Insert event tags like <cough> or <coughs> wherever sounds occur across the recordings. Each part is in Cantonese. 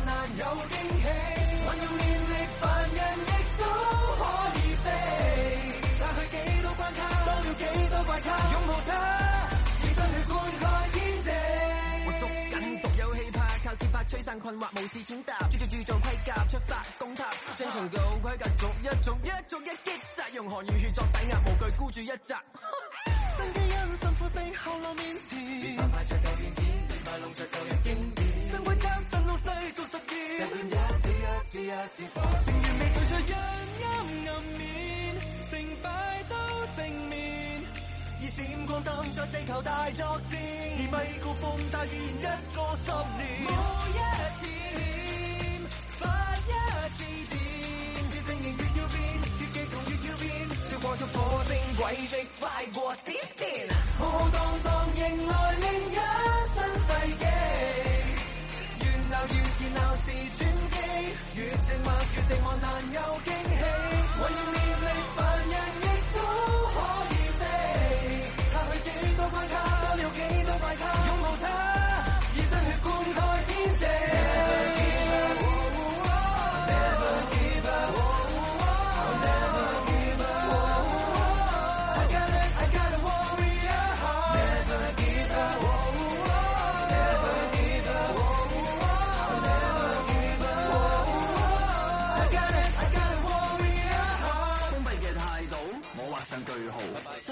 難有驚喜，運用念力，凡人亦都可以飛。再去幾多關卡，多了幾多怪卡，擁抱他，以身血灌溉天地，嗯。我捉緊獨有氣魄，靠自拍吹散困惑，無視踐踏，專注鑄造盔甲，出發攻塔，正常到盔甲逐一逐一逐一擊殺，用汗與血作抵押模具，無懼孤注一擲。心機因心呼吸，後浪面前，細做實驗，十一次一次一次，成完美對策，陰陰暗面，成敗都正面，以閃光燈在地球大作戰，而米高風放大雨。一個十年。哦哦哦哦、一次念發一次電，越經驗越要變，越激動越要變，就過燒火星軌跡，快過閃電，浩浩蕩蕩迎來另一新世界。越熱鬧是轉機，越靜默越寂寞難有驚喜。我要面對反應。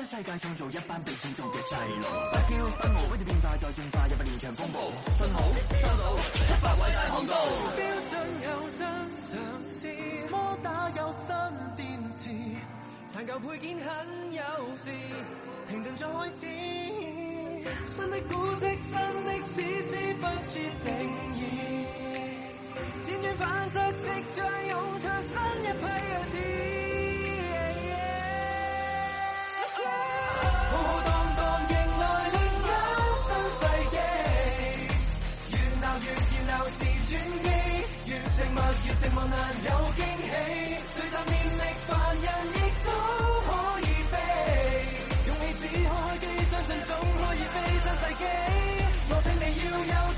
世界創造一班被選中嘅細路，不叫、不傲，不斷變化再進化，入面連場風暴。信號新路，出發偉大航道。標準有新嘗試，摩打有新電池，殘舊配件很有事，停頓再開始。新的古蹟，新的史詩，不絕定義。輾轉反側，即將湧出新一批日子。浩浩蕩蕩迎來另一新世紀，越鬧越熱鬧是轉機，越寂寞越寂寞難有驚喜，聚集念力，凡人亦都可以飛，勇氣只開機上，信總可以飛新世紀，我請你要有。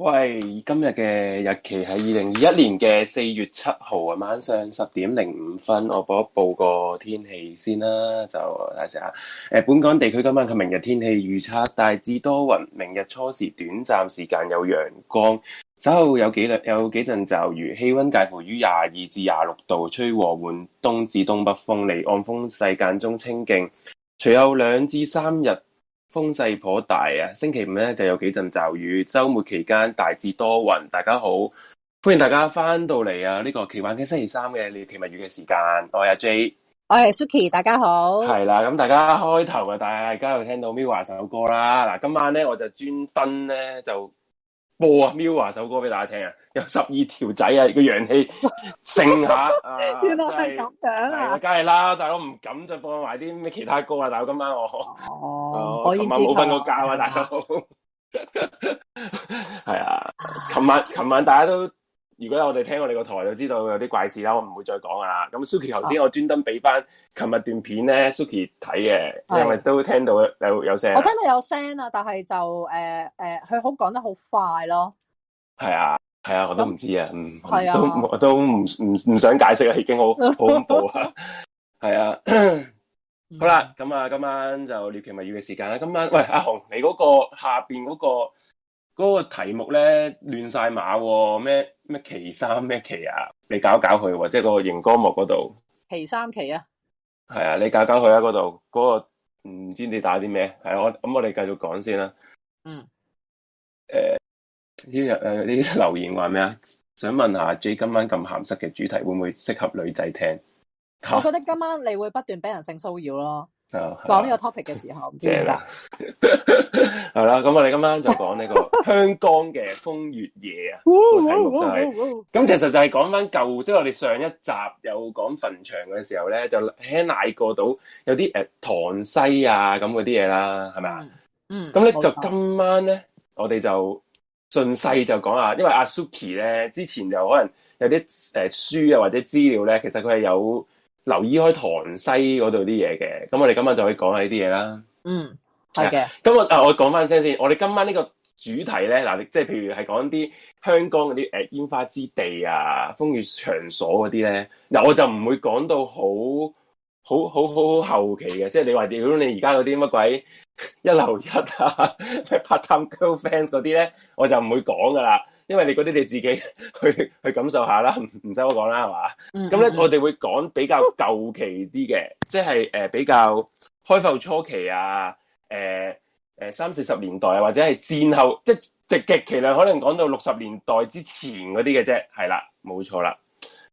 喂，今日嘅日期係二零二一年嘅四月七號啊，晚上十點零五分，我報一報個天氣先啦，就睇下、呃、本港地區今晚及明日天氣預測，大致多雲，明日初時短暫時間有陽光，稍後有幾有幾陣驟雨，氣溫介乎於廿二至廿六度，吹和緩東至東北風，離岸風細間中清勁，隨後兩至三日。風勢頗大啊！星期五咧，就有幾陣驟雨，周末期間大致多雲。大家好，歡迎大家翻到嚟啊！呢個《奇幻嘅星期三》嘅獵奇物語嘅時間，我係阿 J，我係 Suki，大家好。係啦，咁大家開頭啊，大家又聽到 MIRROR 首歌啦。嗱，今晚咧我就專登咧就。播啊，MIRROR 首歌俾大家聽啊，有十二條仔啊，個陽氣剩下、啊， <laughs> 原來係咁樣啊，梗係啦，大佬唔敢再播埋啲咩其他歌啊，大佬今晚我哦，琴晚冇瞓過覺啊，大佬，係啊，琴晚琴晚大家都。如果我哋聽我哋個台就知道有啲怪事啦，我唔會再講㗎喇。咁 Suki 頭先我專登俾翻琴日段片咧，Suki 睇嘅，因為是都聽到有有聲。我聽到有聲啊，但係就誒誒，佢好講得好快咯。係啊，係啊，我都唔知啊那都啊，我都我都唔唔唔想解釋啊，已經好恐怖 <laughs> 啊。係啊， <coughs> 嗯、好啦，咁啊，今晚就獵奇物語嘅時間啦。今晚喂阿紅，你嗰個下邊嗰個。嗰個題目咧亂晒馬，咩咩奇三咩奇啊！你搞搞佢或者嗰個熒光幕嗰度，奇三奇啊！係啊，你搞搞佢啊嗰度嗰個唔知你打啲咩？係啊，我咁我哋繼續講先啦。嗯。誒呢日誒啲留言話咩啊？想問下 J 今晚咁鹹濕嘅主題會唔會適合女仔聽？我覺得今晚你會不斷俾人性騷擾咯。啊，講呢個 topic 嘅時候，唔知點解係啦。咁我哋今晚就講呢個香江嘅風月夜啊，咁其實就係講返舊，即係我哋上一集有講墳場嘅時候咧，就輕瀨過到有啲誒塘西啊咁嗰啲嘢啦，係咪啊？嗯。咁咧就今晚咧，我哋就順勢就講下，因為阿 Suki 咧之前就可能有啲誒書啊或者資料咧，其實佢係有。留意開塘西嗰度啲嘢嘅，咁我哋今晚就可以講下呢啲嘢啦。嗯，係嘅。咁我誒，我講翻聲先，我哋今晚呢個主題咧，嗱，即係譬如係講啲香港嗰啲誒煙花之地啊、風月場所嗰啲咧，嗱，我就唔會講到好好好好好後期嘅，即係你話如果你而家嗰啲乜鬼一流一啊，咩 part time girlfriends 嗰啲咧，我就唔會講噶啦。因為你嗰啲你自己去去感受一下啦，唔使我講啦，係嘛？咁咧、嗯嗯嗯，我哋會講比較舊期啲嘅，即係誒、呃、比較開埠初期啊，誒、呃、誒、呃、三四十年代啊，或者係戰後，即係極極其量可能講到六十年代之前嗰啲嘅啫，係啦，冇錯啦。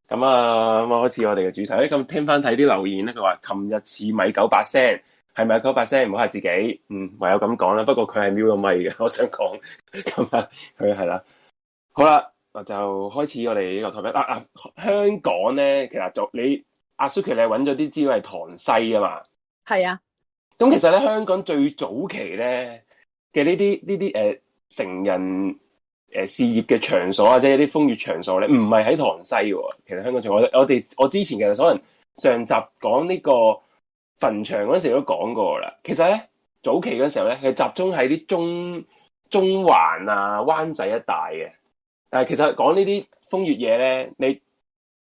咁啊，開、呃、始我哋嘅主題。誒咁，聽翻睇啲留言咧，佢話琴日似米九八聲，係咪九八聲？唔好嚇自己，嗯，唯有咁講啦。不過佢係瞄個米嘅，我想講咁啊，佢係啦。好啦，就開始我哋呢個 topic。啊啊，香港咧，其實就你阿 Suki，你揾咗啲資料係塘西噶嘛？係啊。咁其實咧，香港最早期咧嘅呢啲呢啲成人、呃、事業嘅場所啊，即係一啲風月場所咧，唔係喺塘西喎。其實香港場，我我哋我之前其實可能上集講呢個墳場嗰陣時都講過啦。其實咧，早期嗰陣時候咧，係集中喺啲中中環啊、灣仔一帶嘅。誒，但其實講呢啲風月嘢咧，你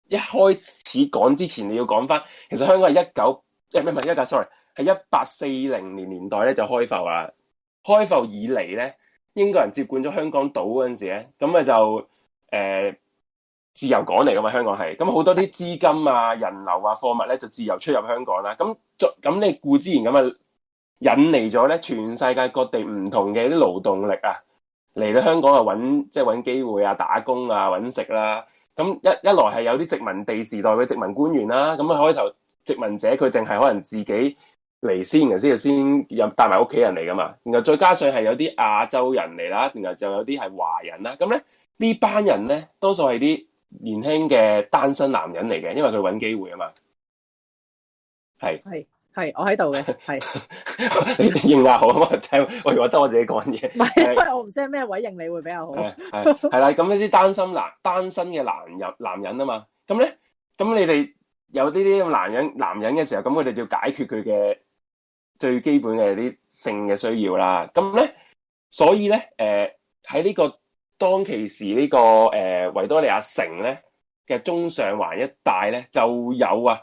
一開始講之前，你要講翻，其實香港係一九，誒唔係一九，sorry，係一八四零年年代咧就開埠啊，開埠以嚟咧，英國人接管咗香港島嗰陣時咧，咁咪就誒、呃、自由港嚟噶嘛，香港係，咁好多啲資金啊、人流啊、貨物咧就自由出入香港啦，咁咁你固之然咁啊引嚟咗咧，全世界各地唔同嘅啲勞動力啊。嚟到香港啊，揾，即係揾機會啊，打工啊，揾食啦、啊。咁一一來係有啲殖民地時代嘅殖民官員啦、啊，咁啊開頭殖民者佢淨係可能自己嚟先然先先入帶埋屋企人嚟噶嘛。然後再加上係有啲亞洲人嚟啦，然後又有啲係華人啦、啊。咁咧，呢這班人咧多數係啲年輕嘅單身男人嚟嘅，因為佢揾機會啊嘛。係。是。係，我喺度嘅。係， <laughs> 你認得好，我聽。我以為得我自己講嘢。唔係， <laughs> 因為我唔知係咩位認你會比較好。係啦，咁呢啲單身男，單身嘅男人，男人啊嘛。咁咧，咁你哋有呢啲咁男人，男人嘅時候，咁佢哋要解決佢嘅最基本嘅啲性嘅需要啦。咁咧，所以咧，誒、呃，喺呢個當其時呢、這個誒維、呃、多利亞城咧嘅中上環一帶咧，就有啊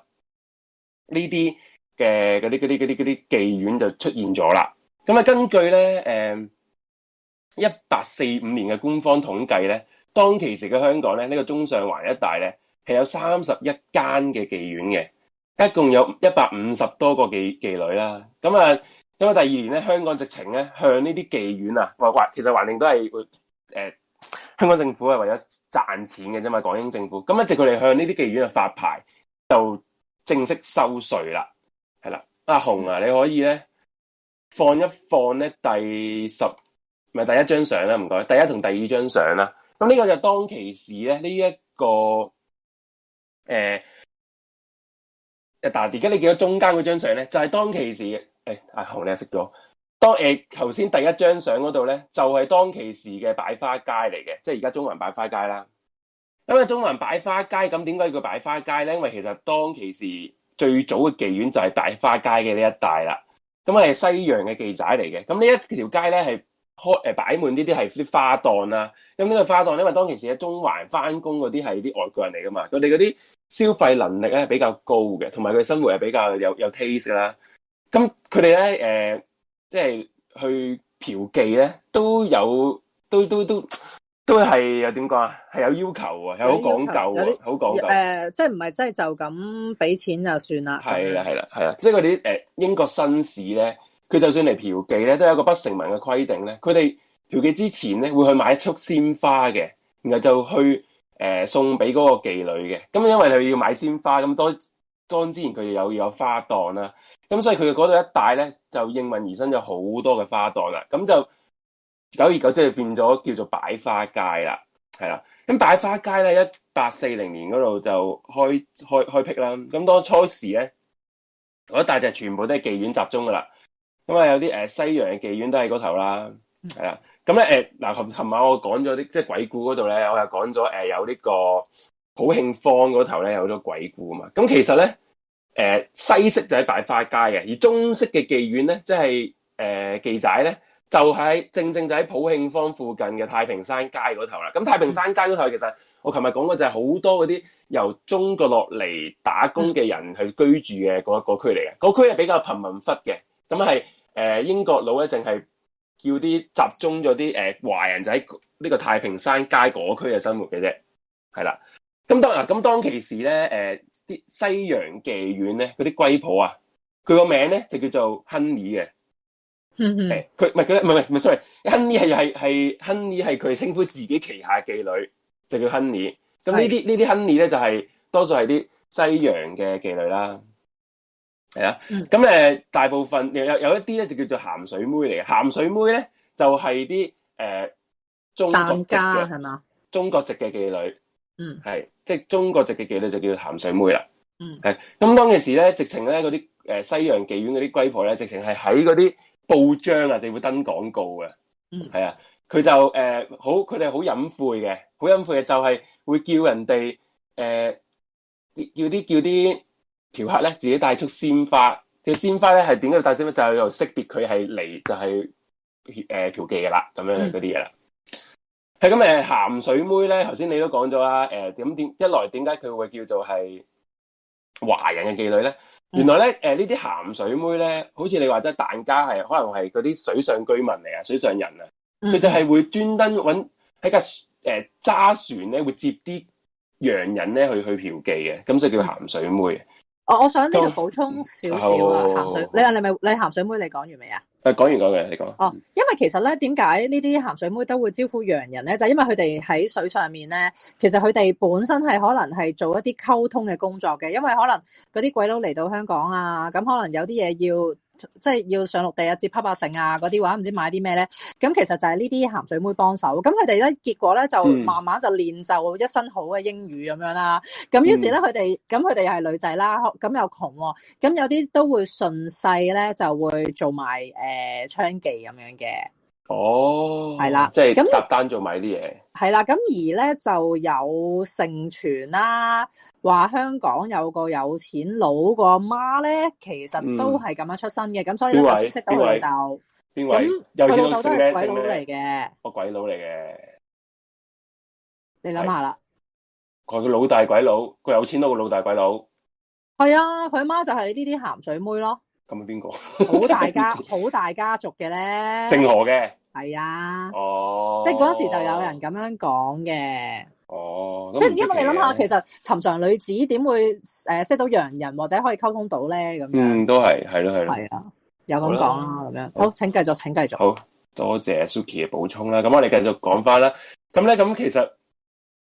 呢啲。嘅嗰啲啲啲啲妓院就出現咗啦。咁啊，根據咧誒一八四五年嘅官方統計咧，當其時嘅香港咧，呢、呢個中上環一帶咧係有三十一間嘅妓院嘅，一共有一百五十多個妓妓女啦。咁啊，因為第二年咧，香港直情咧向呢啲妓院啊，或其實橫掂都係誒、呃、香港政府係為咗賺錢嘅啫嘛，港英政府。咁一直佢哋向呢啲妓院去發牌，就正式收稅啦。阿紅啊，你可以咧放一放咧第十咪第一張相啦，唔該，第一同第二張相啦。咁呢個就係當其時咧呢一、這個誒、欸，但係點解你見到中間嗰張相咧？就係、是、當其時嘅，誒、欸，阿紅你又識咗。當誒頭先第一張相嗰度咧，就係、是、當其時嘅擺花街嚟嘅，即係而家中環擺花街啦。因為，中環擺花街，咁點解叫擺花街咧？因為其實當其時。最早嘅妓院就係大花街嘅呢一帶啦，咁係西洋嘅妓仔嚟嘅，咁呢一條街咧係開誒擺滿呢啲係啲花檔啦，咁呢個花檔咧，因為當其時喺中環返工嗰啲係啲外國人嚟㗎嘛，佢哋嗰啲消費能力咧比較高嘅，同埋佢生活係比較有有 taste 嘅啦，咁佢哋咧誒即係去嫖妓咧都有都都都。都都係又點講啊？係有要求啊，係好講究喎，好講究。誒、呃，即係唔係真係就咁俾錢就算啦。係啦，係啦，係啦。即係嗰啲誒英國紳士咧，佢就算嚟嫖妓咧，都有一個不成文嘅規定咧。佢哋嫖妓之前咧，會去買一束鮮花嘅，然後就去誒、呃、送俾嗰個妓女嘅。咁因為佢要買鮮花，咁當當之前佢哋有有花檔啦。咁所以佢哋嗰度一帶咧，就應運而生咗好多嘅花檔啦。咁就。九二九即係變咗叫做擺花街啦，係啦。咁擺花街咧，一八四零年嗰度就開開開闢啦。咁當初時咧，嗰大只全部都係妓院集中噶啦。咁啊有啲誒、呃、西洋嘅妓院都喺嗰頭啦，係啦。咁咧誒嗱琴琴晚我講咗啲即係鬼故嗰度咧，我又講咗誒有呢個普慶坊嗰頭咧有好多鬼故啊嘛。咁其實咧誒、呃、西式就喺擺花街嘅，而中式嘅妓院咧即係誒、呃、妓仔咧。就喺正正就喺普慶坊附近嘅太平山街嗰頭啦。咁太平山街嗰頭，其實我琴日講嘅就係好多嗰啲由中國落嚟打工嘅人去居住嘅嗰一個區嚟嘅。嗰區係比較貧民窟嘅，咁係誒英國佬咧，淨係叫啲集中咗啲誒華人就喺呢個太平山街嗰區嘅生活嘅啫。係啦，咁當啊，咁當其時咧，誒、呃、啲西洋妓院咧，嗰啲龜婆啊，佢個名咧就叫做亨 o 嘅。嗯，佢唔係佢唔係唔係，sorry，honey 係係係 honey 係佢稱呼自己旗下妓女，就叫 honey。咁是呢啲呢啲 honey 咧，就係、是、多數係啲西洋嘅妓女啦，係啦、啊。咁誒、 <noise> 呃，大部分有有有一啲咧就叫做鹹水妹嚟嘅，鹹水妹咧就係啲誒中國籍嘅係嘛？中國籍嘅 <noise> 妓女，嗯，係即係中國籍嘅妓女就叫做鹹水妹啦，嗯，係。 <noise> 咁當其時咧，直情咧嗰啲誒西洋妓院嗰啲龜婆咧，直情係喺嗰啲。報章啊，就會登廣告嘅，嗯，係啊，佢就誒、呃、好，佢哋好隱晦嘅，好隱晦嘅就係、是、會叫人哋誒、呃、叫啲叫啲嫖客咧，自己帶束鮮花，嘅、這個、鮮花咧係點解帶鮮花就係又識別佢係嚟就係誒嫖妓嘅啦，咁樣嗰啲嘢啦。係咁誒，鹹、啊、水妹咧，頭先你都講咗啦，誒點點一來點解佢會叫做係華人嘅妓女咧？嗯、原來咧，誒呢啲鹹水妹咧，好似你話齋疍家係，可能係嗰啲水上居民嚟啊，水上人啊，佢、嗯、就係會專登搵喺架誒揸、呃、船咧，會接啲洋人咧去去嫖妓嘅，咁所以叫鹹水妹。我、哦、我想呢度補充我少少啊，鹹水，你話你咪你鹹水妹你，你講完未啊？誒，講完講、那、嘅、個，你講。哦，oh，因為其實咧，點解呢啲鹹水妹都會招呼洋人咧？就是、因為佢哋喺水上面咧，其實佢哋本身係可能係做一啲溝通嘅工作嘅，因為可能嗰啲鬼佬嚟到香港啊，咁可能有啲嘢要。即係要上陸地啊，接趴趴城啊，嗰啲話唔知買啲咩咧？咁其實就係呢啲鹹水妹幫手。咁佢哋咧，結果咧就慢慢就練就一身好嘅英語咁樣、嗯、啦。咁於是咧，佢哋咁佢哋又係女仔啦，咁又窮喎、啊。咁有啲都會順勢咧，就會做埋誒、呃、娼妓咁樣嘅。哦，係啦、oh, 了，即係特登做埋啲嘢，係啦。咁而咧就有盛傳啦、啊，話香港有個有錢佬個阿媽咧，其實都係咁樣出身嘅。咁、嗯、所以咧就識得老豆。邊位鬥？咁佢老豆都,爸爸都係鬼佬嚟嘅，個鬼佬嚟嘅。你諗下啦，佢個老大鬼佬，個有錢佬個老大鬼佬。係啊，佢媽就係呢啲咸水妹咯。咁係邊個？好大家好大家族嘅咧，姓何嘅係啊。哦，即係嗰時就有人咁樣講嘅。哦，即係因為你諗下，其實尋常女子點會誒識到洋人或者可以溝通到咧咁樣？嗯，都係係咯係咯，係啊，有咁講咯咁樣。好，請繼續，請繼續。好多謝 Suki 嘅補充啦。咁我哋繼續講翻啦。咁咧，咁其實。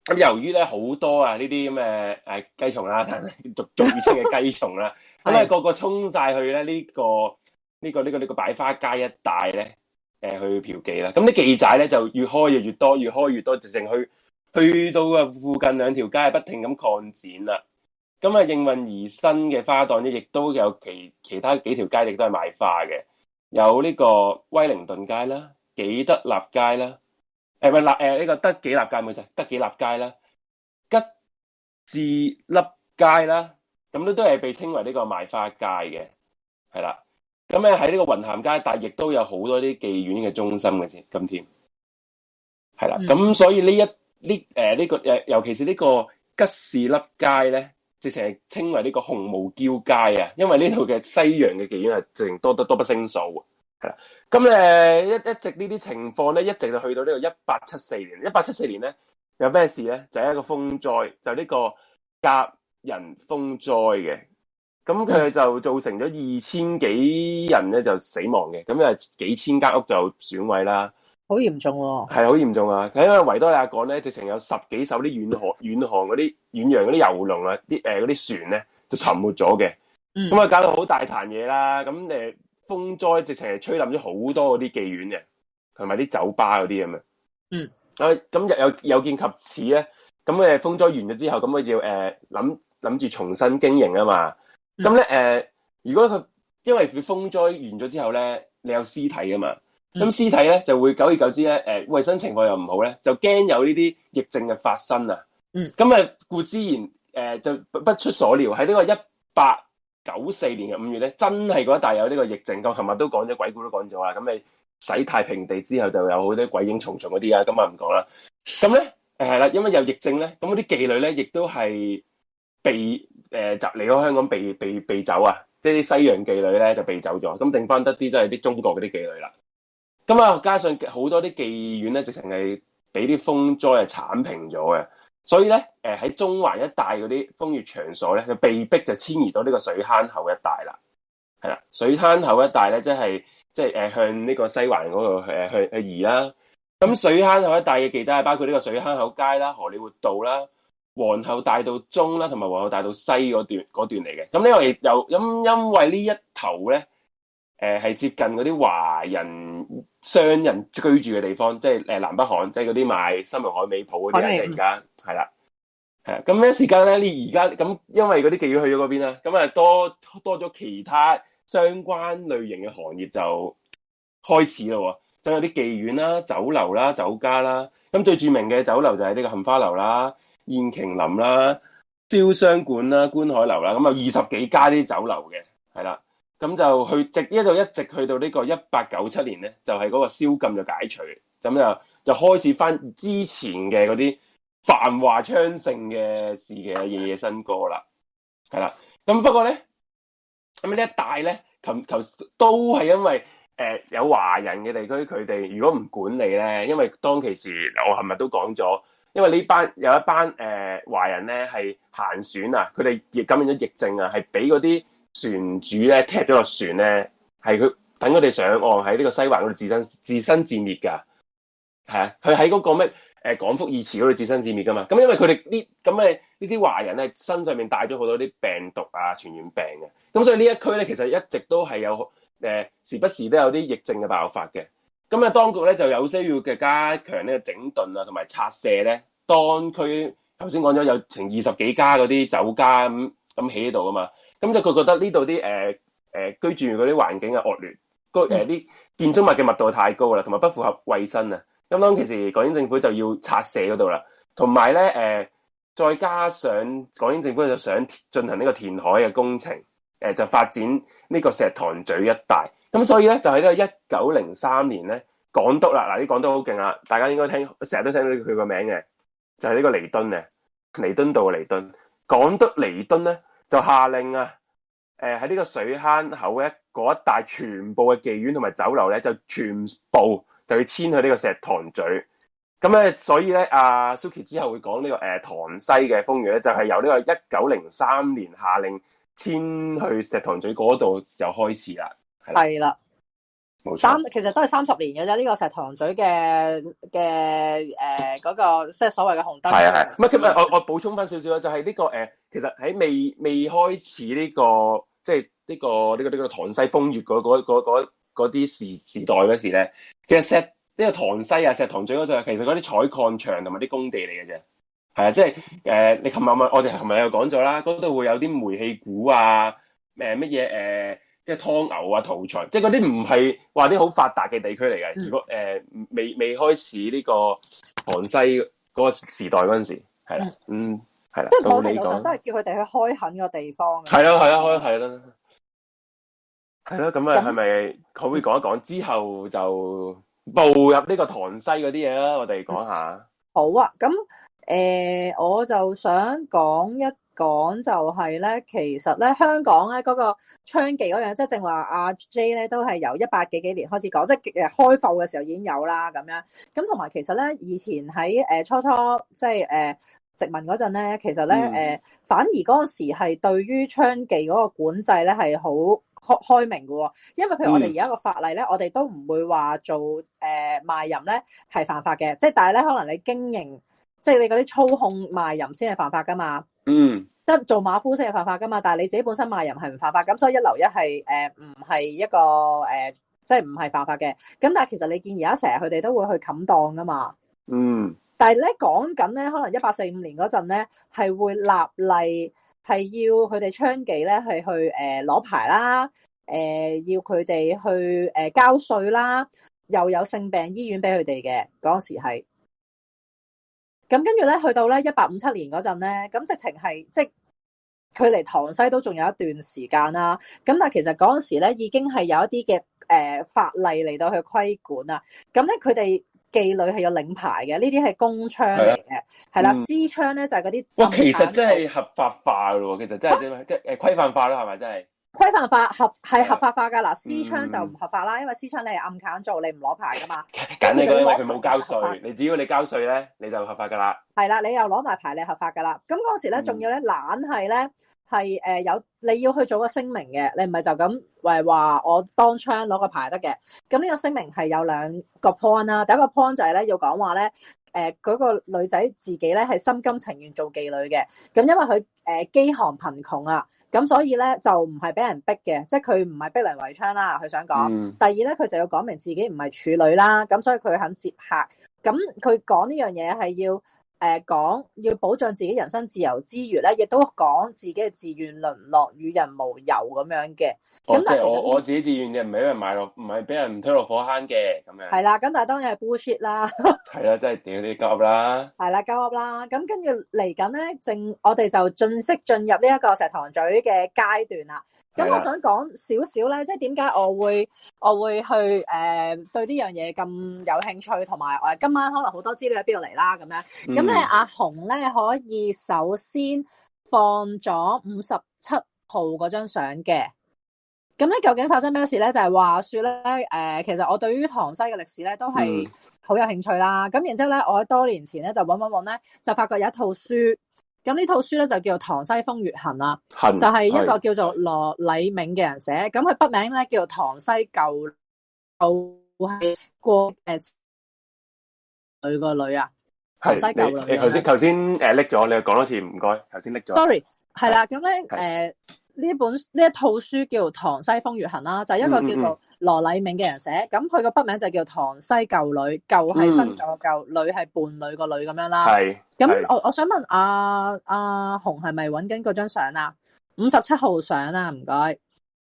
咁由於咧好多啊呢啲咁嘅雞蟲啦、啊，同埋俗俗語稱嘅雞蟲啦、啊，咁啊 <laughs> 個個衝晒去咧呢、呢個呢、呢個呢、呢個呢、呢個擺花街一帶咧、呃、去嫖妓啦。咁啲妓仔咧就越開越越多，越開越多，直情去去到啊附近兩條街不停咁擴展啦。咁啊應運而生嘅花檔咧，亦都有其其他幾條街亦都係賣花嘅，有呢個威靈頓街啦、幾德立街啦。誒，咪立誒呢個德記立街咪就係，德記立街啦，吉士笠街啦，咁都都係被稱為呢個賣花街嘅，係啦。咁咧喺呢個雲咸街，但係亦都有好多啲妓院嘅中心嘅先，今天係啦。咁所以呢一呢誒呢個誒，尤其是呢個吉士笠街咧，直情係稱為呢個紅毛嬌街啊，因為呢度嘅西洋嘅妓院係直情多得多不勝數。係啦，咁誒一一直呢啲情況咧，一直就去到呢個一八七四年。一八七四年咧，有咩事咧？就係一個風災，就呢個甲人風災嘅。咁佢就造成咗二千幾人咧就死亡嘅。咁又幾千間屋就損毀啦。好嚴重喎、哦！係好嚴重啊！因為維多利亞港咧，直情有十幾艘啲遠航遠航嗰啲遠洋嗰啲郵輪啊，啲誒嗰啲船咧就沉沒咗嘅。咁啊、嗯，就搞到好大壇嘢啦。咁誒。風災直情係吹冧咗好多嗰啲妓院嘅，同埋啲酒吧嗰啲咁嘅。嗯，咁又、啊、有有見及此咧，咁嘅風災完咗之後，咁佢要誒諗諗住重新經營啊嘛。咁咧誒，如果佢因為風災完咗之後咧，你有屍體啊嘛，咁屍體咧就會久而久之咧，誒、呃、衛生情況又唔好咧，就驚有呢啲疫症嘅發生啊。嗯，咁啊故之然誒、呃、就不出所料喺呢個一百。九四年嘅五月咧，真係嗰一帶有呢個疫症。咁琴日都講咗，鬼故都講咗啦。咁你洗太平地之後，就有好多鬼影重重嗰啲啊。今日唔講啦。咁咧係啦，因為有疫症咧，咁嗰啲妓女咧，亦都係被誒就離開香港，被被被走啊。即係啲西洋妓女咧就被走咗，咁剩翻得啲都係啲中國嗰啲妓女啦。咁啊，加上好多啲妓院咧，直情係俾啲風災係鏟平咗嘅。所以咧，誒、呃、喺中環一帶嗰啲風月場所咧，就被逼就遷移到呢個水坑口一帶啦，係啦，水坑口一帶咧，即係即係誒、呃、向呢個西環嗰度誒去去移啦。咁水坑口一帶嘅地則係包括呢個水坑口街啦、荷李活道啦、皇后大道中啦，同埋皇后大道西嗰段嗰段嚟嘅。咁呢個又咁、嗯、因為呢一頭咧，誒、呃、係接近嗰啲華人。商人居住嘅地方，即係誒南北巷，即係嗰啲賣新文海味鋪嗰啲啊。而家係啦，係啊。咁咩一時間咧，你而家咁，咁因為嗰啲妓院去咗嗰邊啦，咁啊多多咗其他相關類型嘅行業就開始咯喎。咁有啲妓院啦、酒樓啦、酒家啦。咁最著名嘅酒樓就係呢個杏花樓啦、燕瓊林啦、招商館啦、觀海樓啦。咁啊二十幾家啲酒樓嘅，係啦。咁就去直一度一直去到個呢個一八九七年咧，就係、是、嗰個宵禁就解除，咁就就開始翻之前嘅嗰啲繁華昌盛嘅時期嘅夜夜笙歌啦，係啦。咁不過咧，咁呢一帶咧，求求都係因為誒、呃、有華人嘅地區，佢哋如果唔管理咧，因為當其時我係咪都講咗，因為呢班有一班誒華、呃、人咧係行選啊，佢哋亦感染咗疫症啊，係俾嗰啲。船主咧踢咗落船咧，係佢等佢哋上岸喺呢個西環嗰度自生自生自滅噶，係啊，佢喺嗰個咩誒、呃、廣福義祠嗰度自生自滅噶嘛。咁因為佢哋呢咁呢啲華人咧身上面帶咗好多啲病毒啊，傳染病嘅、啊。咁所以一區呢一區咧，其實一直都係有誒、呃、時不時都有啲疫症嘅爆發嘅。咁啊，當局咧就有需要嘅加強呢個整頓啊，同埋拆卸咧，當區頭先講咗有成二十幾家嗰啲酒家咁。嗯咁起喺度噶嘛？咁就佢覺得呢度啲誒居住嗰啲環境嘅惡劣，嗰、呃、啲建築物嘅密度太高啦，同埋不符合衛生啊。咁當其時，港英政府就要拆卸嗰度啦。同埋咧誒，再加上港英政府就想進行呢個填海嘅工程、呃，就發展呢個石塘咀一帶。咁所以咧就喺、是、呢個一九零三年咧，港督啦嗱，啲港督好勁啊，大家應該聽，成日都聽到佢個名嘅，就係、是、呢個彌敦嘅彌敦道嘅彌敦。港督彌敦咧就下令啊，誒喺呢個水坑口一嗰一帶全部嘅妓院同埋酒樓咧就全部就要遷去呢個石塘咀，咁咧所以咧阿 Suki 之後會講呢、這個誒塘、呃、西嘅風雨咧就係、是、由呢個一九零三年下令遷去石塘咀嗰度就開始啦，係啦。三其實都係三十年嘅啫，呢、這個石塘咀嘅嘅誒嗰個即係所謂嘅紅燈係啊係，我我補充翻少少啦，就係、是、呢、這個誒、呃，其實喺未未開始呢、這個即係呢個呢、這個呢、這個這個塘西風月嗰、那、啲、個、時時代嗰時咧，其實石呢、這個塘西啊石塘咀嗰度，其實嗰啲採礦場同埋啲工地嚟嘅啫，係、就是呃、啊，即係誒，你琴日咪我哋琴日又講咗啦，嗰度會有啲煤氣鼓啊，誒乜嘢誒。即係劏牛啊，屠場，即係嗰啲唔係話啲好發達嘅地區嚟嘅。嗯、如果誒、呃、未未開始呢個塘西嗰個時代嗰陣時候，係啦，嗯，係啦、嗯。即係我哋路上都係叫佢哋去開墾個地方。係啦，係啦，開係啦，係啦。咁啊，係咪？可唔可以講一講那之後就步入呢個塘西嗰啲嘢啦？我哋講下。好啊，咁誒、呃，我就想講一。講就係咧，其實咧香港咧嗰、嗰個娼妓嗰樣，即係正話阿 J 咧都係由一八幾幾年開始講，即係誒開埠嘅時候已經有啦咁樣。咁同埋其實咧，以前喺誒、呃、初初即係誒殖民嗰陣咧，其實咧、嗯呃、反而嗰陣時係對於娼妓嗰個管制咧係好開明㗎喎、哦，因為譬如我哋而家個法例咧，嗯、我哋都唔會話做誒、呃、賣淫咧係犯法嘅，即係但係咧可能你經營即係你嗰啲操控賣淫先係犯法噶嘛。嗯，即係做馬夫先係犯法噶嘛，但係你自己本身賣淫係唔犯法咁，所以一樓一係誒唔係一個誒、呃，即係唔係犯法嘅。咁但係其實你見而家成日佢哋都會去冚檔噶嘛，嗯，但係咧講緊咧，可能一八四五年嗰陣咧係會立例係要佢哋娼妓咧係去誒攞、呃、牌啦，誒、呃、要佢哋去誒、呃、交稅啦，又有性病醫院俾佢哋嘅嗰時係。咁跟住咧，去到咧一八五七年嗰陣咧，咁直情係即係距離塘西都仲有一段時間啦、啊。咁但係其實嗰陣時咧，已經係有一啲嘅誒法例嚟到去規管啦。咁咧佢哋妓女係有領牌嘅，呢啲係公娼嚟嘅，係啦私娼咧就係嗰啲。哇，其實真係合法化喎，其實真係即係誒規範化喇，係咪真係？規範化合係合法化噶嗱私娼就唔合法啦，因為私娼你係暗砍做，你唔攞牌噶嘛。梗你嗰，因為佢冇交稅， <laughs> 你只要你交稅咧，你就合法噶啦。係啦，你又攞埋牌，你合法噶啦。咁嗰時咧，仲要咧懶係咧係誒有你要去做個聲明嘅，你唔係就咁話話我當娼攞個牌得嘅。咁呢個聲明係有兩個 point 啦，第一個 point 就係咧要講話咧誒嗰個女仔自己咧係心甘情願做妓女嘅，咁因為佢誒飢寒貧窮啊。咁所以咧就唔係俾人逼嘅，即係佢唔係逼嚟為娼啦。佢想講，嗯、第二咧佢就要講明自己唔係處女啦。咁所以佢肯接客，咁佢講呢樣嘢係要。誒，講要保障自己人身自由之餘咧，亦都講自己係自願淪落與人無尤咁樣嘅。咁、哦、但係其我,我自己自願嘅，唔係俾人買落，唔係俾人唔推落火坑嘅。咁樣係啦，咁但係當然係 bullshit 啦。係 <laughs> 啦，真係屌啲鳩啦。係啦，鳩噏啦。咁跟住嚟緊咧，正我哋就正式進入呢一個石塘咀嘅階段啦。咁我想講少少咧，即係點解我會我會去誒、呃、對呢樣嘢咁有興趣，同埋我今晚可能好多資料喺邊度嚟啦咁樣。咁咧、嗯、阿紅咧可以首先放咗五十七號嗰張相嘅。咁咧究竟發生咩事咧？就係、是、話說咧，誒、呃，其實我對於塘西嘅歷史咧都係好有興趣啦。咁、嗯、然之後咧，我喺多年前咧就揾揾揾咧，就發覺有一套書。咁呢套書咧就叫做《塘西風月行》啦、啊，行就係一個叫做羅澧銘嘅人寫，咁佢筆名咧叫做《塘西舊舊係過誒女個女啊》是，係、啊、你頭先頭先誒拎咗，你又講、呃、多次，唔該，頭先拎咗，sorry，係啦，咁咧誒。的呢本呢一套書叫《塘西風月痕》啦，就是、一個叫做羅禮明嘅人寫，咁佢個筆名就叫塘西舊侶，舊係新舊個舊，舊舊嗯、侶係伴侶個侶咁樣啦。係，咁我我想問阿阿紅係咪揾緊嗰張相啊？五十七號相啊，唔該、啊。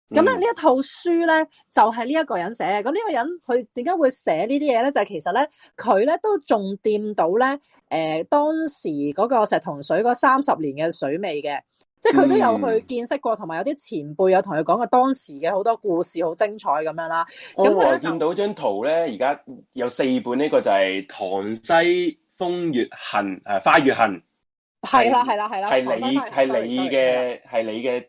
咁咧呢一套書咧就係呢一個人寫嘅，咁呢個人佢點解會寫呢啲嘢咧？就係、是、其實咧佢咧都仲掂到咧，誒、呃、當時嗰個石塘水嗰三十年嘅水味嘅。即係佢都有去見識過，同埋、嗯、有啲前輩有同佢講過當時嘅好多故事，好精彩咁樣啦。咁我見到張圖咧，而家有四本呢個就係《塘西風月恨》誒、啊《花月恨》是。係啦係啦係啦，係你係你嘅係你嘅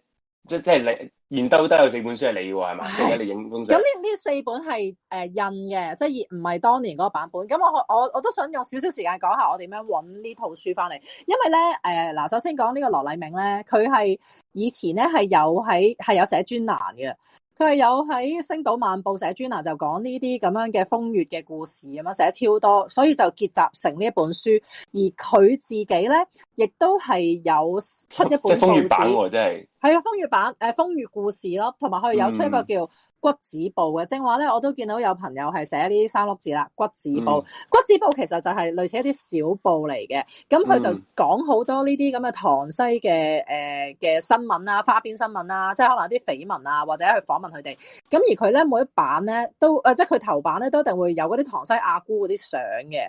即係你。現兜都有四本書係你喎，係嘛？而家你影本書，咁呢，呢四本係誒印嘅，即係唔係當年嗰個版本？咁我我我都想用少少時間講下我點樣揾呢套書翻嚟，因為咧誒嗱，首先講呢個羅麗明咧，佢係以前咧係有喺係有寫專欄嘅，佢係有喺《星島晚報》寫專欄，就講呢啲咁樣嘅風月嘅故事啊嘛，寫超多，所以就結集成呢一本書。而佢自己咧，亦都係有出一本書即係風月版喎，啊，真係。係啊，是風月版，誒風月故事咯，同埋佢有出一個叫《骨子報》嘅、嗯，正話咧，我都見到有朋友係寫呢三粒字啦，《骨子報》嗯。《骨子報》其實就係類似一啲小報嚟嘅，咁佢就講好多呢啲咁嘅塘西嘅誒嘅新聞啊、花邊新聞啊，即係可能啲緋聞啊，或者去訪問佢哋。咁而佢咧每一版咧都誒、呃，即係佢頭版咧都一定會有嗰啲塘西阿姑嗰啲相嘅。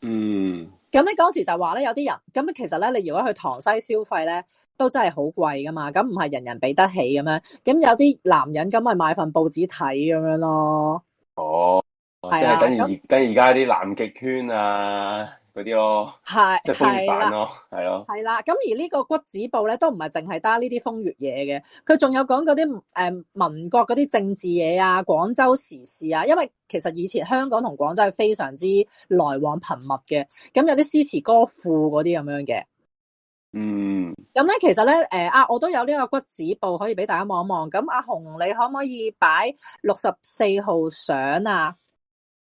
嗯。咁咧嗰時候就話咧，有啲人咁，其實咧，你如果去塘西消費咧，都真係好貴噶嘛，咁唔係人人俾得起咁樣，咁有啲男人咁咪買份報紙睇咁樣咯。哦，係啊，咁跟而家啲南極圈啊嗰啲咯，係是即係風月版咯，係咯。係啦，咁而呢個骨子報咧都唔係淨係得呢啲風月嘢嘅，佢仲有講嗰啲誒民國嗰啲政治嘢啊、廣州時事啊，因為其實以前香港同廣州係非常之來往頻密嘅，咁有啲詩詞歌賦嗰啲咁樣嘅。嗯，咁咧其實咧，誒啊，我都有呢個骨子報可以俾大家望一望。咁阿紅，你可唔可以擺六十四號相啊？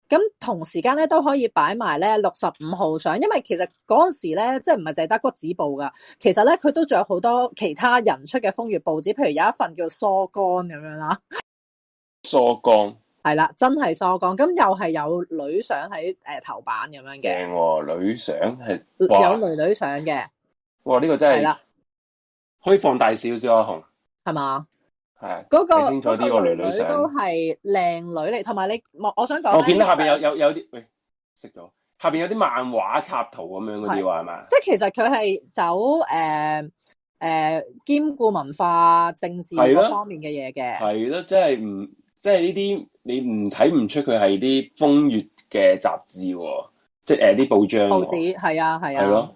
咁同時間咧都可以擺埋咧六十五號相，因為其實嗰陣時咧，即係唔係淨係得骨子報噶，其實咧佢都仲有好多其他人出嘅風月報紙，譬如有一份叫梳干咁樣啦。梳干係啦，真係梳干。咁又係有女相喺誒頭版咁樣嘅。靚、哦，女相係有女女相嘅。哇！呢、這個真係係啦，的可以放大少少啊，紅係嘛？係嗰個清楚啲女都女都係靚女嚟，同埋你我想講，我見到想下邊有有有啲，喂，熄、哎、咗下邊有啲漫畫插圖咁樣嗰啲係嘛？吧即係其實佢係走誒誒、呃呃、兼顧文化、政治各方面嘅嘢嘅，係咯，即係唔即係呢啲你唔睇唔出佢係啲風月嘅雜誌、哦，即係誒啲報章報、哦、紙，係啊，係啊。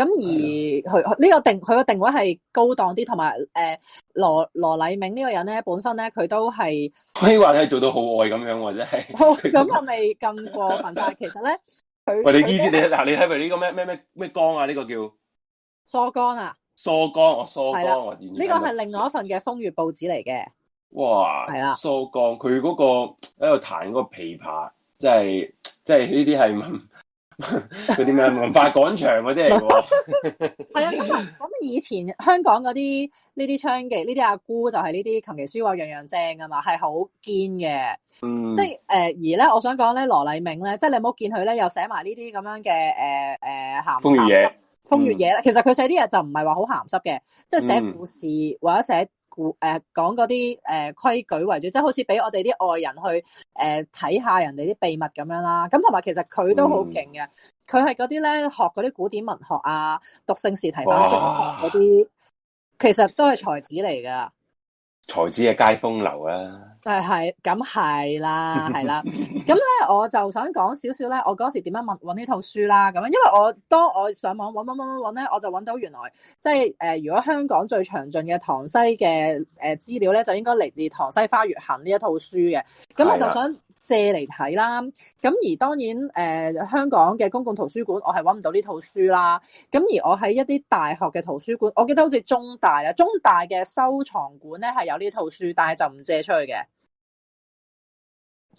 咁而佢呢個定佢個定位係高檔啲，同埋誒羅羅禮明呢個人咧，本身咧佢都係可以話係做到好愛咁樣，或者係。咁又未咁過分，但係其實咧佢。喂，你呢啲你嗱，你睇呢個咩咩咩咩光啊？呢個叫疏光啊？疏光哦，疏光哦，呢個係另外一份嘅《風月》報紙嚟嘅。哇！係啦，疏光佢嗰個喺度彈嗰個琵琶，即係即係呢啲係。佢啲咩文化廣場嗰啲嚟嘅，係啊，咁以前香港嗰啲呢啲娼妓，呢啲阿姑就係呢啲琴棋書畫樣樣正㗎嘛，係好堅嘅，即係誒，而咧我想講咧羅禮明咧，即係你唔好見佢咧又寫埋呢啲咁樣嘅誒誒咸咸濕風月嘢，其實佢寫啲嘢就唔係話好咸濕嘅，即係寫故事或者寫。故誒講嗰啲誒規矩為主，即係好似俾我哋啲外人去誒睇下人哋啲秘密咁樣啦。咁同埋其實佢都好勁嘅，佢係嗰啲咧學嗰啲古典文學啊，讀聖士提反中學嗰啲，其實都係才子嚟噶，才子嘅街風流啊！係係，咁係啦，係啦。咁咧，我就想講少少咧，我嗰時點樣揾揾呢套書啦。咁樣，因為我當我上網揾揾揾揾揾咧，我就揾到原來即係、就是呃、如果香港最詳盡嘅塘西嘅誒、呃、資料咧，就應該嚟自《塘西花月行》呢一套書嘅。咁的我就想。借嚟睇啦，咁而當然誒、呃，香港嘅公共圖書館我係搵唔到呢套書啦，咁而我喺一啲大學嘅圖書館，我記得好似中大啊，中大嘅收藏館咧係有呢套書，但係就唔借出去嘅。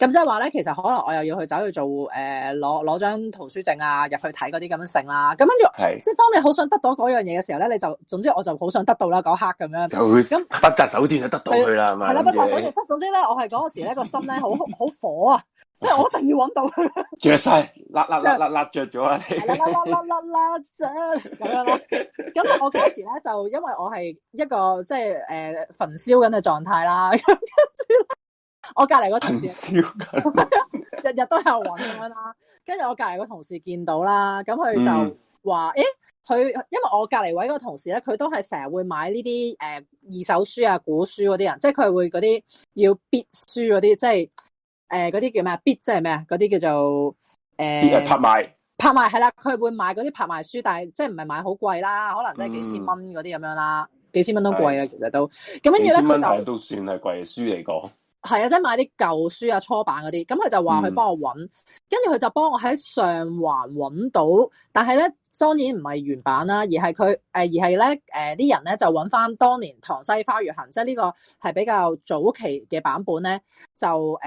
咁即係話咧，其實可能我又要去走去做誒，攞攞張圖書證啊，入去睇嗰啲咁樣性啦。咁跟住，即係當你好想得到嗰樣嘢嘅時候咧，你就總之我就好想得到啦，嗰刻咁樣。就咁不擇手段就得到佢啦，係嘛？係啦，不擇手段。即總之咧，我係嗰時咧個心咧好好火啊！即係我一定要搵到佢。着晒，拉拉拉拉拉著咗啊！拉拉拉拉拉著咁樣啦。咁我嗰時咧就因為我係一個即係誒焚燒緊嘅狀態啦。我隔籬個同事笑日日 <laughs> 都有搵咁樣啦，跟住我隔籬個同事見到啦，咁佢就話，誒、嗯，佢，欸，因為我隔籬位個同事咧，佢都係成日會買呢啲誒二手書啊、古書嗰啲人，即係佢會嗰啲要必書嗰啲，即係誒嗰啲叫咩啊？必即係咩啊？嗰啲叫做誒、呃、拍賣拍賣係啦，佢會買嗰啲拍賣書，但係即係唔係買好貴啦，可能即係幾千蚊嗰啲咁樣啦，嗯、幾千蚊都貴啊，的其實都咁跟住咧，佢都算係貴嘅書嚟講。係啊，即係買啲舊書啊、初版嗰啲，咁佢就話佢幫我搵，跟住佢就幫我喺上環搵到，但係咧當然唔係原版啦，而係佢誒，而係咧誒啲人咧就搵翻當年《塘西花月痕》，即係呢個係比較早期嘅版本咧，就誒，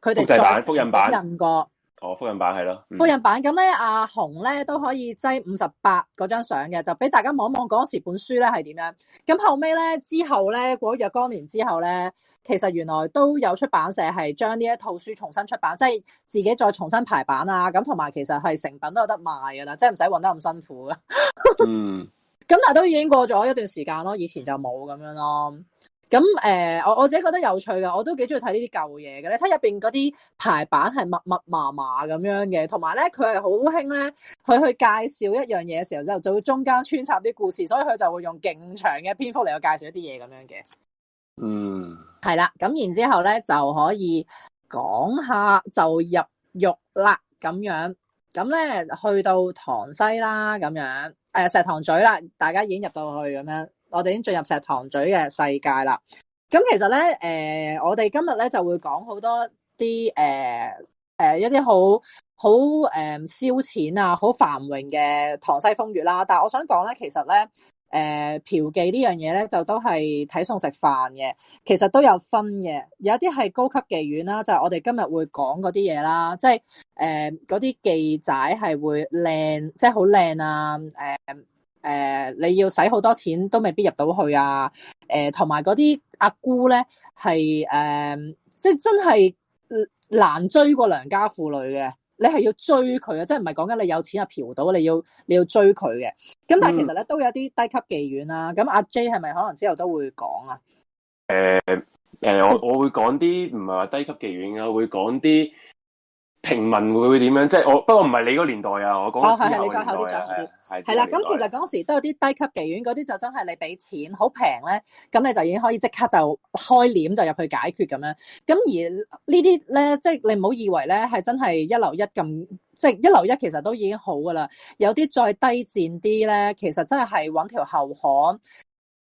佢哋複製版、複印版印過。哦，複印版係咯，是嗯、複印版咁咧，阿紅咧都可以擠五十八嗰張相嘅，就俾大家望望嗰時本書咧係點樣。咁後尾咧之後咧過咗若干年之後咧，其實原來都有出版社係將呢一套書重新出版，即、就、係、是、自己再重新排版啊。咁同埋其實係成品都有得賣噶啦，即係唔使搵得咁辛苦噶。 <laughs> 嗯。咁但係都已經過咗一段時間咯，以前就冇咁樣咯。咁誒、呃，我我自己覺得有趣嘅，我都幾中意睇呢啲舊嘢嘅咧。睇入面嗰啲排版係密密麻麻咁樣嘅，同埋咧佢係好興咧，佢去介紹一樣嘢嘅時候，就就會中間穿插啲故事，所以佢就會用勁長嘅篇幅嚟去介紹一啲嘢咁樣嘅。嗯，係啦，咁然之後咧就可以講下就入獄啦咁樣，咁咧去到塘西啦咁樣，誒、呃、石塘咀啦，大家已經入到去咁樣。我哋已經進入石塘咀嘅世界啦。咁其實咧，誒、呃，我哋今日咧就會講好多啲誒、呃呃、一啲好好誒燒錢啊，好繁榮嘅塘西風月啦。但係我想講咧，其實咧，誒、呃、嫖妓呢樣嘢咧，就都係睇餸食飯嘅，其實都有分嘅。有啲係高級妓院啦，就係、是、我哋今日會講嗰啲嘢啦，即係誒嗰啲妓仔係會靚，即係好靚啊，呃誒、呃，你要使好多錢都未必入到去啊！誒、呃，同埋嗰啲阿姑咧，係誒、呃，即係真係難追過良家婦女嘅。你係要追佢啊！即係唔係講緊你有錢就嫖到，你要你要追佢嘅。咁但係其實咧、嗯、都有啲低級妓院啊。咁阿 J 係咪可能之後都會講啊？誒誒、呃呃，我我會講啲唔係話低級妓院啊，我會講啲。平民會會點樣？即係我不過唔係你嗰年代啊！我講哦，係係你再後啲，再後啲係啦。咁其實嗰時都有啲低級妓院，嗰啲就真係你俾錢好平咧，咁你就已經可以即刻就開臉就入去解決咁樣。咁而呢啲咧，即係你唔好以為咧係真係一樓一咁，即係一樓一其實都已經好噶啦。有啲再低賤啲咧，其實真係係揾條後巷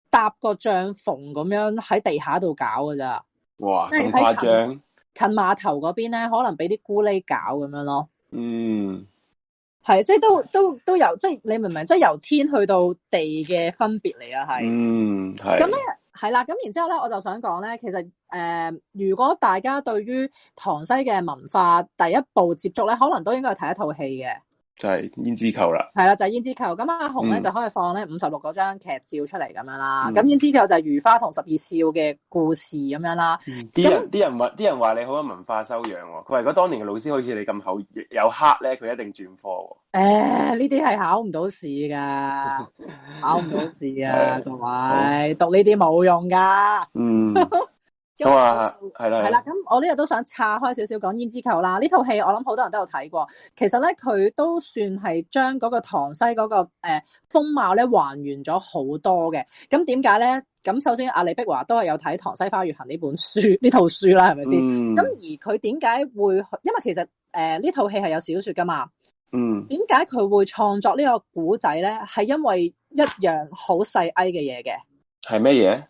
搭個帳篷咁樣喺地下度搞噶咋。哇！咁誇張。近碼頭嗰邊咧，可能俾啲咕喱搞咁樣咯。嗯，係，即係都都都由即係你明唔明？即係由天去到地嘅分別嚟啊，係。嗯，係。咁咧係啦，咁然之後咧，我就想講咧，其實誒、呃，如果大家對於塘西嘅文化第一步接觸咧，可能都應該係睇一套戲嘅。就係胭脂扣啦，係啦，就係、是、胭脂扣。咁阿紅咧、嗯、就可以放咧五十六嗰張劇照出嚟咁樣啦。咁、嗯、胭脂扣就係如花同十二少嘅故事咁樣啦。啲、嗯、就人啲人啲人話你好有文化修養、哦。佢話如果當年嘅老師好似你咁口有黑咧，佢一定轉科、哦。誒、哎，呢啲係考唔到試噶， <laughs> 考唔到試啊！ <laughs> 對各位好讀呢啲冇用噶。嗯 <laughs> 咁啊，係啦，係啦的。咁、嗯、我呢日都想岔開少少講《胭脂扣》啦。呢套戲我諗好多人都有睇過。其實咧，佢都算係將嗰個塘西嗰、那個誒、呃、風貌咧還原咗好多嘅。咁點解咧？咁首先阿李碧華都係有睇《塘西花月行》呢本書呢套書啦，係咪先？咁、嗯、而佢點解會？因為其實誒呢套戲係有小說噶嘛。嗯。點解佢會創作個呢個古仔咧？係因為一樣好細埃嘅嘢嘅。係咩嘢？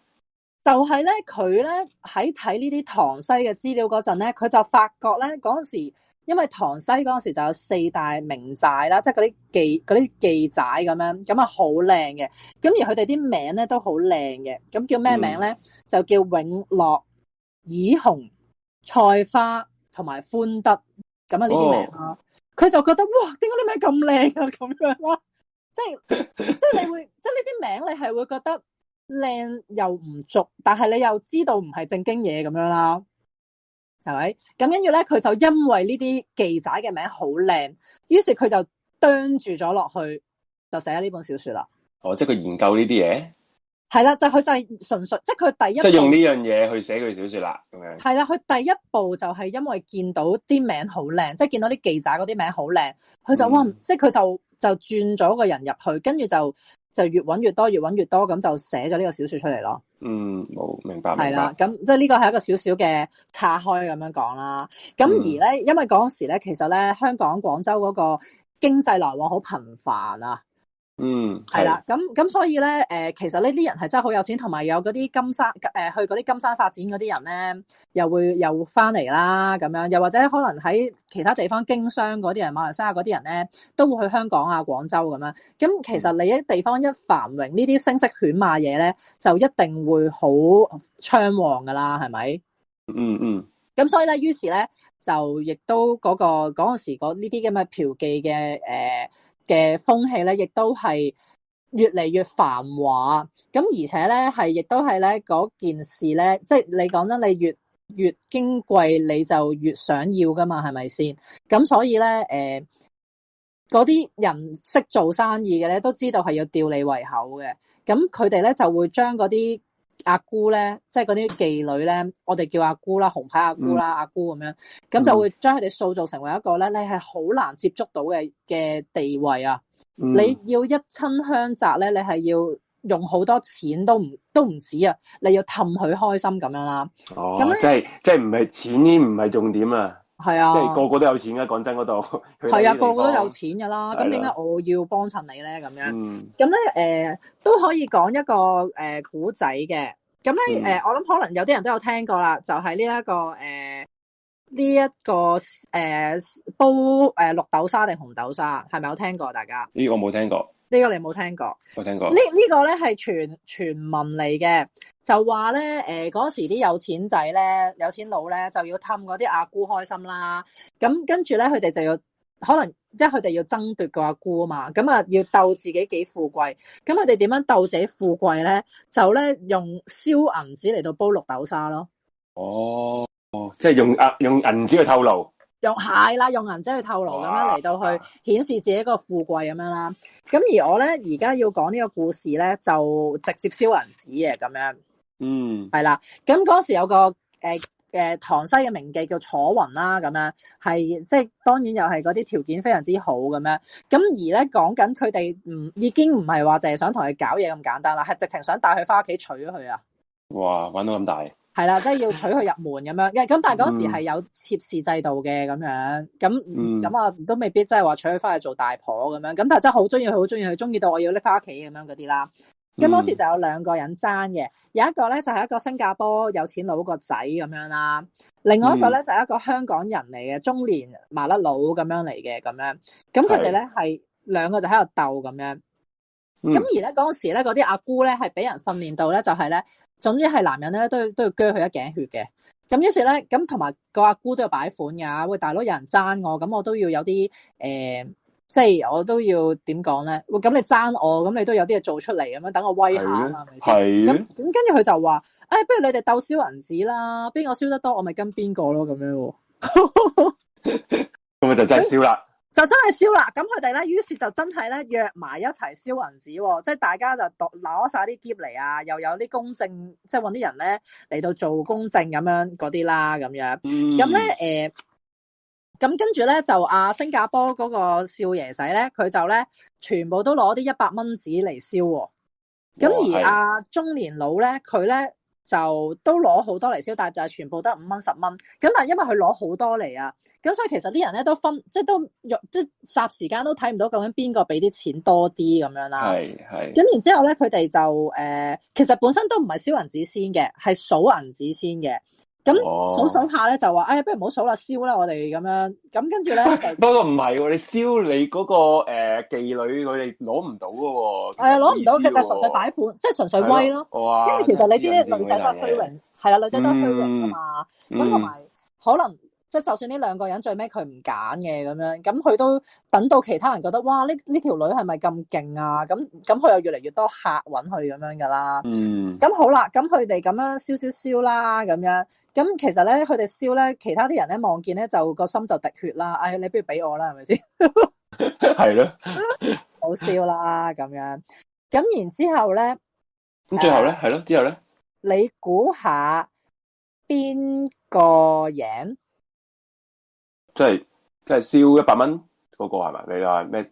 就係咧，佢咧喺睇呢啲塘西嘅資料嗰陣咧，佢就發覺咧嗰陣時，因為塘西嗰陣時就有四大名寨啦，即係嗰啲妓嗰啲妓寨咁樣，咁啊好靚嘅。咁而佢哋啲名咧都好靚嘅，咁叫咩名咧？嗯、就叫永樂、倚紅、菜花同埋歡德。咁啊呢啲名啊，佢、哦、就覺得哇，點解啲名咁靚啊？咁樣啦、啊，即係即係你會，即係呢啲名你係會覺得。靚又唔俗，但係你又知道唔係正經嘢咁樣啦，係咪？咁跟住咧，佢就因為呢啲記者嘅名好靚，於是佢就啄住咗落去，就寫咗呢本小說啦。哦，即係佢研究呢啲嘢。係啦，就佢、是、就係純粹，即係佢第一部。即係用呢樣嘢去寫佢小說啦，咁樣。係啦，佢第一步就係因為見到啲名好靚，即、就、係、是、見到啲記者嗰啲名好靚，佢就、嗯、哇，即係佢就就轉咗個人入去，跟住就就越搵越多，越搵越多咁就寫咗呢個小說出嚟咯。嗯，明白，明白。係啦，咁即係呢個係一個少少嘅岔開咁樣講啦。咁、嗯、而咧，因為嗰時咧，其實咧香港廣州嗰個經濟來往好頻繁啊。嗯，係啦，咁咁所以咧，誒、呃，其實呢啲人係真係好有錢，同埋有嗰啲金山，誒、呃，去嗰啲金山發展嗰啲人咧，又會又返翻嚟啦，咁樣，又或者可能喺其他地方經商嗰啲人，馬來西亞嗰啲人咧，都會去香港啊、廣州咁樣。咁其實你啲地方一繁榮，呢啲聲色犬馬嘢咧，就一定會好暢旺噶啦，係咪、嗯？嗯嗯。咁所以咧，於是咧，就亦都嗰、那個嗰陣時個呢啲咁嘅嫖妓嘅，誒、呃。嘅風氣咧，亦都係越嚟越繁華，咁而且咧，係亦都係咧嗰件事咧，即係你講真，你越越矜貴，你就越想要噶嘛，係咪先？咁所以咧，誒嗰啲人識做生意嘅咧，都知道係要吊你胃口嘅，咁佢哋咧就會將嗰啲。阿姑咧，即係嗰啲妓女咧，我哋叫阿姑啦，紅牌阿姑啦，嗯、阿姑咁樣，咁就會將佢哋塑造成為一個咧，你係好難接觸到嘅嘅地位啊。嗯、你要一親芳澤咧，你係要用好多錢都唔都唔止啊，你要氹佢開心咁樣啦、啊。哦，咁樣即係即係唔係錢呢？唔係重點啊。係啊，即係個個都有錢噶，講真嗰度。係啊，個個都有錢噶啦。咁點解我要幫襯你咧？咁樣咁咧，誒、嗯呃、都可以講一個誒古仔嘅。咁、呃、咧，誒、呃、我諗可能有啲人都有聽過啦，就係呢一個誒呢一個誒、呃、煲誒綠豆沙定紅豆沙，係咪有聽過大家？呢個冇聽過。呢個你冇聽過？冇聽過。呢呢、呢個咧係傳傳聞嚟嘅就話咧誒嗰時啲有錢仔咧、有錢佬咧就要氹嗰啲阿姑開心啦。咁跟住咧佢哋就要可能即係佢哋要爭奪個阿姑啊嘛。咁啊要鬥自己幾富貴。咁佢哋點樣鬥自己富貴咧？就咧用燒銀紙嚟到煲綠豆沙咯。哦哦，即係用銀用銀紙去透露。用係啦，用銀紙去透露咁哇樣嚟到去顯示自己一個富貴咁樣啦。咁而我咧而家要講呢個故事咧，就直接燒銀紙嘅咁樣。嗯，係啦。咁嗰時有個誒誒、呃呃、塘西嘅名妓叫楚雲啦，咁樣係即係當然又係嗰啲條件非常之好咁樣。咁而咧講緊佢哋唔已經唔係話淨係想同佢搞嘢咁簡單啦，係直情想帶佢翻屋企娶咗佢啊！哇，玩到咁大！係啦， <laughs> 即係要娶佢入門咁樣，咁咁但係嗰時係有妾侍制度嘅咁樣，咁咁啊都未必即係話娶佢翻去做大婆咁樣，咁但係真係好中意佢，好中意佢，中意到我要拎翻屋企咁樣嗰啲啦。咁嗰、嗯、時就有兩個人爭嘅，有一個咧就係、是、一個新加坡有錢佬個仔咁樣啦，另外一個咧、嗯、就係一個香港人嚟嘅中年麻甩佬咁樣嚟嘅咁樣，咁佢哋咧係兩個就喺度鬥咁樣，咁、嗯、而咧嗰時咧嗰啲阿姑咧係俾人訓練到咧就係、是、咧。總之係男人咧，都要都要鋸佢一頸血嘅。咁於是咧，咁同埋個阿姑都要擺款噶。喂，大佬有人爭我，咁我都要有啲誒、呃，即係我都要點講咧？喂，咁你爭我，咁你都有啲嘢做出嚟咁樣，等我威下啊嘛，係咪先？咁咁、啊、跟住佢就話：，誒、哎，不如你哋鬥燒銀紙啦，邊個燒得多，我咪跟邊個咯，咁樣、哦。咁 <laughs> 咪 <laughs> 就真係燒啦。就真係燒啦，咁佢哋咧，於是就真係咧約埋一齊燒銀紙，即係大家就攞晒啲喼嚟啊，又有啲公證，即係搵啲人咧嚟到做公證咁樣嗰啲啦，咁樣，咁咧誒，咁跟住咧就啊，新加坡嗰個少爺仔咧，佢就咧全部都攞啲一百蚊紙嚟燒，咁、哦、而啊，的中年佬咧，佢咧。就都攞好多嚟燒，但就係全部得五蚊十蚊。咁但係因為佢攞好多嚟啊，咁所以其實啲人咧都分，即都即係霎時間都睇唔到究竟邊個俾啲錢多啲咁樣啦。係係。咁然之後咧，佢哋就誒、呃，其實本身都唔係燒銀紙先嘅，係數銀紙先嘅。咁數數下咧，就話：哎呀，不如唔好數啦，燒啦，我哋咁樣。咁跟住咧，不過唔係喎，你燒你嗰個誒妓女，佢哋攞唔到嘅喎。係啊，攞唔到嘅，佢純粹擺款，即係純粹威咯。哦啊！因為其實你知咧，女仔都虛榮，係啊，女仔都虛榮嘅嘛。咁同埋可能即係就算呢兩個人最尾佢唔揀嘅咁樣，咁佢都等到其他人覺得：哇！呢呢條女係咪咁勁啊？咁咁佢又越嚟越多客揾佢咁樣㗎啦。嗯。咁好啦，咁佢哋咁樣燒燒燒啦，咁樣。咁其實咧，佢哋燒咧，其他啲人咧望見咧，就個心就滴血啦。哎，你不如俾我啦，係咪先？係咯，好燒啦咁樣。咁然之後咧，咁、嗯、最後咧，係咯之後咧、就是，你估下邊個贏？即係即係燒一百蚊嗰個係咪？你話咩？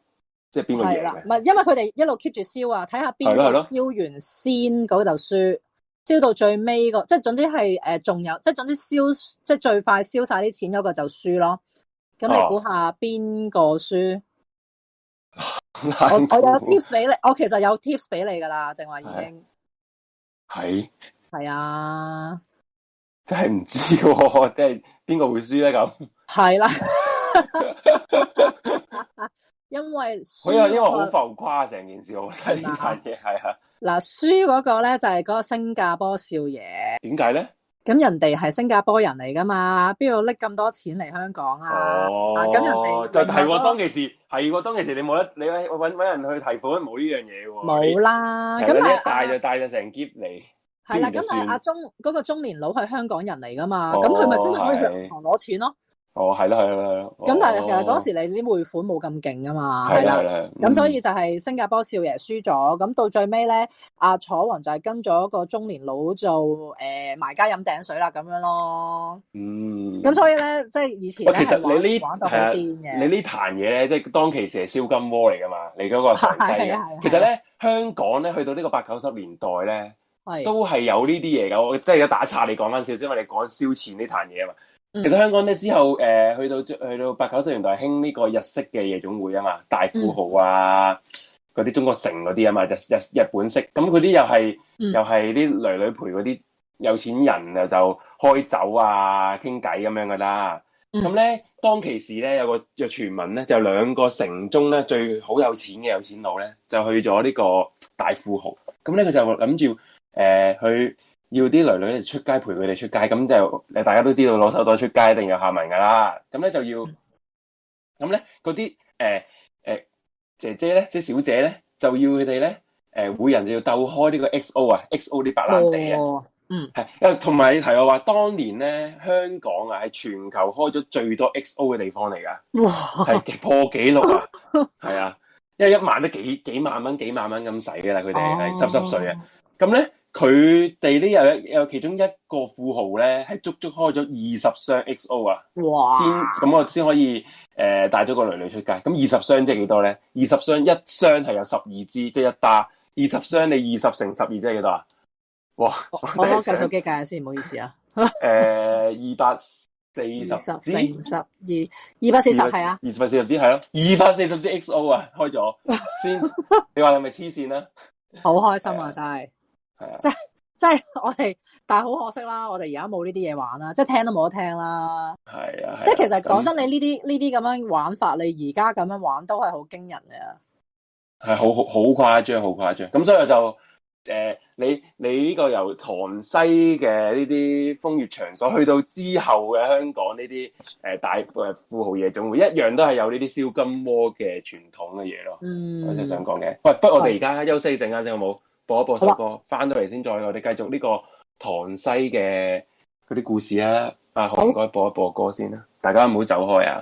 即係邊個贏？唔係，因為佢哋一路 keep 住燒啊，睇下邊個燒完先嗰就輸。燒到最尾個，即係總之係誒，仲、呃、有，即係總之燒，即係最快燒晒啲錢嗰個就輸咯。咁你估下邊個輸？我我有 tips 俾你，我其實有 tips 俾你噶啦，正話已經係係啊，啊真係唔知即係邊個會輸咧咁。係啦。係啊 <laughs> <laughs> 因為輸，佢又因為好浮誇成件事，我覺得呢 part 嘢係啊。嗱，輸嗰個咧就係嗰個新加坡少爺。點解咧？咁人哋係新加坡人嚟噶嘛，邊度拎咁多錢嚟香港啊？哦，咁人哋就係當其時，係喎當其時你冇得你搵搵搵人去提款，冇呢樣嘢喎。冇啦，咁啊大就大就成劫你，係啦，咁阿阿中嗰個中年佬係香港人嚟噶嘛？咁佢咪真係可以去銀行攞錢咯？哦，係啦，係啦，咁、哦、但係其實嗰時你啲匯款冇咁勁噶嘛，係啦，咁、嗯、所以就係新加坡少爺輸咗，咁到最尾咧，阿楚雲就係跟咗個中年佬做誒、呃、埋街飲井水啦，咁樣咯，嗯，咁所以咧即係以前咧其實你呢玩到好癲嘅，你這壇呢壇嘢咧即係當其時係燒金窩嚟噶嘛，你嗰個係啊，係啊，其實咧香港咧去到呢個八九十年代咧，是的都係有呢啲嘢噶，即係而家打岔你講翻少少，因為你講燒錢呢壇嘢啊嘛。其實香港咧之後，誒、呃、去到去到八九十年代興呢個日式嘅夜總會啊嘛，大富豪啊，嗰啲、嗯、中國城嗰啲啊嘛，日日日本式，咁佢啲又係、嗯、又係啲女女陪嗰啲有錢人，又就開酒啊、傾偈咁樣噶啦。咁咧、嗯、當其時咧有個嘅傳聞咧，就兩個城中咧最好有錢嘅有錢佬咧，就去咗呢個大富豪。咁咧佢就諗住誒去。要啲女女嚟出街陪佢哋出街，咁就誒，大家都知道攞手袋出街一定有下文噶啦。咁咧就要，咁咧嗰啲誒誒姐姐咧，即小姐咧，就要佢哋咧，誒、呃、每人就要鬥開呢個 XO 啊，XO 啲白蘭地啊，哦、嗯係，因為同埋你提我話，當年咧香港啊係全球開咗最多 XO 嘅地方嚟噶，係哇破紀錄啊，係 <laughs> 啊，因為一晚都幾幾萬蚊幾萬蚊咁使噶啦，佢哋係濕濕碎啊，咁咧、哦。佢哋呢又有其中一個富豪咧，係足足開咗二十箱 XO 啊！哇！咁我，我，我先可以誒帶咗個女女出街。咁二十箱即係幾多咧？二十箱，一箱係有十二支，即係一打。二十箱你二十乘十二即係幾多啊？哇！我攞計數機計下先，唔好意思啊。誒、 <laughs> 呃，二百四十支，十二二百四十係啊，二百四十支係咯，二百四十支 XO 啊，開咗 <laughs> 先。你話你係咪黐線啊？好開心啊！呃、真係～係、啊，即係即係我哋，但係好可惜啦，我哋而家冇呢啲嘢玩啦，即係聽都冇得聽啦。係啊，啊即係其實講真，嗯、你呢啲呢啲咁樣玩法，你而家咁樣玩都係好驚人嘅。係好好好誇張，好誇張。咁所以我就誒、呃，你你呢個由塘西嘅呢啲風月場所，去到之後嘅香港呢啲誒大、呃、富豪夜總會，一樣都係有呢啲燒金窩嘅傳統嘅嘢咯。嗯，我即係想講嘅。喂，不過我哋而家休息一陣間先好冇？播一播首歌，翻到嚟先再，我哋繼續呢個塘西嘅嗰啲故事啊！啊，唔該，播一播歌先啦，大家唔好走開啊！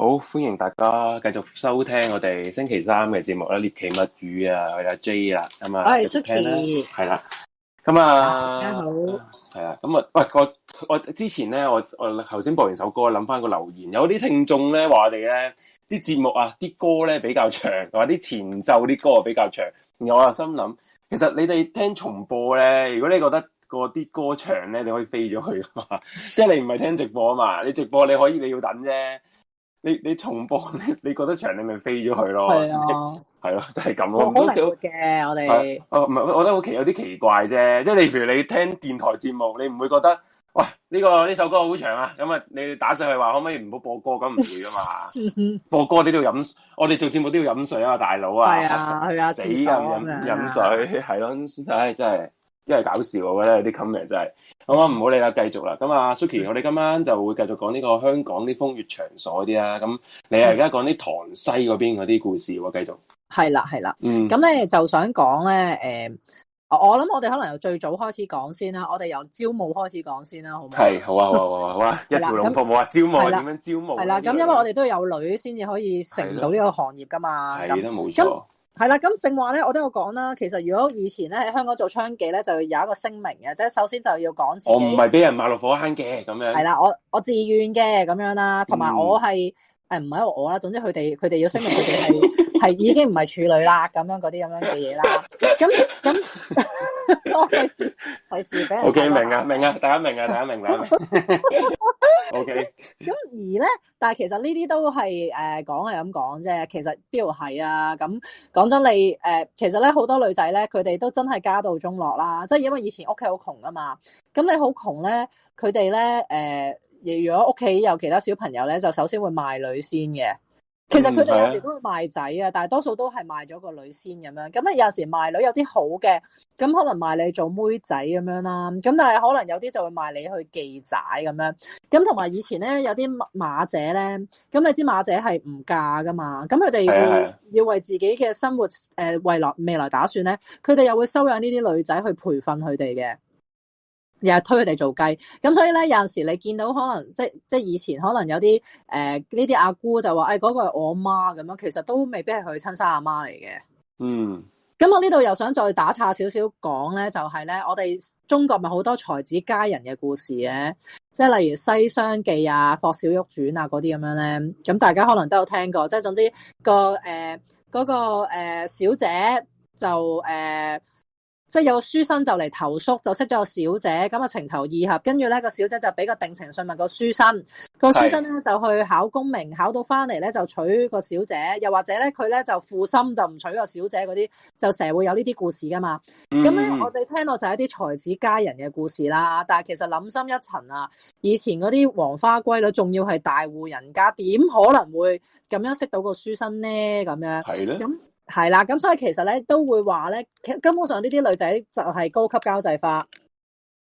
好，歡迎大家繼續收聽我哋星期三嘅節目啦！獵奇物語啊，我哋阿 J 啦，咁啊，我係 Suki，係啦，咁啊，大家好，係啊，咁啊，喂，我我之前咧，我我頭先播完首歌，諗翻個留言，有啲聽眾咧話我哋咧啲節目啊，啲歌咧比較長，同埋啲前奏啲歌比較長，我又心諗，其實你哋聽重播咧，如果你覺得個啲歌長咧，你可以飛咗去噶嘛，即係你唔係聽直播啊嘛，你直播你可以你要等啫。你你重播你你覺得長你咪飛咗佢咯，係、啊 <laughs> 啊就是、咯，係咯，就係咁咯。好靈活嘅我哋，哦唔係，我覺得好奇有啲奇怪啫。即係、就是、你譬如你聽電台節目，你唔會覺得，喂，呢、這個呢首歌好長啊？咁啊你打上去話可唔可以唔好播歌咁唔會啊嘛？ <laughs> 播歌你都要飲，我哋做節目都要飲水啊嘛，大佬啊。係啊，去啊，死心啦。飲、啊、水係咯，唉真係，真，的真的為搞笑我覺得有啲 comment 真係。好啊，唔好理啦，繼續啦。咁啊，Suki，我哋今晚就會繼續講呢個香港啲風月場所啲啦。咁你啊，而家講啲塘西嗰邊嗰啲故事喎。繼續。係啦，係啦。嗯。咁咧就想講咧，誒、呃，我想我諗我哋可能由最早開始講先啦，我哋由招募開始講先啦，好唔好？係，好啊，好啊，好啊，好啊。一條龍服務啊，招募啊，點樣招募？係啦，咁因為我哋都有女，先至可以成到呢個行業噶嘛。係，都冇錯。係啦，咁正話咧，我都有講啦。其實如果以前咧，喺香港做娼妓咧，就有一個聲明嘅，即係首先就要講自己，我唔係俾人賣落火坑嘅，咁樣。係啦，我我自願嘅，咁樣啦，同埋我係誒唔係我啦。總之佢哋佢哋要聲明佢哋係係已經唔係處女啦，咁樣嗰啲咁樣嘅嘢啦。咁咁。 <laughs> 費事費事俾人 O K 明啊，明啊，大家明啊，大家明啊明 O K 咁而咧，但係其實呢啲都係誒講係咁講啫。其實邊度係啊？咁講真你誒，其實咧好多女仔咧，佢哋都真係家道中落啦，即係因為以前屋企好窮啊嘛。咁你好窮咧，佢哋咧誒，如果屋企有其他小朋友咧，就首先會賣女先嘅。其實佢哋有時都會賣仔啊，但係多數都係賣咗個女先咁樣。咁你有時賣女有啲好嘅，咁可能賣你做妹仔咁樣啦。咁但係可能有啲就會賣你去妓仔咁樣。咁同埋以前咧，有啲馬姐咧，咁你知馬姐係唔嫁噶嘛？咁佢哋要為自己嘅生活誒未來未來打算咧，佢哋又會收養呢啲女仔去培訓佢哋嘅。又係推佢哋做雞，咁所以咧有陣時你見到可能即即以前可能有啲誒呢啲阿姑就話誒嗰個係我媽咁樣，其實都未必係佢親生阿媽嚟嘅。嗯，咁我呢度又想再打岔少少講咧，就係、是、咧，我哋中國咪好多才子佳人嘅故事嘅，即係例如《西廂記》啊，《霍小玉傳》啊嗰啲咁樣咧，咁大家可能都有聽過，即係總之、嗰個誒嗰、呃嗰個、呃、小姐就誒。呃即係有個書生就嚟投宿，就識咗個小姐，咁啊情投意合，跟住咧個小姐就俾個定情信物個書生，個書生咧是就去考功名，考到翻嚟咧就娶個小姐，又或者咧佢咧就負心就唔娶個小姐嗰啲，就成日會有呢啲故事噶嘛。咁咧、嗯、我哋聽到就係一啲才子佳人嘅故事啦。但係其實諗深一層啊，以前嗰啲黃花閨女，仲要係大戶人家，點可能會咁樣識到個書生咧？咁樣，係咧呢，咁。係啦，咁所以其實咧都會話咧，其實根本上呢啲女仔就係高級交際花，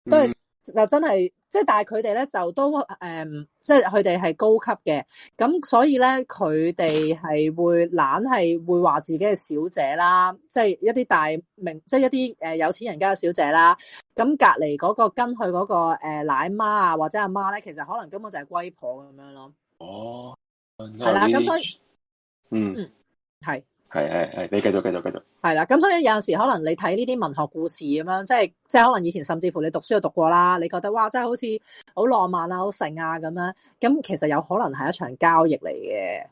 嗯、都係就真係即係，就是、但係佢哋咧就都誒，即係佢哋係高級嘅，咁所以咧佢哋係會懶係 <laughs> 會話自己係小姐啦，即、就、係、是、一啲大名，即、就、係、是、一啲誒有錢人家嘅小姐啦。咁隔籬嗰個跟佢嗰個誒奶媽啊或者阿媽咧，其實可能根本就係龜婆咁樣咯。哦，係啦，咁所以，嗯嗯係。係係係，你繼續繼續繼續。係啦，咁所以有陣時可能你睇呢啲文學故事咁樣，即係即係可能以前甚至乎你讀書又讀過啦，你覺得哇，真係好似好浪漫啊，好性啊咁樣。咁其實有可能係一場交易嚟嘅。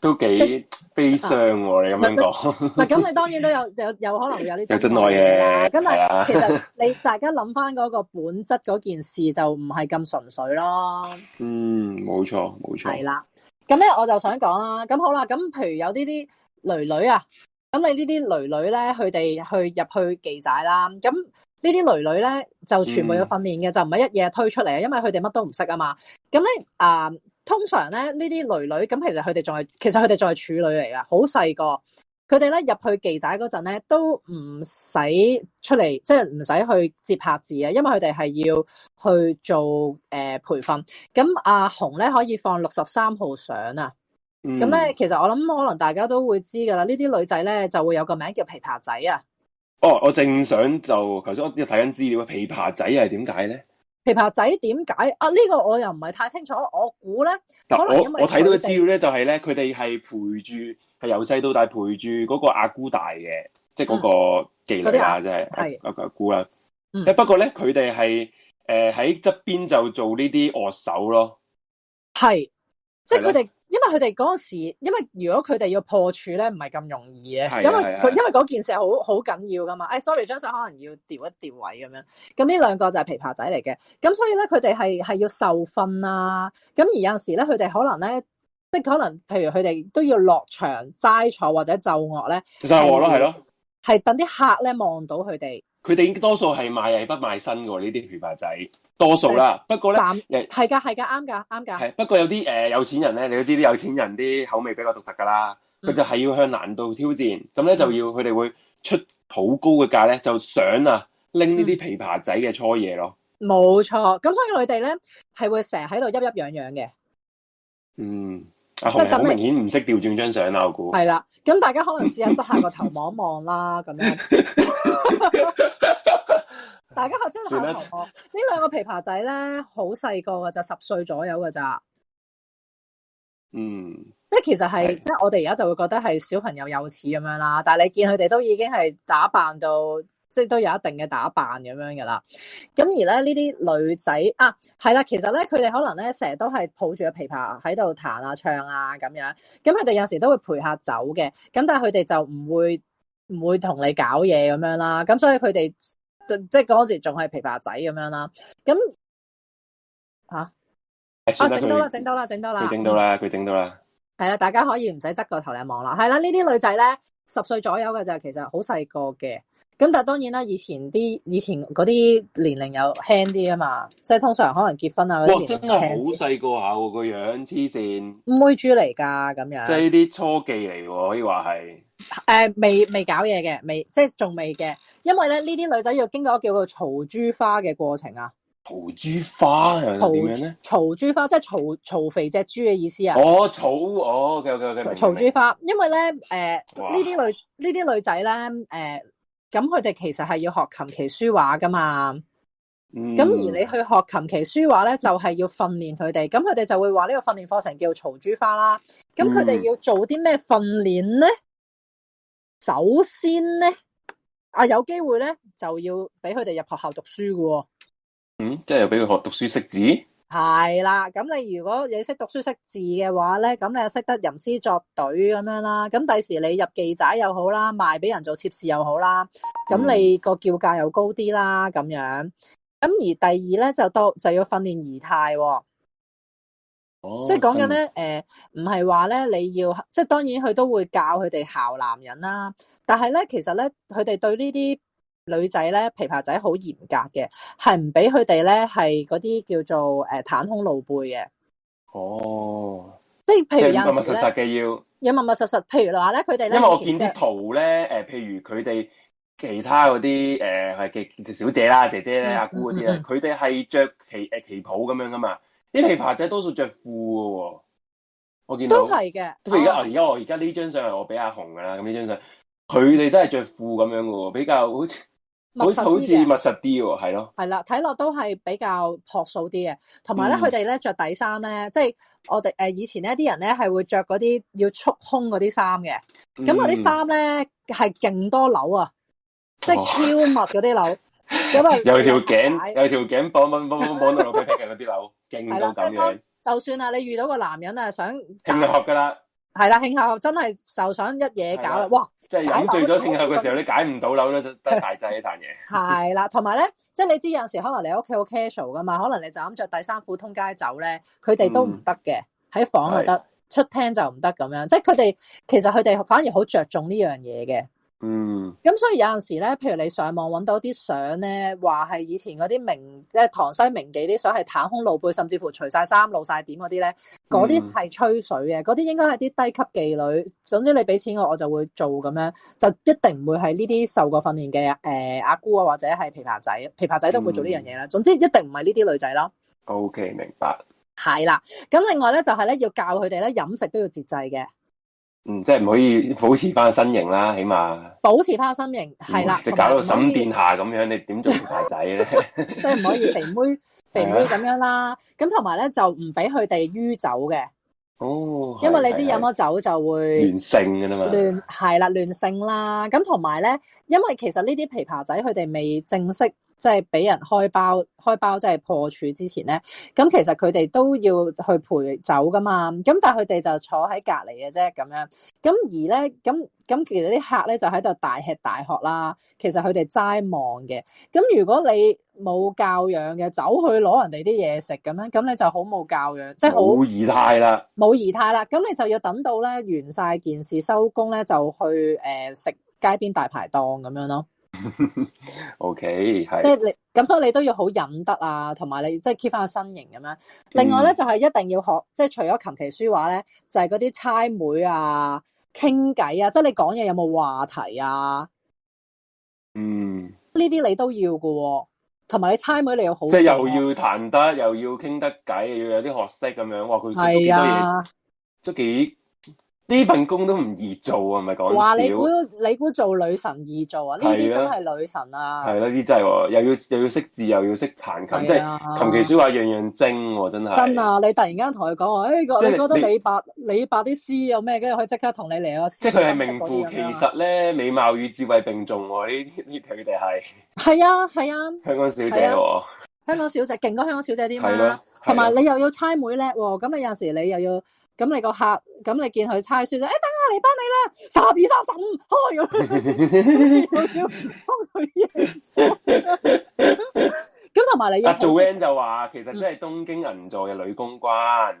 都幾悲傷喎，啊，即你咁樣講。唔係，啊，咁 <laughs> 你當然都有有有可能會有呢種真愛嘅，啊。咁但係其實你大家諗翻嗰個本質嗰件事，就唔係咁純粹咯。嗯，冇錯冇錯。係啦。咁咧我就想講啦，咁好啦，咁譬如有呢啲女女啊，咁你呢啲女女咧，佢哋去入去妓寨啦，咁呢啲女女咧就全部要訓練嘅，嗯、就唔係一嘢推出嚟啊，因為佢哋乜都唔識啊嘛。咁咧啊，通常咧呢啲女女咁其實佢哋仲係其實佢哋仲係處女嚟㗎，好細個。佢哋咧入去妓仔嗰陣咧，都唔使出嚟，即係唔使去接客字啊，因為佢哋係要去做誒、呃、培訓。咁阿紅咧可以放六十三號相啊。咁咧、嗯，其實我諗可能大家都會知噶啦，呢啲女仔咧就會有個名叫琵琶仔啊。哦，我正想就頭先我一睇緊資料啊，琵琶仔係點解咧？琵琶仔點解啊？呢、呢個我又唔係太清楚。我估咧，可能因為我睇到嘅資料咧，就係、係、咧，佢哋係陪住，係由細到大陪住嗰個阿姑大嘅，即係嗰個技能啊，即係阿、啊是啊、阿姑啦、啊。嗯、不過咧，佢哋係誒喺側邊就做呢啲樂手咯。係，即係佢哋。因為佢哋嗰陣時，因為如果佢哋要破處咧，唔係咁容易嘅，因為佢因為嗰件事係好好緊要噶嘛。哎，Sorry，張相可能要調一調位咁樣。咁呢兩個就係琵琶仔嚟嘅。咁所以咧，佢哋係係要受訓啊。咁而有陣時咧，佢哋可能咧，即係可能，譬如佢哋都要落場齋坐或者奏樂咧。就係我咯，係咯是。係的等啲客咧望到佢哋。佢哋應該多數係賣藝不賣身嘅喎，呢啲琵琶仔多數啦。的不過咧，係係㗎係㗎，啱㗎啱㗎。係，不過有啲誒、呃、有錢人咧，你都知啲有錢人啲口味比較獨特㗎啦。佢、嗯、就係要向難度挑戰，咁咧就要佢哋會出好高嘅價咧，就想啊拎呢啲琵琶仔嘅初夜咯。冇、嗯、錯，咁所以佢哋咧係會成日喺度鬱鬱癢癢嘅。嗯。即係咁明顯唔識調轉張相啦，我估係啦。咁大家可能試下側下個頭望一望啦，咁 <laughs> 這樣。 <laughs> 大家學真下的頭望。呢兩 <laughs> 個琵琶仔咧，好細個噶，咋，十歲左右噶咋。嗯。即係其實係，即係的我哋而家就會覺得係小朋友幼稚咁樣啦。但係你見佢哋都已經係打扮到。即係都有一定嘅打扮咁樣噶啦，咁而咧呢啲女仔啊，係啦，其實咧佢哋可能咧成日都係抱住個琵琶喺度彈啊唱啊咁樣，咁佢哋有陣時都會陪客走嘅，咁但係佢哋就唔會唔會同你搞嘢咁樣啦，咁、嗯、所以佢哋即係嗰時仲係琵琶仔咁樣啦，咁、嗯、吓啊整到啦，整到啦，整到啦，整到啦，佢整到啦。係啦，大家可以唔使側個頭嚟望啦。係啦，呢啲女仔咧十歲左右嘅就其實好細個嘅。咁但係當然啦，以前啲以前嗰啲年齡又輕啲啊嘛，即係通常可能結婚啊。哇，真係好細個下、啊、個樣，樣，黐線。妹豬嚟噶咁樣。即係呢啲初記嚟，可以話係。誒、呃，未未搞嘢嘅，未即係仲未嘅，因為咧呢啲女仔要經過一個叫做曹珠花嘅過程啊。曹豬花係點樣咧？曹豬花即係曹曹肥隻豬嘅意思啊、哦！哦，曹哦，記記記，曹豬花，因為咧，誒、呃，呢啲哇女呢啲女仔咧，誒、呃，咁佢哋其實係要學琴棋書畫噶嘛，咁、嗯、而你去學琴棋書畫咧，就係、是、要訓練佢哋，咁佢哋就會話呢個訓練課程叫曹豬花啦。咁佢哋要做啲咩訓練咧？嗯、首先咧，啊，有機會咧，就要俾佢哋入學校讀書噶。嗯，即係又俾佢學讀書識字，係啦。咁你如果你識讀書識字嘅話咧，咁你又識得吟詩作對咁樣啦。咁第時你入妓仔又好啦，賣俾人做妾侍又好啦，咁你個叫價又高啲啦，咁樣。咁而第二咧，就多就要訓練儀態。喎、哦。即係講緊咧，誒的，唔係話咧，你要即係當然佢都會教佢哋姣男人啦。但係咧，其實咧，佢哋對呢啲。女仔咧，琵琶仔好嚴格嘅，係唔俾佢哋咧，係嗰啲叫做誒袒胸露背嘅。哦，即係譬如有密密實實嘅，要有密密實實。譬如話咧，佢哋因為我見啲圖咧，誒、呃，譬如佢哋其他嗰啲誒係嘅小姐啦、姐姐咧、阿、嗯啊、姑嗰啲咧，佢哋係着旗誒旗袍咁樣噶嘛。啲琵琶仔多數着褲嘅喎，我見到都係嘅。都而家而家我而家呢張相係我俾阿紅噶啦。咁呢張相佢哋都係着褲咁樣嘅喎，比較好似。好似密實啲喎，係咯，係啦，睇落都係比較樸素啲嘅，同埋咧，佢哋咧着底衫咧，即係我哋誒以前咧啲人咧係會着嗰啲要束胸嗰啲衫嘅，咁我啲衫咧係勁多紐啊，即係超密嗰啲紐，有條頸有條頸綁綁綁綁到老飛飛嘅嗰啲紐，勁到咁樣就算啊，你遇到個男人啊想，聽你學㗎啦。係啦，慶後真係就想一嘢搞啦，的哇！即係飲醉咗慶後嘅時候，解你解唔到樓咧，的得大劑呢啖嘢。係啦，同埋咧，即係你知有陣時可能你喺屋企好 casual 噶嘛，可能你就咁着第三褲通街走咧，佢哋都唔得嘅，喺、嗯、房就得，的出廳就唔得咁樣。即係佢哋其實佢哋反而好着重呢樣嘢嘅。嗯，咁所以有陣時咧，譬如你上網搵到啲相咧，話係以前嗰啲名，即係塘西名妓啲相係袒胸露背，甚至乎除晒衫露晒點嗰啲咧，嗰啲係吹水嘅，嗰啲、嗯、應該係啲低級妓女。總之你俾錢我，我就會做咁樣，就一定唔會係呢啲受過訓練嘅誒阿姑啊，或者係琵琶仔，琵琶仔都唔會做呢樣嘢啦。嗯、總之一定唔係呢啲女仔咯。OK，明白。係啦，咁另外咧就係咧要教佢哋咧飲食都要節制嘅。嗯，即係唔可以保持翻身形啦，起碼保持翻身形係啦。嗯嗯，即搞到沈殿霞咁樣，嗯、你點做琵琶仔咧？即係唔可以肥妹肥妹咁樣啦。咁同埋咧，就唔俾佢哋酗酒嘅。哦，因為你知飲咗酒就會亂性噶啦嘛。亂係啦，亂性啦。咁同埋咧，因為其實呢啲琵琶仔佢哋未正式。即係俾人開包，開包即係破處之前咧，咁其實佢哋都要去陪走噶嘛，咁但係佢哋就坐喺隔籬嘅啫，咁樣，咁而咧，咁咁其實啲客咧就喺度大吃大喝啦，其實佢哋齋望嘅，咁如果你冇教養嘅，走去攞人哋啲嘢食咁樣，咁你就好冇教養，即係好儀態啦，冇儀態啦，咁你就要等到咧完晒件事收工咧，就去誒、呃、食街邊大排檔咁樣咯。O K，係即係你咁，係所以你都要好忍得啊，同埋你即係 keep 翻個身形咁樣。另外咧，就係一定要學，即係除咗琴棋書畫咧，就係嗰啲猜妹啊、傾偈啊，即係你講嘢有冇話題啊？嗯，呢啲你都要噶，同埋你猜妹你又好，即係又要彈得，又要傾得偈，要有啲學識咁樣。哇，佢係啊，都幾。呢份工都唔易做啊，唔係講笑。你估你估做女神易做啊，呢啲真係女神啊。係啦，呢啲真係喎，又要又要識字，又要識彈琴，即係琴棋書畫樣樣精喎，真係。真啊！你突然間同佢講話，誒，你覺得李白李白啲詩有咩，跟住佢即刻同你嚟個詩！即係佢係名副其實咧，美貌與智慧並重喎，呢啲佢哋係。係啊，係啊。香港小姐喎。香港小姐勁過香港小姐啲咩？同埋你又要猜妹叻喎，咁你有陣時你又要。咁你嗰個客，咁你見佢猜算哎等下嚟幫你啦，十二、三、 <laughs> <laughs> 十 <laughs> 五，開咗，開咗，開咗嘢。咁同埋你，阿 J 就話，其實即係東京銀座嘅女公關，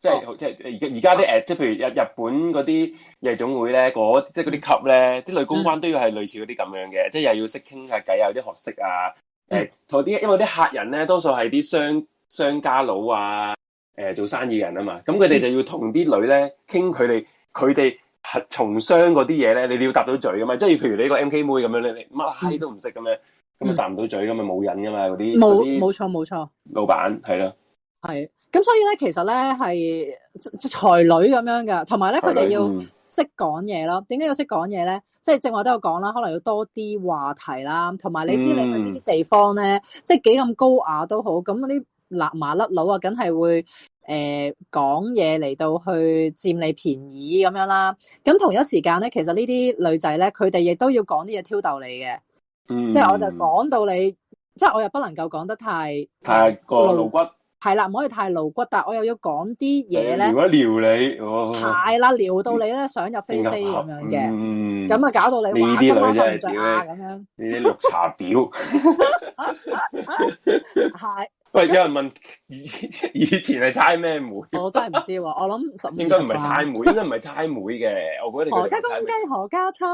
即係即係而而家啲誒，即係、嗯、譬如日日本嗰啲夜總會咧，嗰即係嗰啲 club 咧，啲女公關都要係類似嗰啲咁樣嘅，即係又要識傾下偈啊，有啲學識啊，誒，同啲因為啲客人咧，多數係啲商商家佬啊。誒，做生意人啊嘛，咁佢哋就要同啲女咧傾佢哋佢哋從商嗰啲嘢咧，你要答到嘴噶嘛，即係譬如你個 MK 妹咁樣，你乜閪都唔識咁樣，咁咪、嗯、答唔到嘴，咁咪冇癮噶嘛，嗰啲冇冇錯冇錯，老闆係咯，係咁所以咧，其實咧係才女咁樣噶，同埋咧佢哋要識講嘢咯。點解要識講嘢咧？即係正話都有講啦，可能要多啲話題啦，同埋你知你去呢啲地方咧，嗯、即係幾咁高雅都好，咁啲。爛麻甩佬啊，梗係會誒講嘢嚟到去佔你便宜咁樣啦。咁同一時間咧，其實呢啲女仔咧，佢哋亦都要講啲嘢挑逗你嘅。嗯、即係我就講到你，即係我又不能夠講得太太過露骨。係啦，唔可以太露骨，但係我又要講啲嘢咧。撩一撩你，哦，係啦，撩到你咧想入非非咁樣嘅。咁啊搞到你、嗯、哇啲女仔咁、啊、樣。呢啲綠茶婊。係。 <laughs> <laughs> 喂，有人問以以前係猜咩妹？我真係唔知喎，我諗應該唔係猜妹，應該唔係猜妹嘅。我估何家公雞何家猜？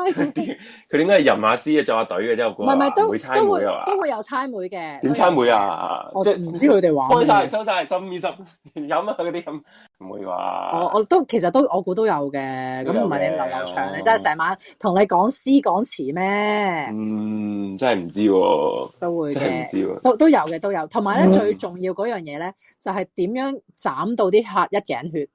佢點解係任馬師啊？做下隊嘅啫，我估唔係唔係都都會都會有猜妹嘅？點猜妹啊？我哋唔知佢哋話開晒收晒收咪收飲下嗰啲咁？唔會話。我我都其實都我估都有嘅。咁唔係你流流場，你真係成晚同你講詩講詞咩？嗯，真係唔知都會真係唔知都都有嘅都有。同埋咧最重要嗰樣嘢咧，就係、是、點樣斬到啲客一頸血。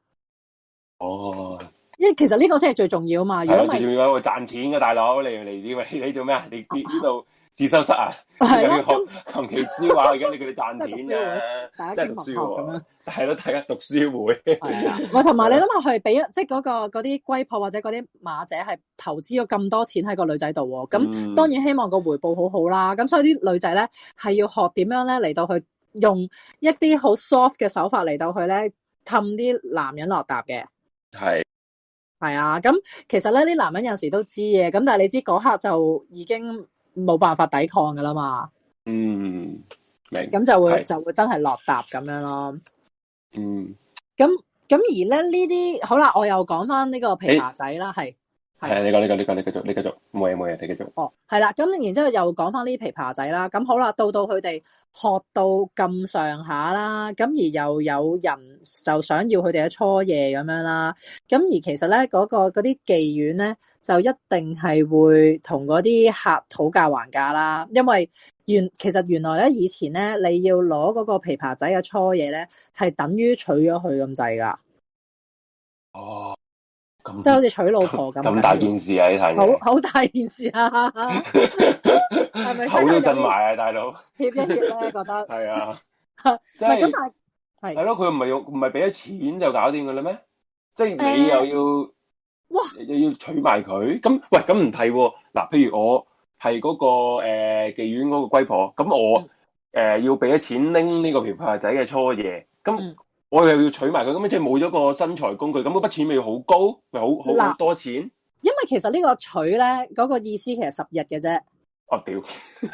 哦，因為其實呢個先係最重要啊嘛。如果唔係，賺錢嘅、啊、大佬嚟你你，你，你做咩啊？你呢度自修室啊？又要學琴棋、 <laughs> 啊、書畫，而家你叫你賺錢嘅，大家讀書喎。咁樣係咯，大家讀書會。我同埋你諗下，佢俾即係、那、嗰個嗰啲龜婆或者嗰啲馬仔，係投資咗咁多錢喺個女仔度喎。咁當然希望個回報好好啦。咁所以啲女仔咧，係要學點樣咧嚟到去。用一啲好 soft 嘅手法嚟到佢咧，氹啲男人落搭嘅。係是，係啊，咁其實咧，啲男人有時候都知嘅，咁但係你知嗰刻就已經冇辦法抵抗噶啦嘛。嗯，明。咁就會是就會真係落搭咁樣咯。嗯。咁咁而咧呢啲，好啦，我又講翻呢個琵琶仔啦，係、欸。係，你講，你講，你講，你繼續，你繼續，冇嘢，冇嘢，你繼續。哦，係啦，咁然之後又講翻呢啲琵琶仔啦，咁好啦，到到佢哋學到咁上下啦，咁而又有人就想要佢哋嘅初夜咁樣啦，咁而其實咧嗰個嗰啲妓院咧，就一定係會同嗰啲客討價還價啦，因為原其實原來咧以前咧，你要攞嗰個琵琶仔嘅初夜咧，係等於娶咗佢咁制噶。哦。即係好似娶老婆咁，咁大件事啊！你睇，好好大件事啊！係咪？ <laughs> 頭都震埋啊，大佬！一結咧覺得係啊，即係咁，但係係咯，佢唔係用唔係俾咗錢就搞掂噶啦咩？即係、呃、你又要哇，呃、你又要娶埋佢？咁哇喂，咁唔係嗱？譬如我係嗰、那個誒、呃、妓院嗰個龜婆，咁我誒要俾咗錢拎呢、這個嫖客仔嘅初夜，咁。嗯我又要娶埋佢，咁樣即係冇咗個生財工具，咁嗰筆錢咪要好高，咪好好多錢？因為其實呢個取咧，嗰、那個意思其實十日嘅啫。哦、啊，屌！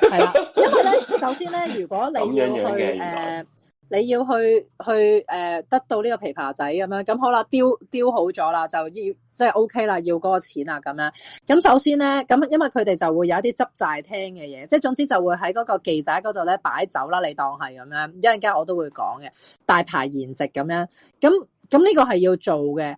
係啦，因為咧， <laughs> 首先咧，如果你要去誒。你要去去誒、呃，得到呢個琵琶仔咁樣，咁好啦，雕雕好咗啦，就要即係、就是、OK 啦，要嗰個錢啦咁樣。咁首先咧，咁因為佢哋就會有啲執寨廳嘅嘢，即係總之就會喺嗰個妓仔嗰度咧擺酒啦，你當係咁樣。一陣間我都會講嘅，大排筵席咁樣。咁咁呢個係要做嘅，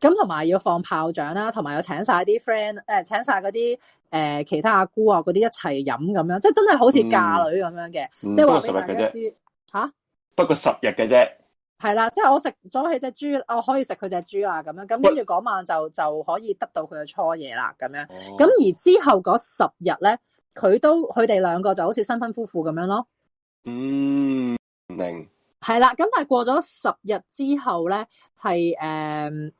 咁同埋要放炮仗啦、啊，同埋要請晒啲 friend 誒，請晒嗰啲誒其他阿姑啊嗰啲一齊飲咁樣，即係真係好似嫁女咁樣嘅，嗯、即係話俾大家知吓。嗯不過十日嘅啫，係啦，即係我食咗佢隻豬，我可以食佢隻豬啊，咁樣，咁跟住嗰晚就就可以得到佢嘅初夜啦，咁樣，咁、哦、而之後嗰十日咧，佢都佢哋兩個就好似新婚夫婦咁樣咯，嗯，定係啦，咁但係過咗十日之後咧，係誒，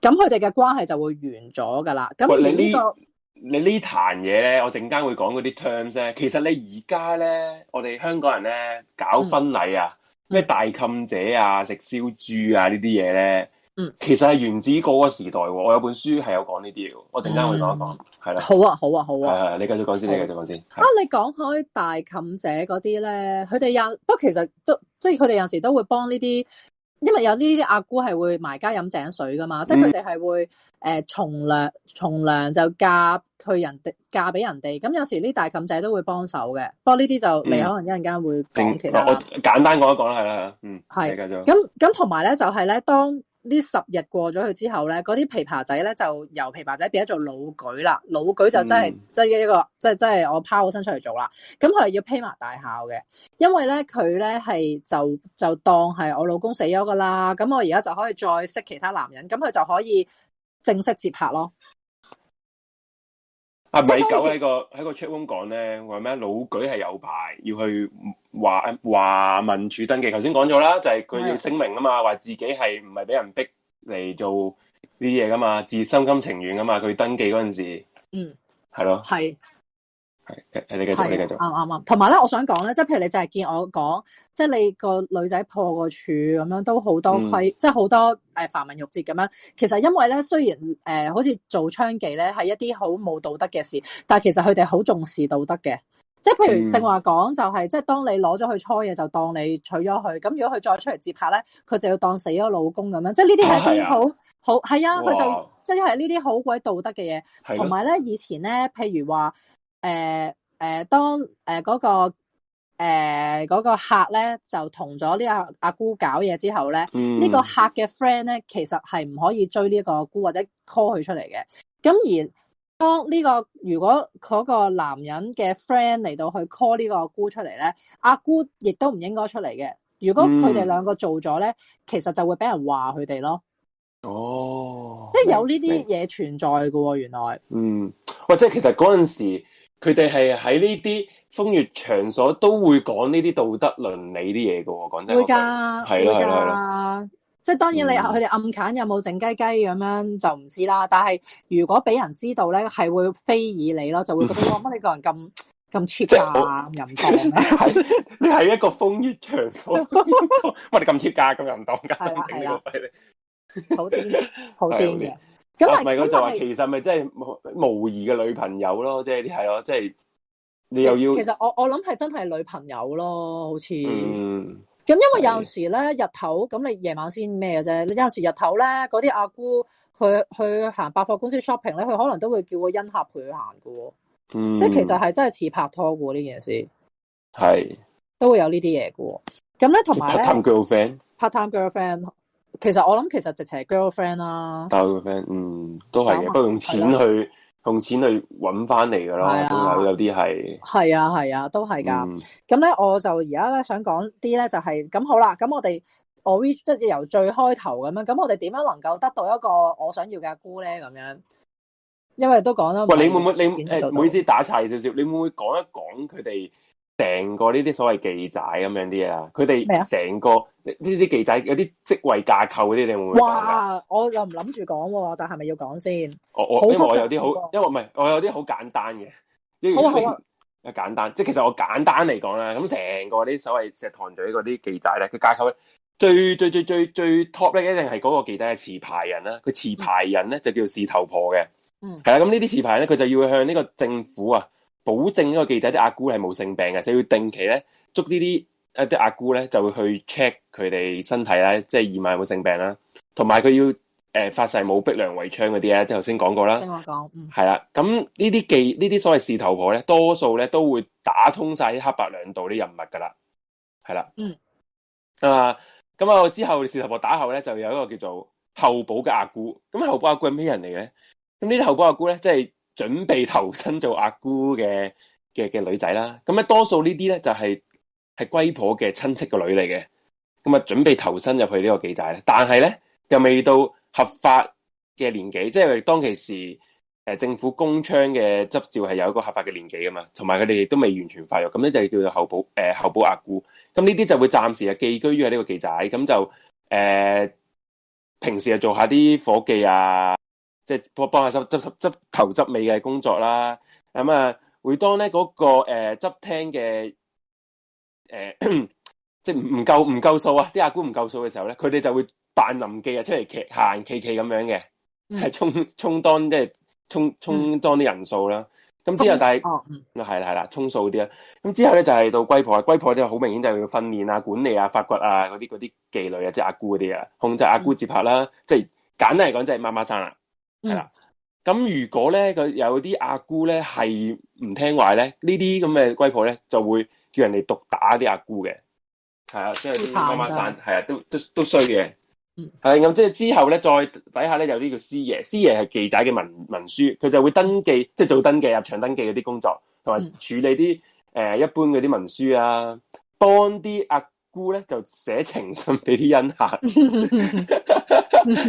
咁佢哋嘅關係就會完咗噶啦，咁而呢個。你壇呢壇嘢咧，我陣間會講嗰啲 terms 咧。其實你而家咧，我哋香港人咧搞婚禮啊，咩、嗯嗯、大妗姐啊，食燒豬啊呢啲嘢咧，嗯，其實係源自嗰個時代喎。我有本書係有講呢啲，我陣間會講一講，係啦、嗯。的好啊，好啊，好啊。誒，你繼續講先，啊、你繼續講先。啊，的你講開大妗姐嗰啲咧，佢哋有不過其實都即係佢哋有時都會幫呢啲。因為有呢啲阿姑係會埋街飲井水噶嘛，嗯、即係佢哋係會誒從良從良，就嫁佢人哋，嫁俾人哋。咁有時呢大妗仔都會幫手嘅。不過呢啲就你可能一陣間會講其他，我簡單講一講係啦，係啦、嗯，嗯，係，咁咁同埋咧就係、是、咧當。呢十日過咗去之後咧，嗰啲琵琶仔咧就由琵琶仔變咗做老舉啦，老舉就真係即係一個即係真係我拋身出嚟做啦。咁佢係要披埋大孝嘅，因為咧佢咧係就就當係我老公死咗噶啦，咁我而家就可以再識其他男人，咁佢就可以正式接客咯。阿米九喺個喺個 checkroom 講咧，話咩老舉係有牌要去華、誒，華民署登記。頭先講咗啦，就係佢要聲明啊嘛，話的自己係唔係俾人逼嚟做呢啲嘢噶嘛，自心甘情願噶嘛。佢登記嗰陣時，嗯，係咯的，係。係，誒，你繼續，你繼續。啱啱啱，同埋咧，我想講咧，即係譬如你就係見我講，即係你個女仔破個處咁樣，都好多規，嗯、即係好多誒、呃，繁文縟節咁樣。其實因為咧，雖然誒、呃，好似做娼妓咧，係一啲好冇道德嘅事，但係其實佢哋好重視道德嘅。即係譬如正話講、就是，就係即係當你攞咗佢初夜，就當你娶咗佢。咁如果佢再出嚟接客咧，佢就要當死咗老公咁樣。即係呢啲係一啲好好係啊，佢、啊啊、哇就即係呢啲好鬼道德嘅嘢。同埋咧，以前咧，譬如話。誒誒、呃呃，當誒嗰、呃嗰個誒、呃嗰個客咧，就同咗呢阿阿姑搞嘢之後咧，呢、嗯、個客嘅 friend 咧，其實係唔可以追呢個姑或者 call 佢出嚟嘅。咁而當呢、呢個如果嗰個男人嘅 friend 嚟到去 call 呢個姑出嚟咧，阿姑亦都唔應該出嚟嘅。如果佢哋兩個做咗咧，嗯、其實就會俾人話佢哋咯。哦，即係有呢啲嘢存在噶、啊，嗯、原來。嗯，或者其實嗰陣時。佢哋係喺呢啲風月場所都會講呢啲道德倫理啲嘢嘅喎，講真。會㗎，係啦係啦，即係當然你佢哋暗揀有冇靜雞雞咁樣就唔知啦。但係如果俾人知道咧，係會非議你咯，就會覺得乜你個人咁咁 cheap 價咁淫蕩。係你係一個風月場所，乜你咁 cheap 㗎，咁淫蕩，真係好啲好啲嘅。咁唔係，佢就話其實咪真係無疑嘅女朋友咯，即係啲係咯，即係、就是、你又要。其實我我諗係真係女朋友咯，好似。咁、嗯、因為有陣時咧的日頭，咁你夜晚先咩嘅啫？有陣時日頭咧，嗰啲阿姑去去行百貨公司 shopping 咧，佢可能都會叫個恩客陪佢行嘅。嗯，即係其實係真係似拍拖嘅呢件事。係是都會有呢啲嘢嘅。咁咧同埋咧 part time girlfriend。其實我諗其實直情係 girlfriend 啦、啊、friend 嗯，都係嘅，不過用錢去用錢去揾翻嚟噶咯仲有有啲係，係啊係啊，都係噶咁咧、嗯就是，我就而家咧想講啲咧就係，咁好啦，咁我哋我 r e 即係由最開頭咁樣，咁我哋點樣能夠得到一個我想要嘅姑咧？咁樣，因為都講啦，喂，你會唔會你誒，唔好意思打岔少少，你會唔會講一講佢哋？成個呢啲所謂妓寨咁樣啲啊，佢哋成個呢啲妓寨有啲職位架構啲，你會唔會？哇！我又唔諗住講，但係咪要講先？我我因為我有啲好，因為我唔係我有啲好簡單嘅。呢啊好啊，簡單即係其實我簡單嚟講咧，咁成個呢所謂石塘咀嗰啲妓寨咧，佢架構咧最最最最最 top 咧，一定係嗰個妓寨持牌人啦。佢持牌人咧就叫做事頭婆嘅。嗯，係啦、啊，咁呢啲持牌咧，佢就要向呢個政府啊。保證呢個記者啲阿姑係冇性病嘅，就要定期咧捉這些這些呢啲一啲阿姑咧，就會去 check 佢哋身體咧，即係驗埋有冇性病啦。同埋佢要誒、呃、發誓冇逼良為娼嗰啲啊，即係頭先講過啦。聽我講，嗯，係啦。咁呢啲記呢啲所謂事頭婆咧，多數咧都會打通晒啲黑白兩道啲人物噶啦，係啦，嗯啊，咁啊之後事頭婆打後咧，就有一個叫做後補嘅阿姑。咁後補阿姑係咩人嚟嘅？咁呢啲後補阿姑咧，即係。準備投身做阿姑嘅嘅嘅女仔啦，咁咧多數呢啲咧就係係龜婆嘅親戚個女嚟嘅，咁啊準備投身入去呢個記仔咧，但係咧又未到合法嘅年紀，即係當其時誒、呃、政府公娼嘅執照係有一個合法嘅年紀噶嘛，同埋佢哋都未完全發育，咁咧就叫做候補誒、呃、候補阿姑，咁呢啲就會暫時係寄居於呢個記仔，咁就誒、呃、平時就做下啲伙計啊。即係幫下執執頭執尾嘅工作啦、那個，咁啊會當咧嗰個誒執廳嘅誒，即係唔唔夠唔夠數啊！啲阿姑唔夠數嘅時候咧，佢哋就會扮臨記啊，出嚟行行企企咁樣嘅，係充充當即係充充當啲人數啦。咁之後但係係啦係啦充數啲啊。咁之後咧就係到龜婆，龜婆顯就好明顯就係要訓練啊、管理啊、發掘啊嗰啲嗰啲妓女啊，即係阿姑嗰啲啊，控制阿姑接客啦、嗯，即係簡單嚟講，即係媽媽生、啊係啦，咁如果咧佢有啲阿姑咧係唔聽話咧，呢啲咁嘅龜婆咧就會叫人哋毒打啲阿姑嘅，係啊，即係啲掃把散，係啊，都都都衰嘅，係咁，即係之後咧，再底下咧有呢個師爺，師爺係記仔嘅文文書，佢就會登記，即係做登記、入場登記嗰啲工作，同埋處理啲誒、嗯呃、一般嗰啲文書啊，幫啲阿姑咧就寫情信俾啲恩客，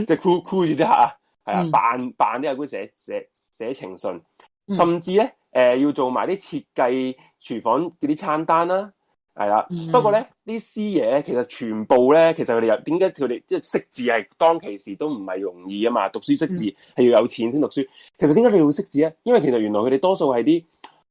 即係箍箍住啲客啊。係啊，扮扮啲阿官寫寫寫情信，甚至咧，誒、呃，要做埋啲設計廚房嗰啲餐單啦、啊，係啦、啊。Mm hmm. 不過咧，啲師爺其實全部咧，其實佢哋又點解佢哋即係識字係當其時都唔係容易啊嘛？讀書識字係、mm hmm. 要有錢先讀書。其實點解你會識字啊？因為其實原來佢哋多數係啲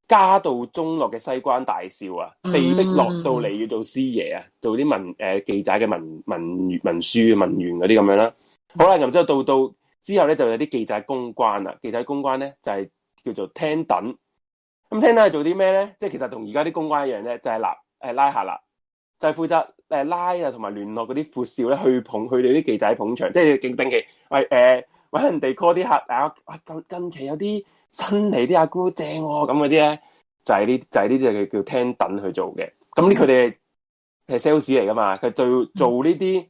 家道中落嘅西關大少啊，被逼落到嚟要做師爺啊，做啲文誒、呃、記者嘅文文文書文員嗰啲咁樣啦、啊。Mm hmm. 好啦、啊，咁之後就到到。之後咧就有啲記者公關啦，記者公關咧就係、是、叫做聽等。咁聽等係做啲咩咧？即係其實同而家啲公關一樣咧，就係嗱誒拉客啦，就係、是、負責誒、呃、拉啊，同埋聯絡嗰啲闊少咧去捧，佢哋啲記者捧場，即係定期喂誒揾人哋 call 啲客啊，啊，近近期有啲新嚟啲阿姑正咁嗰啲咧，就係、是、呢就係呢啲叫叫聽等去做嘅。咁呢佢哋係 sales 嚟㗎嘛，佢做做呢啲誒。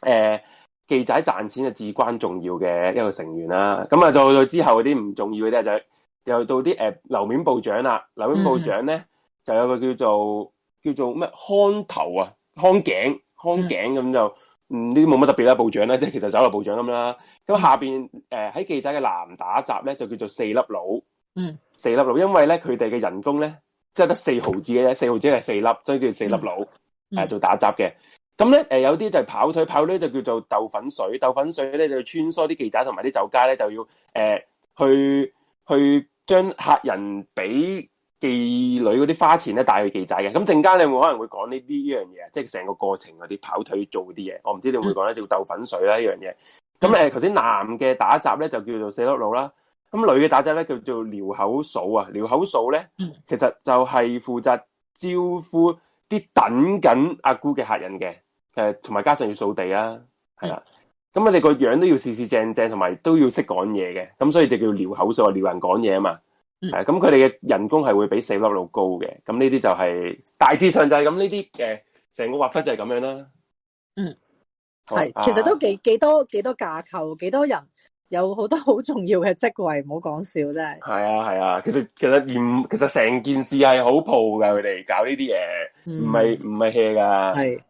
嗯呃記者賺錢係至關重要嘅一個成員啦，咁啊到到之後嗰啲唔重要嘅啲就是又到啲誒樓面部長啦，樓面部長咧、嗯、就有一個叫做叫做咩看頭啊，看頸看頸咁就嗯呢啲冇乜特別啦，部長咧即係其實走樓部長咁啦，咁下邊誒喺記者嘅南打雜咧就叫做四粒佬。嗯，四粒佬，因為咧佢哋嘅人工咧即係得四毫子嘅，啫。四毫子係四粒，所以叫做四粒佬，係、嗯呃、做打雜嘅。咁咧，有啲就係跑腿跑咧，就叫做豆粉水。豆粉水咧就穿梭啲記仔同埋啲酒家咧，就要，就要、呃、去去將客人俾妓女嗰啲花錢咧帶去記仔嘅。咁陣間你會可能會講呢啲呢樣嘢，即係成個過程嗰啲跑腿做啲嘢。我唔知你會唔會講咧，叫豆粉水啦呢樣嘢。咁誒頭先男嘅打雜咧就叫做四六路啦，咁女嘅打雜咧叫做寮口嫂啊。寮口嫂咧，其實就係負責招呼啲等緊阿姑嘅客人嘅。誒，同埋加上要掃地啊，係啦、啊，咁我哋個樣都要試試正正，同埋都要識講嘢嘅，咁所以就叫撩口數，撩人講嘢啊嘛，係、嗯，咁佢哋嘅人工係會比四粒佬高嘅，咁呢啲就係、是、大致上就係咁，呢啲誒，成個劃分就係咁樣啦、啊，嗯，係、哦，其實都幾幾多幾多架構，幾多人，有好多好重要嘅職位，唔好講笑真係，係啊係啊，其實其實嚴，其實成件事係好鋪噶，佢哋搞呢啲嘢，唔係唔係 hea 噶，係、嗯。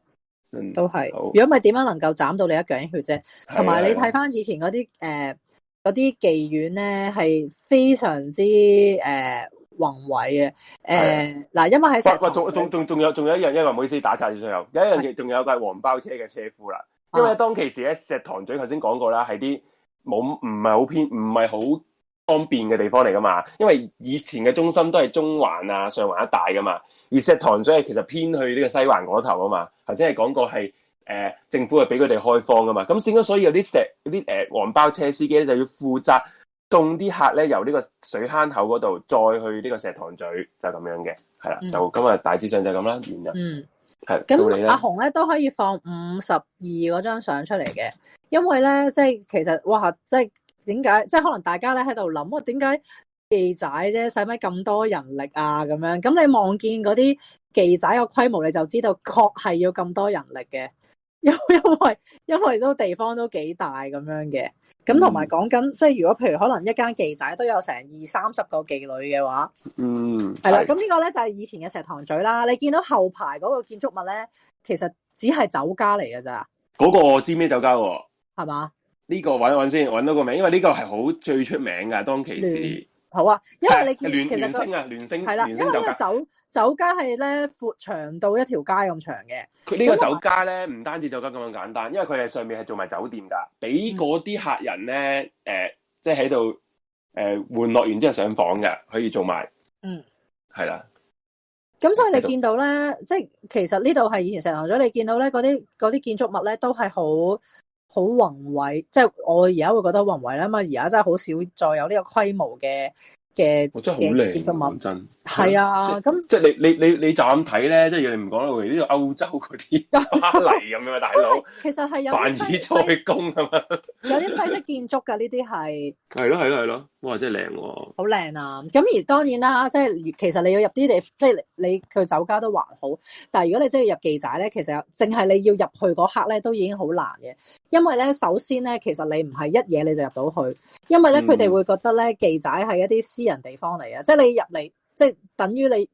嗯、都係是，如果唔係點樣能夠斬到你一頸血啫，同埋的你睇翻以前嗰啲誒啲妓院咧，係非常之誒、呃、宏偉嘅。誒的，嗱、呃，因為喺石塘，仲仲仲仲有仲有，有，有一樣，因為唔好意思打岔最時有一樣嘢仲有個係黃包車嘅車夫啦。因為當其時咧，石塘咀頭先講過啦，係啲冇唔係好偏，唔係好。方便嘅地方嚟噶嘛？因為以前嘅中心都係中環啊、上環一帶噶嘛，而石塘咀係其實偏去呢個西環嗰頭啊嘛。頭先係講過係誒、呃、政府係俾佢哋開放噶嘛，咁點解？所以有啲石、有啲誒、呃、黃包車司機咧就要負責送啲客咧由呢個水坑口嗰度再去呢個石塘咀，就咁、是、樣嘅，係啦。就咁大致上就係咁啦，原因。嗯，係咁是。那阿紅咧都可以放五十二嗰張相出嚟嘅，因為咧即係其實哇，即係。點解？即係可能大家咧喺度諗，哇！點解妓仔啫，使咪咁多人力啊？咁樣咁你望見嗰啲妓仔個規模，你就知道確係要咁多人力嘅。又因為因為都地方都幾大咁樣嘅。咁同埋講緊，嗯、即係如果譬如可能一間妓仔都有成二三十個妓女嘅話，嗯，係啦。咁呢個咧就係以前嘅石塘咀啦。你見到後排嗰個建築物咧，其實只係酒家嚟嘅咋。嗰個我知咩酒家喎、啊？係嘛？呢個揾一揾先，揾到個名，因為呢個係好最出名噶。當其時，好啊，因為你見連其實聯聯星啊，星係啦，了因為呢個酒酒家係咧闊長到一條街咁長嘅。佢呢個酒家咧，唔為單止酒家咁樣簡單，因為佢係上面係做埋酒店㗎，俾嗰啲客人咧，誒、嗯，即係喺度誒玩樂完之後上房㗎，可以做埋。嗯，係啦的。咁所以你見到咧，即係其實呢度係以前石塘咀。你見到咧嗰啲嗰啲建築物咧，都係好。好宏偉，即係我而家會覺得宏偉啦嘛。而家真係好少再有呢個規模嘅嘅嘅建築物。真係啊，咁即係那你你你你就咁睇咧，即係你唔講啦，譬如呢個歐洲嗰啲巴黎咁樣嘅大佬。其實係有，凡爾賽宮咁嘛，有啲西式建築噶呢啲係。係咯係咯係咯。哇！真係靚喎，好靚啊！咁而當然啦，即係其實你要入啲地，即係你佢酒家都還好。但係如果你真係要入妓仔咧，其實淨係你要入去嗰刻咧，都已經好難嘅。因為咧，首先咧，其實你唔係一嘢你就入到去，因為咧，佢哋會覺得咧，妓仔係一啲私人地方嚟嘅、嗯，即係你入嚟，即係等於你，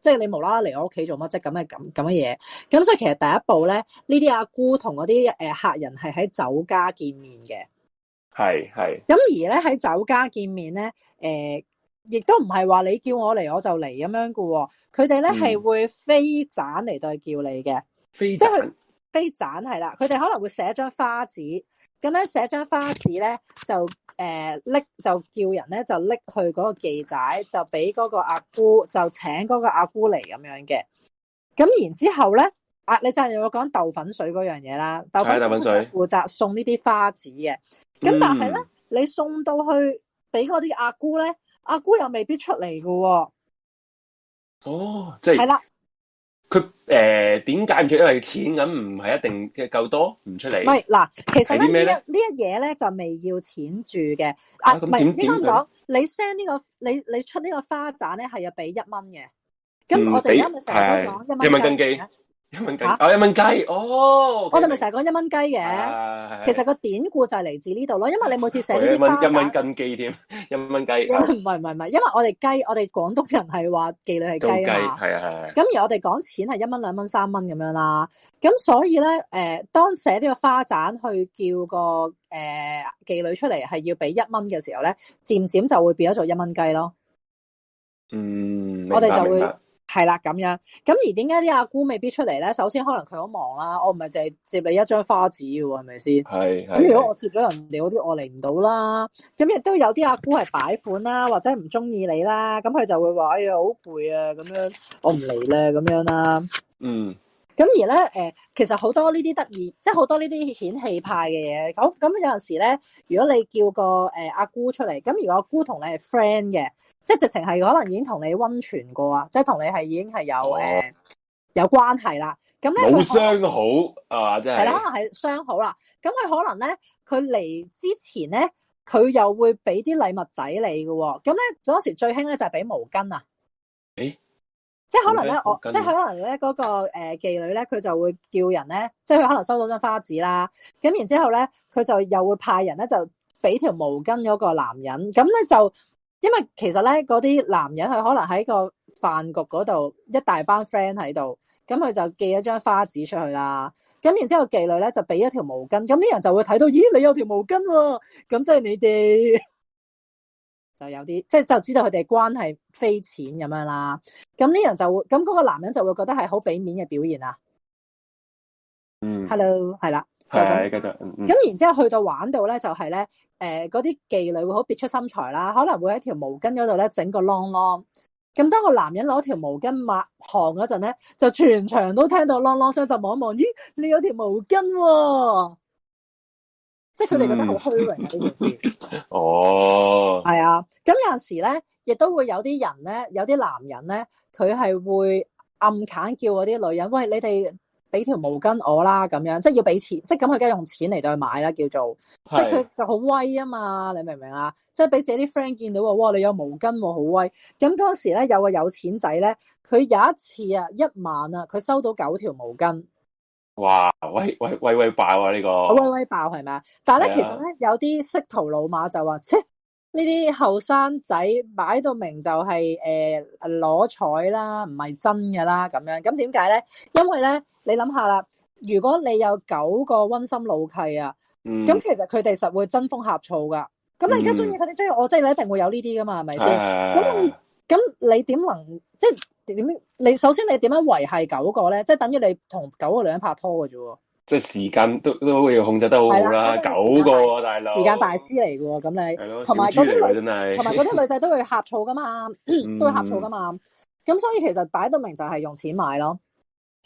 即係你無啦啦嚟我屋企做乜啫？咁嘅咁咁嘅嘢。咁所以其實第一步咧，呢啲阿姑同嗰啲誒客人係喺酒家見面嘅。係係咁而咧喺酒家見面咧，誒，亦都唔係話你叫我嚟我就嚟咁樣嘅。佢哋咧係會飛盞嚟對叫你嘅，嗯、飛盞即係佢飛盞係啦。佢哋可能會寫張花紙，咁樣寫張花紙咧就誒搦、呃、就叫人咧就搦去嗰個記仔，就俾嗰個阿姑就請嗰個阿姑嚟咁樣嘅。咁然之後咧啊，你就又要講豆粉水嗰樣嘢啦，豆粉水負責送呢啲花紙嘅。咁但係咧，你送到去俾嗰啲阿姑咧，阿姑又未必出嚟嘅。哦，即係係啦，佢、誒點解佢，因為錢咁唔係一定嘅，夠多，唔出嚟。唔係嗱，其實咧呢呢一嘢咧就未要錢住嘅。啊，唔係應該唔講，你 send 呢個你你出呢個花箋咧係要俾一蚊嘅。咁我哋啱啱成日都講一蚊一蚊根基。一蚊雞、啊、哦！我哋咪成日講一蚊雞嘅，哦雞啊、其實個典故就係嚟自呢度咯。因為你每次寫呢啲花箋一蚊一蚊斤雞添，一蚊雞唔係唔係唔係，因為我哋雞，我哋廣東人係話妓女係雞啊嘛，係啊係。咁而我哋講錢係一蚊兩蚊三蚊咁樣啦。咁所以咧，誒、呃，當寫呢個花箋去叫個誒、呃、妓女出嚟，係要俾一蚊嘅時候咧，漸漸就會變咗做一蚊雞咯。嗯，我哋就會。係啦，咁樣，咁而點解啲阿姑未必出嚟咧？首先，可能佢好忙啦。我唔係淨係接你一張花紙喎，係咪先？係的。咁如果我接咗人哋啲，的我嚟唔到啦。咁亦都有啲阿姑係擺款啦，或者唔中意你啦。咁佢就會話：哎呀，好攰啊！咁樣，我唔嚟啦。咁樣啦。嗯。咁而咧，誒，其實好多呢啲得意，即係好多呢啲顯氣派嘅嘢。咁咁有陣時咧，如果你叫個誒阿姑出嚟，咁如果阿姑同你係 friend 嘅。即係直情係可能已經同你温泉過啊，即係同你係已經係有誒有關係啦。咁咧，老相好啊，即係係啦，可能係相好啦。咁佢可能咧，佢嚟之前咧，佢又會俾啲禮物仔你嘅。咁咧，嗰陣時最興咧就係俾毛巾啊。誒、欸，即係可能咧，欸、我毛巾，即係可能咧，嗰個誒妓女咧，佢就會叫人咧，即係佢可能收到張花紙啦。咁然之後咧，佢就又會派人咧，就俾條毛巾嗰個男人。咁咧就。因為其實咧，嗰啲男人佢可能喺個飯局嗰度，一大班 friend 喺度，咁佢就寄咗張花紙出去啦。咁然之後妓女咧就俾一條毛巾，咁啲人就會睇到，咦，你有條毛巾喎，啊，咁即係你哋就有啲，即係就知道佢哋關係非淺咁樣啦。咁啲人就會，咁嗰個男人就會覺得係好俾面嘅表現啊。嗯，hello，係啦。就係咁。咁的然之後去到玩到咧、就是，就係咧，誒嗰啲妓女會好別出心裁啦，可能會喺條毛巾嗰度咧整個啷啷。咁當個男人攞條毛巾抹汗嗰陣咧，就全場都聽到啷啷聲，就望一望，咦，你有條毛巾喎、哦？嗯、即係佢哋覺得好虛榮呢件事。哦，係啊。咁有陣時咧，亦都會有啲人咧，有啲男人咧，佢係會暗砍叫嗰啲女人，喂，你哋。俾條毛巾我啦，咁樣即係要俾錢，即係咁佢梗係用錢嚟到去買啦，叫做是即係佢就好威啊嘛，你明唔明啊？即係俾自己啲 friend 見到喎，你有毛巾喎、哦，好威！咁當時咧有個有錢仔咧，佢有一次啊一晚啊，佢收到九條毛巾。哇！威威威威爆啊！呢、呢個威威爆係咪啊？但係咧的其實咧有啲識途老馬就話切。呢啲後生仔擺到明就係誒攞彩啦，唔係真嘅啦咁樣。咁點解咧？因為咧，你諗下啦，如果你有九個溫心老契啊，咁其實佢哋實會爭風呷醋噶。咁你而家中意佢哋，中意我，即係你一定會有呢啲噶嘛，係咪先？咁咁你點能即係點？你首先你點樣維係九個咧？即係等於你同九個女人拍拖嘅啫喎。即係時間都都要控制得好好啦，九個啊大佬，時間大師嚟嘅喎，咁你，同埋嗰啲女，同埋嗰啲女仔都會呷醋噶嘛，嗯嗯、都會呷醋噶嘛，咁所以其實擺到明就係用錢買咯。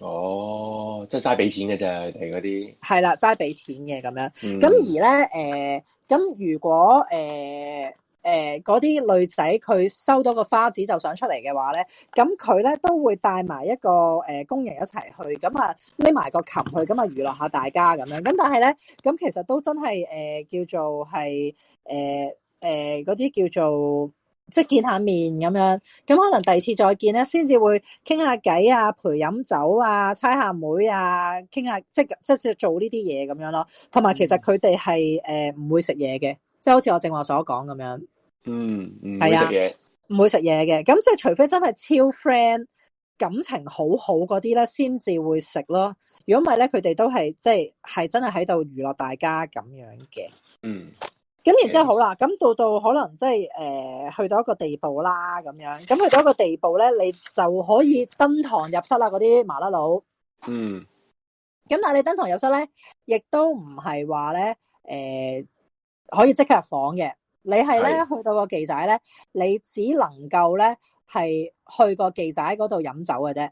哦，即係齋俾錢嘅咋，就係嗰啲係啦，就係齋俾錢嘅咁樣。咁、嗯、而咧，誒、呃，咁如果誒。呃誒嗰啲女仔，佢收到個花紙就想出嚟嘅話咧，咁佢咧都會帶埋一個誒工人一齊去，咁啊匿埋個琴去，咁啊娛樂下大家咁樣。咁但係咧，咁其實都真係誒、呃、叫做係誒誒嗰啲叫做即係見下面咁樣。咁可能第二次再見咧，先至會傾下偈啊，陪飲酒啊，猜下妹啊，傾下即係即係做呢啲嘢咁樣咯。同埋其實佢哋係誒唔會食嘢嘅，即係好似我正話所講咁樣。嗯，唔會食嘢，係啊、唔會食嘢嘅。咁即係除非真係超 friend，感情好好嗰啲咧，先至會食咯。如果唔係咧，佢哋都係即係係真係喺度娛樂大家咁樣嘅。嗯，咁然之後 okay. 好啦，咁到到可能即係誒、呃、去到一個地步啦，咁樣。咁去到一個地步咧，你就可以登堂入室啦，嗰啲麻甩佬。嗯，咁但係你登堂入室咧，亦都唔係話咧，誒、呃、可以即刻入房嘅。你係咧是去到個妓仔咧，你只能夠咧係去個妓仔嗰度飲酒嘅啫。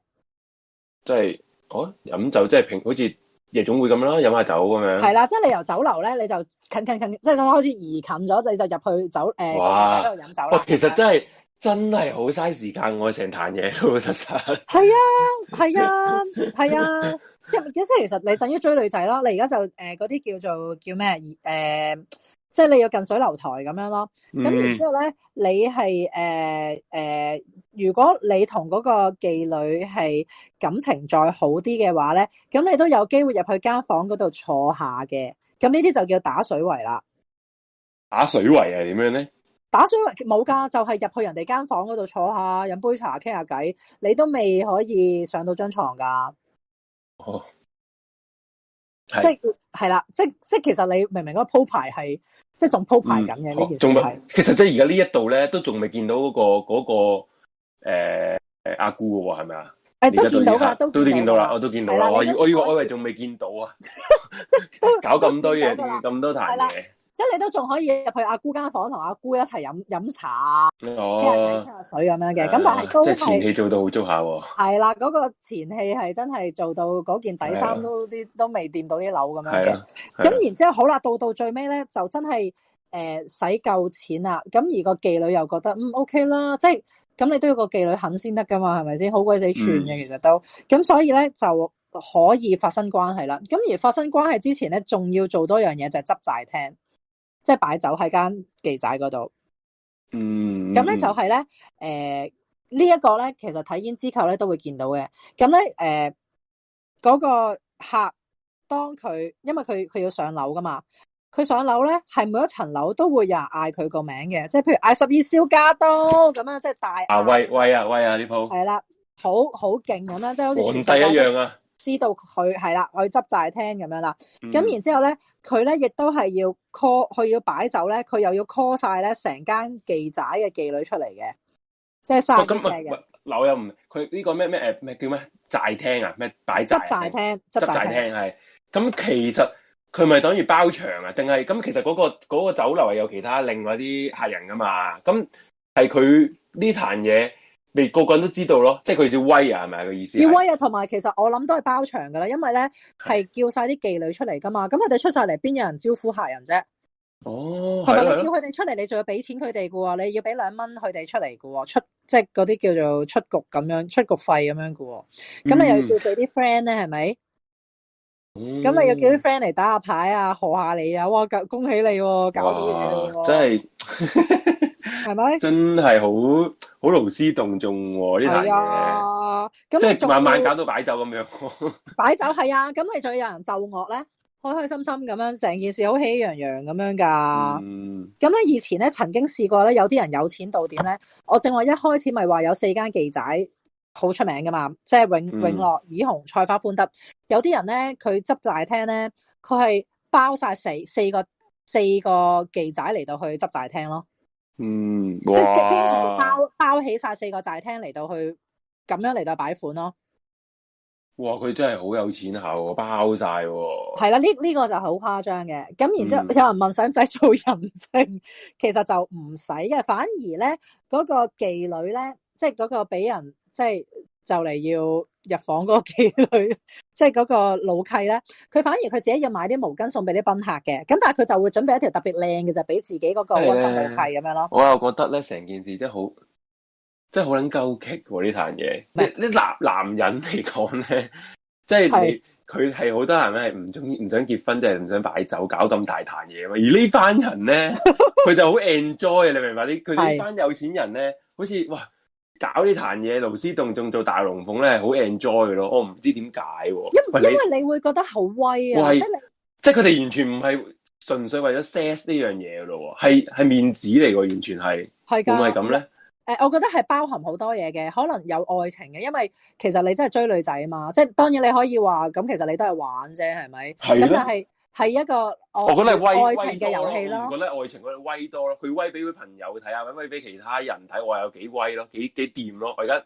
即係哦，飲酒，即係平，好似夜總會咁啦，飲下酒咁樣。係啦，即係你由酒樓咧，你就近近近，即係咁開始移近咗，你就入去酒誒嗰度飲酒、哦、其實真係嗎真係好嘥時間，我成壇嘢，老實實。係啊，係啊，係啊，即係即係， <laughs> 其實其實你等於追女仔咯。你而家就誒嗰啲叫做叫咩誒？呃即係你要近水樓台咁樣咯，咁然、嗯、之後咧，你係誒誒，如果你同嗰個妓女係感情再好啲嘅話咧，咁你都有機會入去間房嗰度坐下嘅。咁呢啲就叫打水圍啦。打水圍係點樣咧？打水圍冇噶，就係、是、入去人哋間房嗰度坐下飲杯茶傾下偈，你都未可以上到張床噶。哦，是即係係啦，即係即係其實你明唔明嗰鋪排係？即係仲鋪排緊嘅呢件事，仲、嗯哦、其實即係而家呢一度咧，都仲未見到嗰、嗰個、嗰個誒誒、呃、阿姑喎，係咪啊？誒、欸，都見到嘅，都都啲見到啦，我都見到啦。了我以我以為，仲未見到啊？ <laughs> 搞咁多嘢，咁多壇嘢。了即係你都仲可以入去阿姑間房同阿姑一齊飲飲茶，傾下偈、沖下水咁樣嘅。咁但係都即係前戲做、啊那個、做到好足下，係啦，嗰個前戲係真係做到嗰件底衫都啲 Yeah. 都未掂到啲樓咁樣嘅。咁 Yeah. 然之後好啦，到到最尾咧就真係誒使夠錢啦。咁而那個妓女又覺得嗯 O、okay、K 啦，即係咁你都要個妓女肯先得噶嘛，係咪先好鬼死串嘅？Mm. 其實都咁，所以咧就可以發生關係啦。咁而發生關係之前咧，仲要做多樣嘢就係執寨廳。即係擺酒喺間妓仔嗰度，嗯，咁咧就係、是、咧，誒、呃，這個、呢一個咧，其實睇胭脂扣咧都會見到嘅，咁咧，誒、呃，嗰、那個客當佢，因為佢佢要上樓噶嘛，佢上樓咧係每一層樓都會有人嗌佢個名嘅，即係譬如嗌十二少駕到咁樣，即係大啊威威啊威啊呢鋪係啦，好好勁咁樣，即係、啊啊啊、好似皇帝一樣啊！知道佢係啦，我要執寨廳咁樣啦。咁、嗯、然之後咧，佢咧亦都係要 call，佢要擺酒咧，佢又要 call 晒咧成間妓仔嘅妓女出嚟嘅，即係曬啲嘅。樓又唔，佢、嗯、呢、呃、個咩咩誒咩叫咩寨廳啊？咩擺寨？執寨廳，執寨廳係。咁其實佢咪等於包場啊？定係咁？咁其實嗰、嗰個嗰個酒樓係有其他另外啲客人噶嘛？咁係佢呢壇嘢。你個個人都知道咯，即係佢要威啊，係咪個意思？要威啊，同埋其實我諗都係包場嘅啦，因為咧係叫晒啲妓女出嚟噶嘛，咁佢哋出晒嚟，邊有人招呼客人啫？哦，係咪？叫佢哋出嚟，你仲要俾錢佢哋嘅喎？你要俾兩蚊佢哋出嚟嘅喎？出即係嗰啲叫做出局咁樣，出局費咁樣嘅喎。咁你又要叫佢啲 friend 咧係咪？咁、嗯、你又要叫啲 friend 嚟打下牌啊，賀下你啊！哇，恭喜你喎、啊！搞啲嘢真係。 <laughs> 真係好好勞師動眾喎、啊！呢壇嘢，啊、你即係慢慢搞到擺酒咁樣。擺酒係啊，咁你仲有人奏樂咧，開開心心咁樣，成件事好喜洋洋咁樣噶。咁咧、嗯，以前咧，曾經試過咧，有啲人有錢到點咧，我正話一開始咪話有四間妓仔好出名噶嘛，即係永、嗯、永樂、怡紅、菜花、歡德。有啲人咧，佢執寨廳咧，佢係包晒四四個四個妓仔嚟到去執寨廳咯。嗯，即係 <laughs> 包包起晒四個寨廳嚟到去，咁樣嚟到擺款咯。哇，佢真係好有錢後喎，包晒喎。係啦，呢呢、這個就好誇張嘅。咁然之後有人問使唔使做人證，嗯、其實就唔使嘅，反而咧嗰、那個妓女咧，即係嗰個俾人即係就嚟要。入房嗰個妓女，即係嗰個老契咧，佢反而佢自己要買啲毛巾送俾啲賓客嘅，咁但係佢就會準備一條特別靚嘅就俾自己嗰個屈臣老契咁樣咯。我又覺得咧，成件事真係好，真係好撚鳩棘喎呢壇嘢。呢的男男人嚟講咧，即係佢係好多人咧係唔中意、唔想結婚，即係唔想擺酒搞咁大壇嘢嘛。而這呢班人咧，佢 <laughs> 就好 enjoy，你明唔明？佢呢班有錢人咧，好似哇～搞呢壇嘢，勞師動眾，做大龍鳳咧，好 enjoy 咯，我唔知點解。因因為你會覺得好威啊，即係即係佢哋完全唔係純粹為咗 sex 呢樣嘢咯，係係面子嚟噶，完全係。係咁的？點會咁咧？誒、呃，我覺得係包含好多嘢嘅，可能有愛情嘅，因為其實你真係追女仔啊嘛，即係當然你可以話咁，其實你都係玩啫，係咪？係的。咁但係。係一個的我，覺得係威，愛情嘅遊戲咯。我覺得愛情嗰度威多咯，佢威俾佢朋友睇下，威俾其他人睇，我又有幾威咯，幾幾掂咯。我而家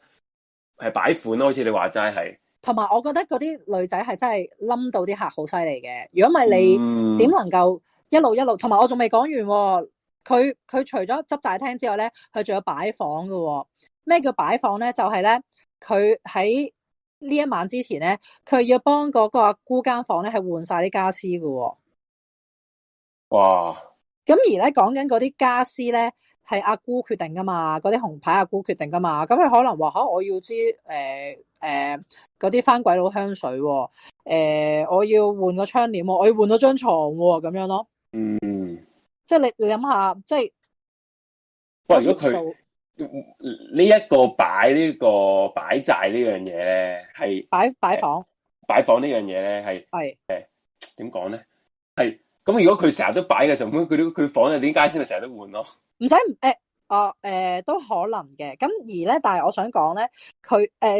係擺款咯，好似你話齋係。同埋，我覺得嗰啲女仔係真係冧到啲客好犀利嘅。如果唔係你，點能夠一路一路？同埋、嗯，還我仲未講完，佢佢除咗執大廳之外咧，佢仲有擺房噶。咩叫擺房咧？就係、是、咧，佢喺。呢一晚之前咧，佢要幫嗰個阿姑間房咧，係換晒啲家私噶。哇！咁而咧講緊嗰啲家私咧，係阿姑決定噶嘛，嗰啲紅牌阿姑決定噶嘛。咁佢可能話吓，我要啲誒誒嗰啲翻鬼佬香水，喎，誒我要換個窗簾，我要換咗張床咁，哦、樣咯。嗯，即係你你諗下，即係。喂，那個，如果佢。呢一個擺呢、呢個擺寨呢樣嘢咧，係擺擺房，擺房這件事呢樣嘢咧係係誒，點講咧？係咁係如果佢成日都擺嘅時候，佢佢房又點街先咪成日都換咯？唔使誒，哦誒、呃，都可能嘅。咁而咧，但係我想講咧，佢誒、呃，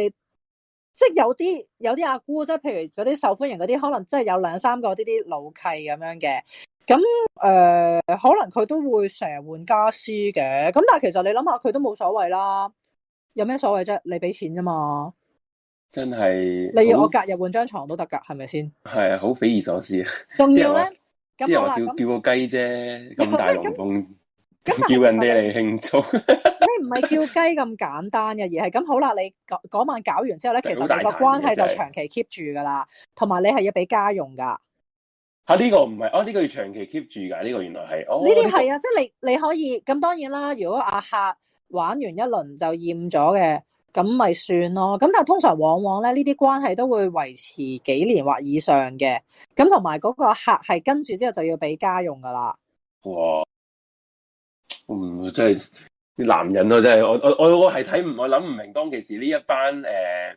即係有啲有啲阿姑，即係譬如嗰啲受歡迎嗰啲，可能即係有兩三個啲啲老契咁樣嘅。咁誒、呃，可能佢都會成日換家私嘅，咁但係其實你諗下，佢都冇所謂啦。有咩所謂啫？你俾錢啫嘛。真係。你要我隔日換張床都得噶，係咪先？係啊，好匪夷所思啊。仲要咧？咁好啦，叫個雞啫，咁大龍鳳，叫人哋嚟慶祝。 <laughs> 你唔係叫雞咁簡單嘅，而係咁好啦。你嗰晚搞完之後咧，其實個關係就長期 keep 住噶啦。同埋你係要俾家用噶啊！呢、呢個唔係，哦、啊、呢、呢個要長期 keep 住㗎，呢、呢個原來係哦。呢啲係啊，即係、呢個、你你可以咁當然啦。如果阿客玩完一輪就厭咗嘅，咁咪算咯。咁但係通常往往咧，呢啲關係都會維持幾年或以上嘅。咁同埋嗰個客係跟住之後就要俾家用㗎啦。哇！嗯，真係啲男人咯、啊，真係我我我我係睇唔，我諗唔明白當其時呢一班誒、呃、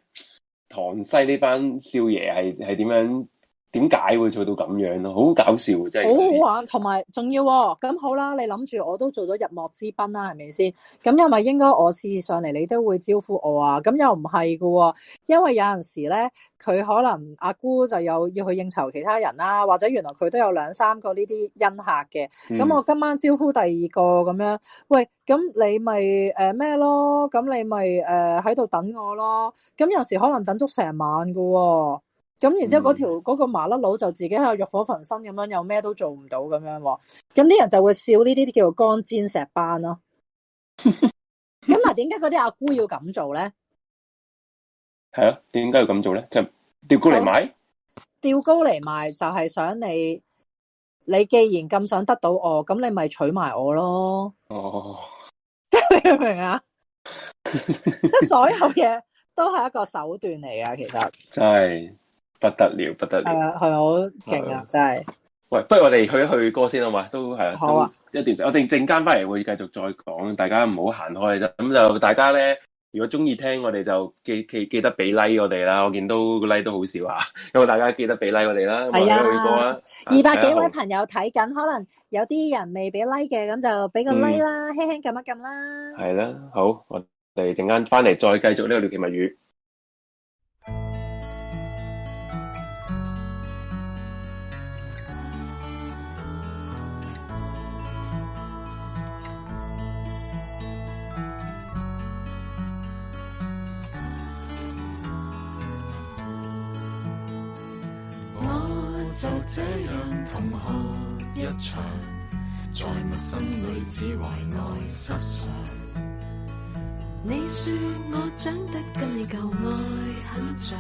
塘西呢班少爺係係點樣？點解會做到咁樣咯？好搞笑，真係好好玩。同埋仲要咁、哦、好啦，你諗住我都做咗日幕之賓啦，係咪先？咁又咪應該我次次上嚟，你都會招呼我啊？咁又唔係喎！因為有陣時咧，佢可能阿姑就有要去應酬其他人啦、啊，或者原來佢都有兩三個呢啲恩客嘅。咁我今晚招呼第二個咁樣，喂，咁你咪誒咩咯？咁你咪誒喺度等我咯？咁有陣時可能等足成晚喎、哦。咁然之後嗰條嗰、嗯、個麻甩佬就自己喺度欲火焚身咁樣，又咩都做唔到咁樣，咁啲人就會笑呢啲啲叫做乾煎石斑咯。咁嗱， <laughs> 點解嗰啲阿姑要咁做咧？係啊，點解要咁做咧？即係吊高嚟賣，吊高嚟賣就係想你，你既然咁想得到我，咁你咪娶埋我咯。哦，即係 <laughs> 你明唔明啊？即係 <laughs> 所有嘢都係一個手段嚟啊，其實係。就是不得了，不得了，係啊，係好勁啊，真係的。喂，不如我哋去一去歌先好嘛，都係啊，是好啊，一段時間。我哋陣間翻嚟會繼續再講，大家唔好行開啫。咁就大家咧，如果中意聽我哋就記記記得俾 like 我哋啦。我見到個 like 都好少啊，因為大家記得俾 like 我哋啦。係啊的，去，去歌啊，二百幾位朋友睇緊，好可能有啲人未俾 like 嘅，咁就俾個 like 啦，嗯、輕輕撳一撳啦。係啦，好，我哋陣間翻嚟再繼續呢個獵奇物語。就這樣同行一場，在陌生女子懷內失散。你說我真的跟你搞曖昧很拽，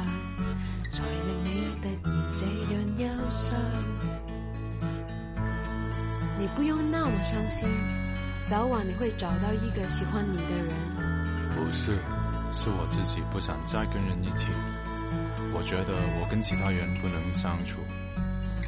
才令你的影子更憂傷。你不用那麼傷心，早晚你會找到一個喜歡你的人。不是，是我自己不想再跟人一起，我覺得我跟其他人不能相處。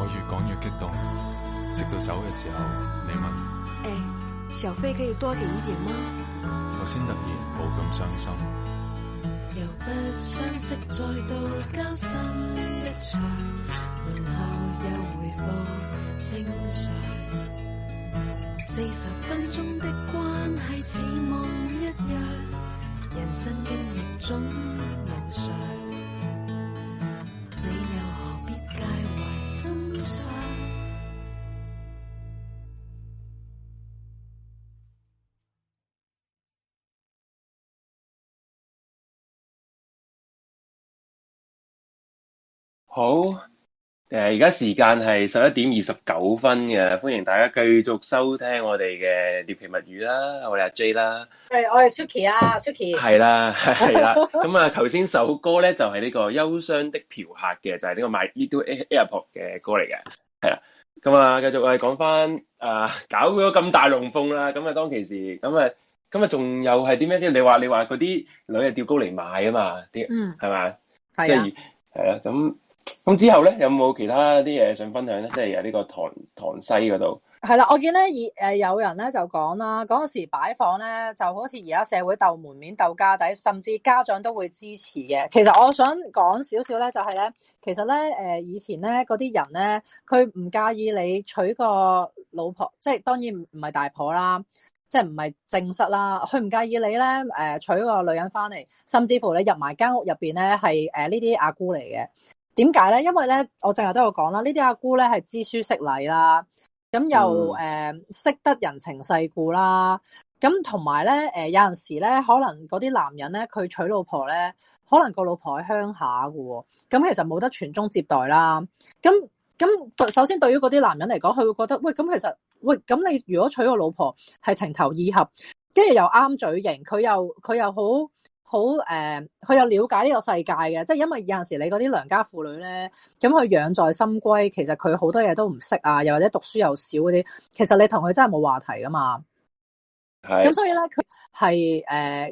我越講越激動，直到走的時候，你問，哎、欸，小費可以多給一點嗎？我先突然冇咁傷心，由不相識，再度交心一場，然後又回復正常。四十分鐘的關係似夢一樣，人生經歷中無常，你有。好誒，而、呃、家時間係十一點二十九分嘅，歡迎大家繼續收聽我哋嘅《獵奇物語》啦，我哋阿 J 啦，係我係 Suki 啊，Suki 係啦係啦，咁啊頭先 <laughs> 首歌咧就係呢個憂傷的嫖客嘅，就係呢個賣 Little Apple 嘅歌嚟嘅，係啦，咁啊繼續我哋講翻啊，搞咗咁大龍鳳啦，咁啊當其時咁啊咁啊仲有係點樣你話你話嗰啲女啊吊高嚟賣啊嘛啲，嗯係咪即係係咁。咁之後咧，有冇其他啲嘢想分享咧？即係喺呢個塘西嗰度係啦。我見咧，以，誒有人咧就講啦，嗰時擺房咧就好似而家社會鬥門面、鬥家底，甚至家長都會支持嘅。其實我想講少少咧，就係咧，其實咧誒以前咧嗰啲人咧，佢唔介意你娶個老婆，即係當然唔係大婆啦，即係唔係正室啦，佢唔介意你咧誒、呃、娶個女人翻嚟，甚至乎你入埋間屋入邊咧係誒呢啲阿姑嚟嘅。點解咧？因為咧，我成日都有講啦，呢啲阿姑咧係知書識禮啦，咁又誒、嗯、識得人情世故啦，咁同埋咧，誒、呃、有陣時咧，可能嗰啲男人咧，佢娶老婆咧，可能個老婆喺鄉下噶，咁其實冇得傳宗接代啦。咁咁首先，對於嗰啲男人嚟講，佢會覺得喂，咁其實喂，咁你如果娶個老婆係情投意合，跟住又啱嘴型，佢又佢又好。好誒，佢、呃、有了解呢個世界嘅，即、就、係、是、因為有陣時候你嗰啲良家婦女咧，咁佢養在深閨，其實佢好多嘢都唔識啊，又或者讀書又少嗰啲，其實你同佢真係冇話題噶嘛。係是。咁所以咧，佢係誒，即、呃、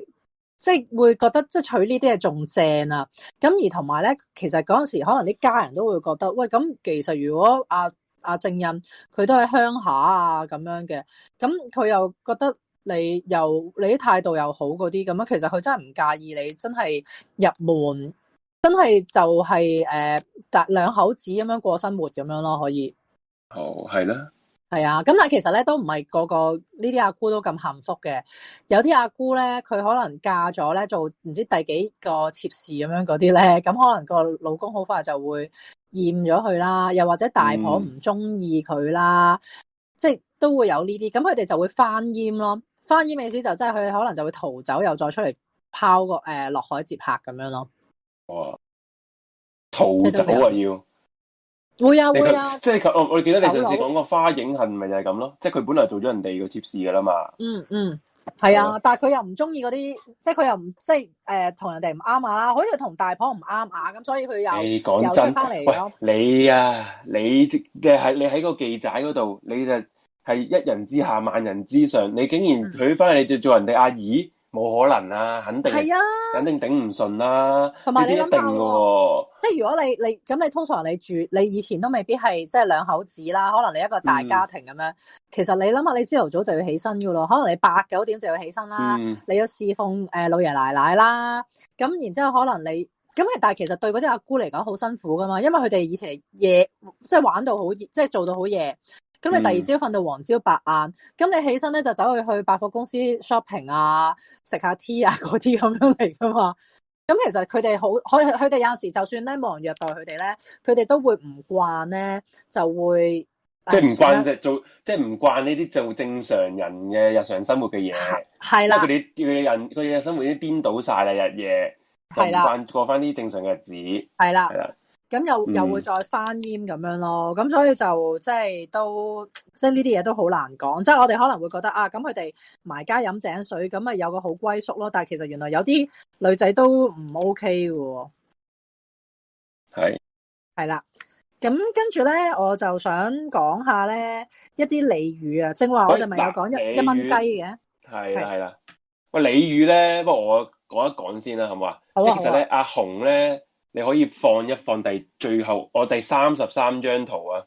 係、就是、會覺得即係、就是、娶呢啲嘢仲正啊。咁而同埋咧，其實嗰陣時可能啲家人都會覺得，喂，咁其實如果阿阿正恩，佢、啊、都喺鄉下啊咁樣嘅，咁佢又覺得。你又你啲態度又好嗰啲咁樣，其實佢真係唔介意你真係入門，真係就係、是、誒，搭、呃、兩口子咁樣過生活咁樣咯，可以。哦，係啦，係啊，咁但係其實咧都唔係、那個個呢啲阿姑都咁幸福嘅，有啲阿姑咧，佢可能嫁咗咧做唔知第幾個妾侍咁樣嗰啲咧，咁可能個老公好快就會厭咗佢啦，又或者大婆唔中意佢啦，嗯、即係都會有呢啲，咁佢哋就會翻煙咯。花衣美子就真係佢可能就會逃走，又再出嚟拋個誒落、呃、海接客咁樣咯。哦，逃走啊，要會啊會啊，即係我我記得你上次講個花影恨，咪就係咁咯。啊、即係佢本來做咗人哋個妾侍噶啦嘛。嗯嗯，係、嗯、啊，嗯、但係佢又唔中意嗰啲，即係佢又唔即係誒同人哋唔啱啊啦，好似同大婆唔啱啊，咁所以佢又你講真又出翻嚟咯，你啊，你嘅係你喺個記者嗰度，你就。係一人之下，萬人之上。你竟然佢翻去就做人哋阿二，冇、嗯啊、可能啦、啊，肯定，啊，肯定頂唔順啦。同埋你諗下，一定啊、即係如果你你咁，你通常你住，你以前都未必係即係兩口子啦，可能你一個大家庭咁樣。嗯、其實你諗下，你朝頭早就要起身噶咯，可能你八九點就要起身啦。嗯、你要侍奉誒、呃、老爺奶奶啦。咁然之後，可能你咁，但係其實對嗰啲阿姑嚟講好辛苦噶嘛，因為佢哋以前夜即係、就是、玩到好即係做到好夜。咁你第二朝瞓到黃朝白晏，咁、嗯、你起身咧就走去去百貨公司 shopping 啊，食下 tea 啊嗰啲咁樣嚟噶嘛。咁其實佢哋好，佢佢哋有時就算咧無人虐待佢哋咧，佢哋都會唔慣咧，就會即係唔慣即係做，即係唔慣呢啲做正常人嘅日常生活嘅嘢。係啦，因為佢哋佢嘅人佢嘅生活已經顛倒晒啦日夜，唔慣過翻啲正常嘅日子。係啦，係啦。咁又、嗯、又會再翻煙咁樣咯，咁所以就即係都即係呢啲嘢都好難講。即係我哋可能會覺得啊，咁佢哋埋街飲井水，咁咪有個好歸宿咯。但其實原來有啲女仔都唔 OK 嘅喎。係係啦，咁跟住咧，我就想講下咧一啲俚語啊，正話我就咪有講一喂一蚊雞嘅，係係啦。喂，俚語咧，不過我講一講先啦，好冇？好啊、即其實咧，啊、阿紅咧。你可以放一放第最後我第三十三張圖啊。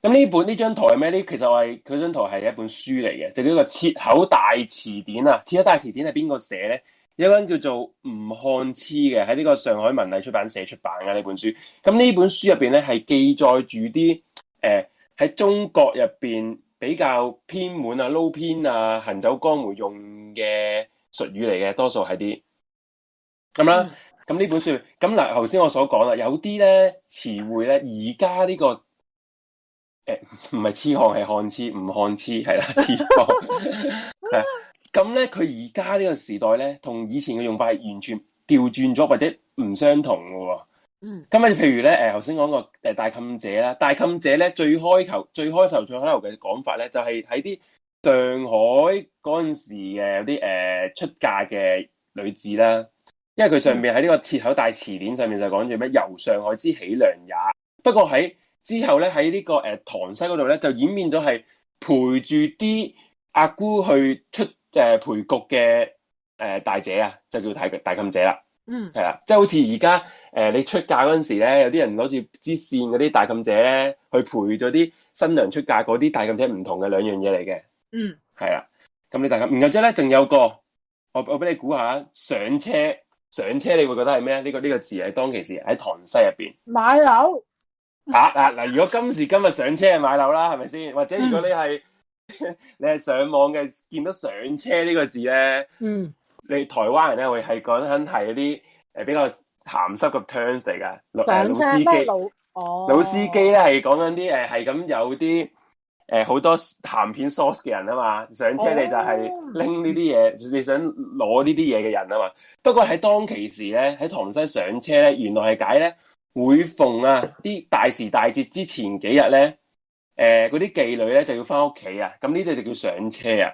咁呢本呢張圖係咩？呢其實係佢張圖係一本書嚟嘅，就叫一個切口大詞典啊。切口大詞典係邊個寫咧？有一本叫做吳漢痴嘅，喺呢個上海文藝出版社出版嘅呢本書。咁呢本書入邊咧係記載住啲誒喺中國入邊比較偏門啊、撈偏啊、行走江湖用嘅術語嚟嘅，多數係啲咁啦。嗯咁呢本書咁，嗱，頭先我所講啦，有啲咧詞彙咧，而家呢個誒唔係痴漢係漢痴，唔漢痴係啦，痴漢。咁咧佢而家呢個時代咧，同以前嘅用法係完全調轉咗，或者唔相同嘅喎、啊。嗯。咁咧，譬如咧，誒頭先講個誒大襟姐啦，大襟姐咧最開頭最開頭最開頭嘅講法咧，就係喺啲上海嗰陣時嘅有啲誒、呃、出嫁嘅女子啦。因為佢上面喺呢個《切口大辭典》上面就講住咩？由上海之起梁也。不過喺之後咧，喺呢、這個誒、呃、塘西嗰度咧，就演變咗係陪住啲阿姑去出誒、呃、陪局嘅誒、呃、大姐啊，就叫大大妗姐啦。嗯，係啦，即係好似而家誒你出嫁嗰陣時咧，有啲人攞住支線嗰啲大妗姐咧去陪咗啲新娘出嫁嗰啲大妗姐唔同嘅兩樣嘢嚟嘅。嗯，係啦，咁你大妗然後之後咧仲有個我我俾你估下上車。上車你會覺得係咩呢個呢、這個字係當其時喺塘西入邊買樓樓 <laughs> 啊！嗱、啊、嗱，如果今時今日上車係買樓啦，係咪先？或者如果你係、嗯、 <laughs> 你係上網嘅，見到上車呢個字咧，嗯，你台灣人咧會係講緊係啲誒，比較咸濕嘅 terms 嚟噶，車老司機老、哦、老司機咧係講緊啲誒，係咁有啲。誒，好、呃、多鹹片 source 嘅人啊嘛，上車你就係拎呢啲嘢，oh. 你想攞呢啲嘢嘅人啊嘛。不過喺當其時咧，喺塘西上車咧，原來係解咧，每逢啊啲大時大節之前幾日咧，誒嗰啲妓女咧就要翻屋企啊。咁呢度就叫上車啊。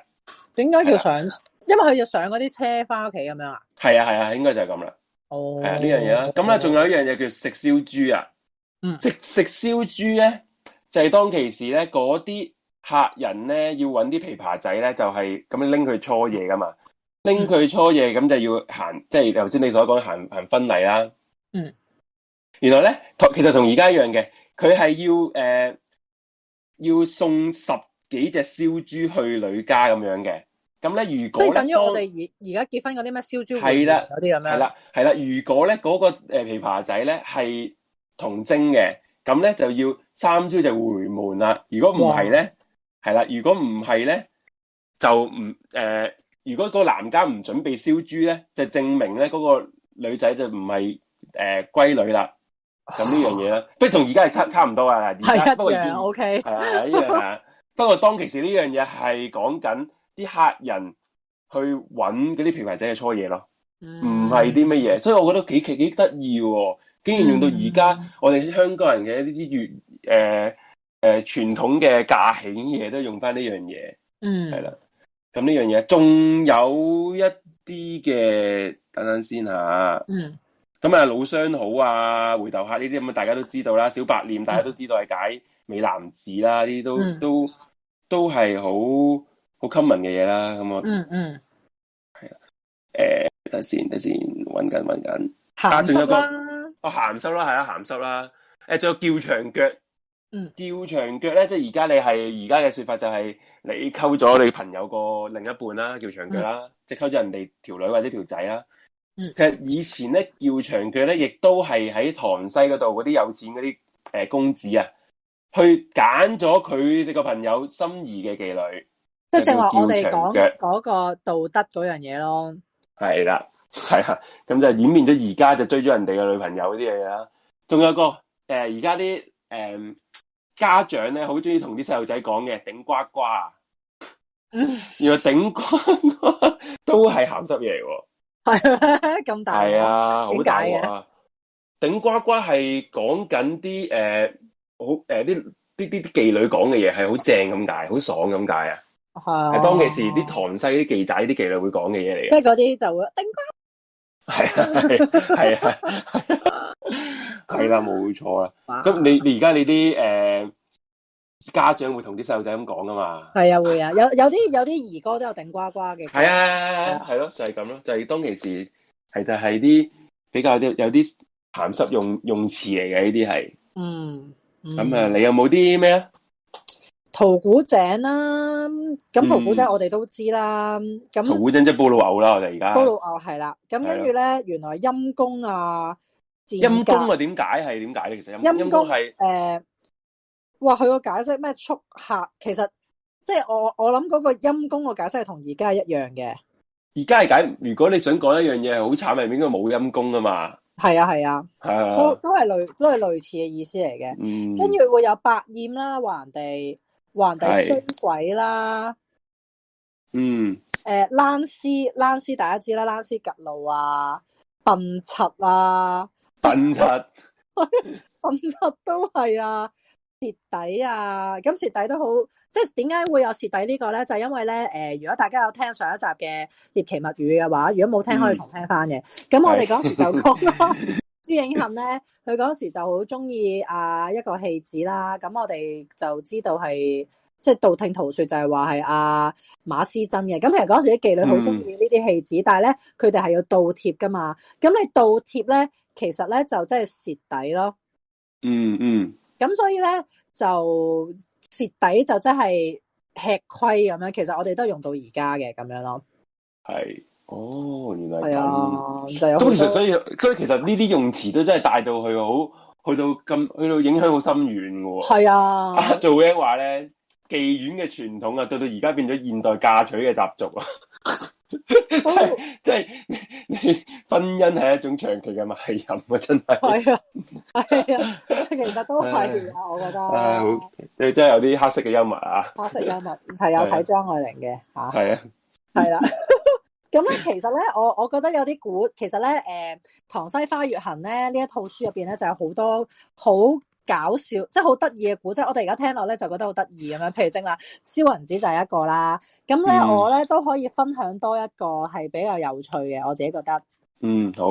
點解叫上？啊、因為佢要上嗰啲車翻屋企咁樣啊？係啊係啊，應該就係咁啦。哦、oh. 啊，係、這個、啊呢樣嘢啦。咁咧仲有一樣嘢叫食燒豬啊。嗯、mm.，食食燒豬咧。就係當其時咧，嗰啲客人咧要揾啲琵琶仔咧，就係、是、咁樣拎佢初夜噶嘛，拎佢初夜咁就要行，即係頭先你所講行行婚禮啦。嗯，原來咧同其實同而家一樣嘅，佢係要誒、呃、要送十幾隻燒豬去女家咁樣嘅。咁咧如果即係等於我哋而而家結婚嗰啲咩燒豬係啦，有啲咁樣係啦，係啦。如果咧嗰個誒琵琶仔咧係童貞嘅。咁咧就要三朝就回門啦。如果唔係咧，係啦、嗯。如果唔係咧，就唔誒、呃。如果個男家唔準備燒豬咧，就證明咧嗰個女仔就唔係誒閨女啦。咁呢樣嘢咧，都同而家係差差唔多啊。係一樣，不過 OK。係 <laughs> 一樣。不過當其時呢樣嘢係講緊啲客人去揾嗰啲琵琶仔嘅初夜咯，唔係啲乜嘢。所以我覺得幾奇幾得意喎。竟然用到而家，我哋香港人嘅呢啲啲粵誒、呃呃、傳統嘅嫁慶嘢都用翻呢樣嘢，嗯，係啦。咁呢樣嘢，仲有一啲嘅，等等先吓。嗯。咁啊，老相好啊，回頭客呢啲咁啊，大家都知道啦。小白臉大家都知道係解美男子啦，呢啲、嗯、都、嗯、都都係好好 common 嘅嘢啦。咁啊、嗯，嗯嗯。係啊。誒、呃，等先等先，揾緊揾緊，緊加對一個。哦，鹹濕啦，係啊，鹹濕啦。誒，仲有叫長腳，嗯，叫長腳咧，即係而家你係而家嘅說法就係你溝咗你朋友個另一半啦，啊，叫長腳啦，啊，嗯，即係溝咗人哋條女或者條仔啦。嗯，其實以前咧，叫長腳咧，亦都係喺塘西嗰度嗰啲有錢嗰啲誒公子啊，去揀咗佢哋個朋友心儀嘅妓女。即係正話，我哋講嗰個道德嗰樣嘢咯。係啦。係啊，咁就演變咗而家就追咗人哋嘅女朋友呢啲嘢啦。仲有一個誒，而家啲誒家長咧，好中意同啲細路仔講嘅頂呱呱啊，嗯，原來頂呱呱都係咸濕嘢喎，係咁大，係啊，好大啊，頂呱呱係講緊啲誒好誒啲啲啲妓女講嘅嘢，係好正咁解，好爽咁解啊，係當其時啲塘西啲妓仔啲妓女會講嘅嘢嚟嘅，即係嗰啲就會頂呱。係啊，係啊，係啊，係啦，冇錯 <laughs> 啊。咁你你而家你啲誒、uh, 家長會同啲細路仔咁講噶嘛？係啊，會啊，有有啲有啲兒歌都有頂呱呱嘅。係 <laughs> 啊，係咯，就係咁咯，就係、係、當其時係就係啲比較有有啲鹹濕用用詞嚟嘅呢啲係。嗯。咁啊，你有冇啲咩啊？淘古井啦、啊，咁淘古井我哋都知啦。咁、嗯、淘古井即係波老牛啦，我哋而家。波老牛係啦，咁跟住咧，對了原來陰公啊，陰公啊，點解、呃、係點解咧？其實陰陰公係誒，哇、就是，佢個解釋咩？速客，其實即係我我諗嗰個陰公個解釋係同而家係一樣嘅。而家係解，如果你想講一樣嘢好慘，明咪應該冇陰公㗎嘛？係啊，係啊，啊都都係類都係類似嘅意思嚟嘅。嗯，跟住會有百厭啦、啊，話人哋。橫底衰鬼啦，嗯，誒、欸，爛斯爛斯大家知啦，爛斯吉路啊，笨柒啊，笨柒侄，笨柒 <laughs> 都係啊，蝕底啊，咁蝕底都好，即係點解會有蝕底個呢個咧？就係、因為咧，誒、呃，如果大家有聽上一集嘅獵奇物語嘅話，如果冇聽可以重聽翻嘅，咁、嗯、我哋嗰時就講啦。是 <laughs> 朱映含咧，佢嗰 <laughs> 時就好中意啊一個戲子啦，咁我哋就知道係即係道聽途說就係話係阿馬師曾嘅，咁其實嗰時啲妓女好中意呢啲戲子，嗯、但係咧佢哋係要倒貼噶嘛，咁你倒貼咧，其實咧就真係蝕底咯，嗯嗯，咁所以咧就蝕底就真係吃虧咁樣，其實我哋都用到而家嘅咁樣咯，係。哦，原來係啊，咁、就是、所以所以，所以其實呢啲用詞都真係帶到去好，去到咁，去到影響好深遠嘅喎。係啊，啊，做嘅話咧，妓院嘅傳統啊，對到到而家變咗現代嫁娶嘅習俗啊，即係即係，婚姻係一種長期嘅賣淫啊。真係。係啊，係啊，其實都係啊， <laughs> 啊我覺得。係、啊，你真係有啲黑色嘅幽默啊！黑色幽默係有睇張愛玲嘅吓，係啊，係啦。咁咧，其實咧，我我覺得有啲古，其實咧，誒、呃《塘西花月痕》咧呢一套書入邊咧，就有好多好搞笑，即係好得意嘅古。即係我哋而家聽落咧，就覺得好得意咁樣。譬如正係話，蕭雲子就係一個啦。咁咧，嗯、我咧都可以分享多一個係比較有趣嘅。我自己覺得，嗯好。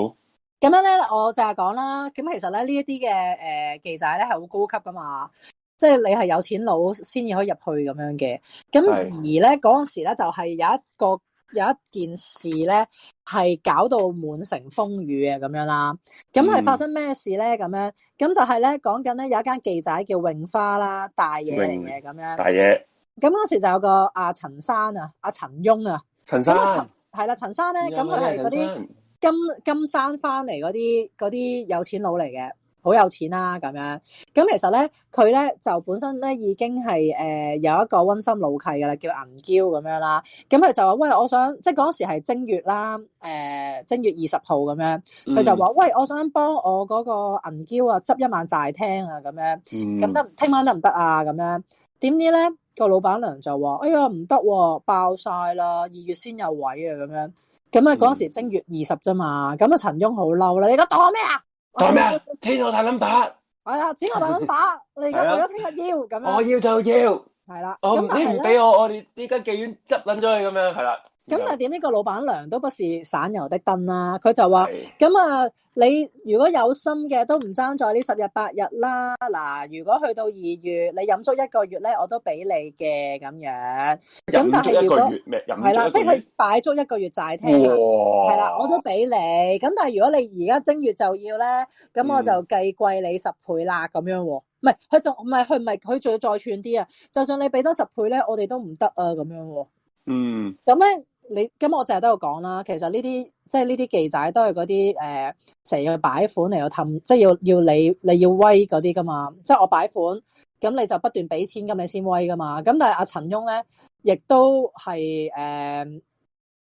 咁樣咧，我就係講啦。咁其實咧，呢一啲嘅誒妓寨咧係好高級㗎嘛，即係你係有錢佬先至可以入去咁樣嘅。咁是而咧嗰陣時咧，就係、是、有一個。有一件事咧，係搞到滿城風雨啊，咁樣啦。咁係發生咩事咧？咁、嗯、樣咁就係咧，講緊咧有一間記仔叫永花啦，大嘢嚟嘅咁樣。嗯、大嘢。咁嗰時就有個阿陳生啊，阿陳、啊啊、翁啊。陳生山。係啦、嗯，陳生咧，咁佢係嗰啲金山金山返嚟嗰啲嗰啲有錢佬嚟嘅。好有錢啦、啊、咁樣，咁其實咧，佢咧就本身咧已經係誒、呃、有一個溫心老契㗎啦，叫銀嬌咁樣啦。咁佢就話：喂，我想即係嗰陣時係正月啦，誒、呃、正月二十號咁樣，佢就話：喂，我想幫我嗰個銀嬌啊，執一晚寨廳啊咁樣，咁得聽晚得唔得啊？咁樣，點知咧個老闆娘就話：哎呀，唔得喎，爆晒啦，二月先有位啊，咁樣。咁啊嗰陣時正月二十啫嘛，咁啊陳翁好嬲啦，你個當咩啊？做咩啊？錢我、哦、大捻把，係啊，錢我大捻把，了你而家聽日要咁樣，我要就要，係啦了，我不你唔俾我，我哋呢間妓院執捻咗去咁樣，係啦。咁但係點呢個老闆娘都不是省油的燈啦、啊。佢就話：咁啊的、嗯嗯，你如果有心嘅，都唔爭在呢十日八日啦。嗱，如果去到二月，你飲足一個月咧，我都俾你嘅咁樣。咁、嗯、但係如果，咩？係啦，即係、就是、擺足一個月寨廳啦。係啦哇，我都俾你。咁但係如果你而家正月就要咧，咁我就計貴你十倍啦。咁樣喎、啊，唔係佢仲唔係佢唔係佢仲要再串啲啊？就算你俾多十倍咧，我哋都唔得啊。咁樣喎、啊，嗯，咁咧。你咁我淨係都有講啦，其實呢啲即係呢啲妓仔都係嗰啲誒，成、呃、日擺款嚟到氹，即係要要你你要威嗰啲噶嘛。即係我擺款，咁你就不斷俾錢咁你先威噶嘛。咁但係阿陳翁咧，亦都係誒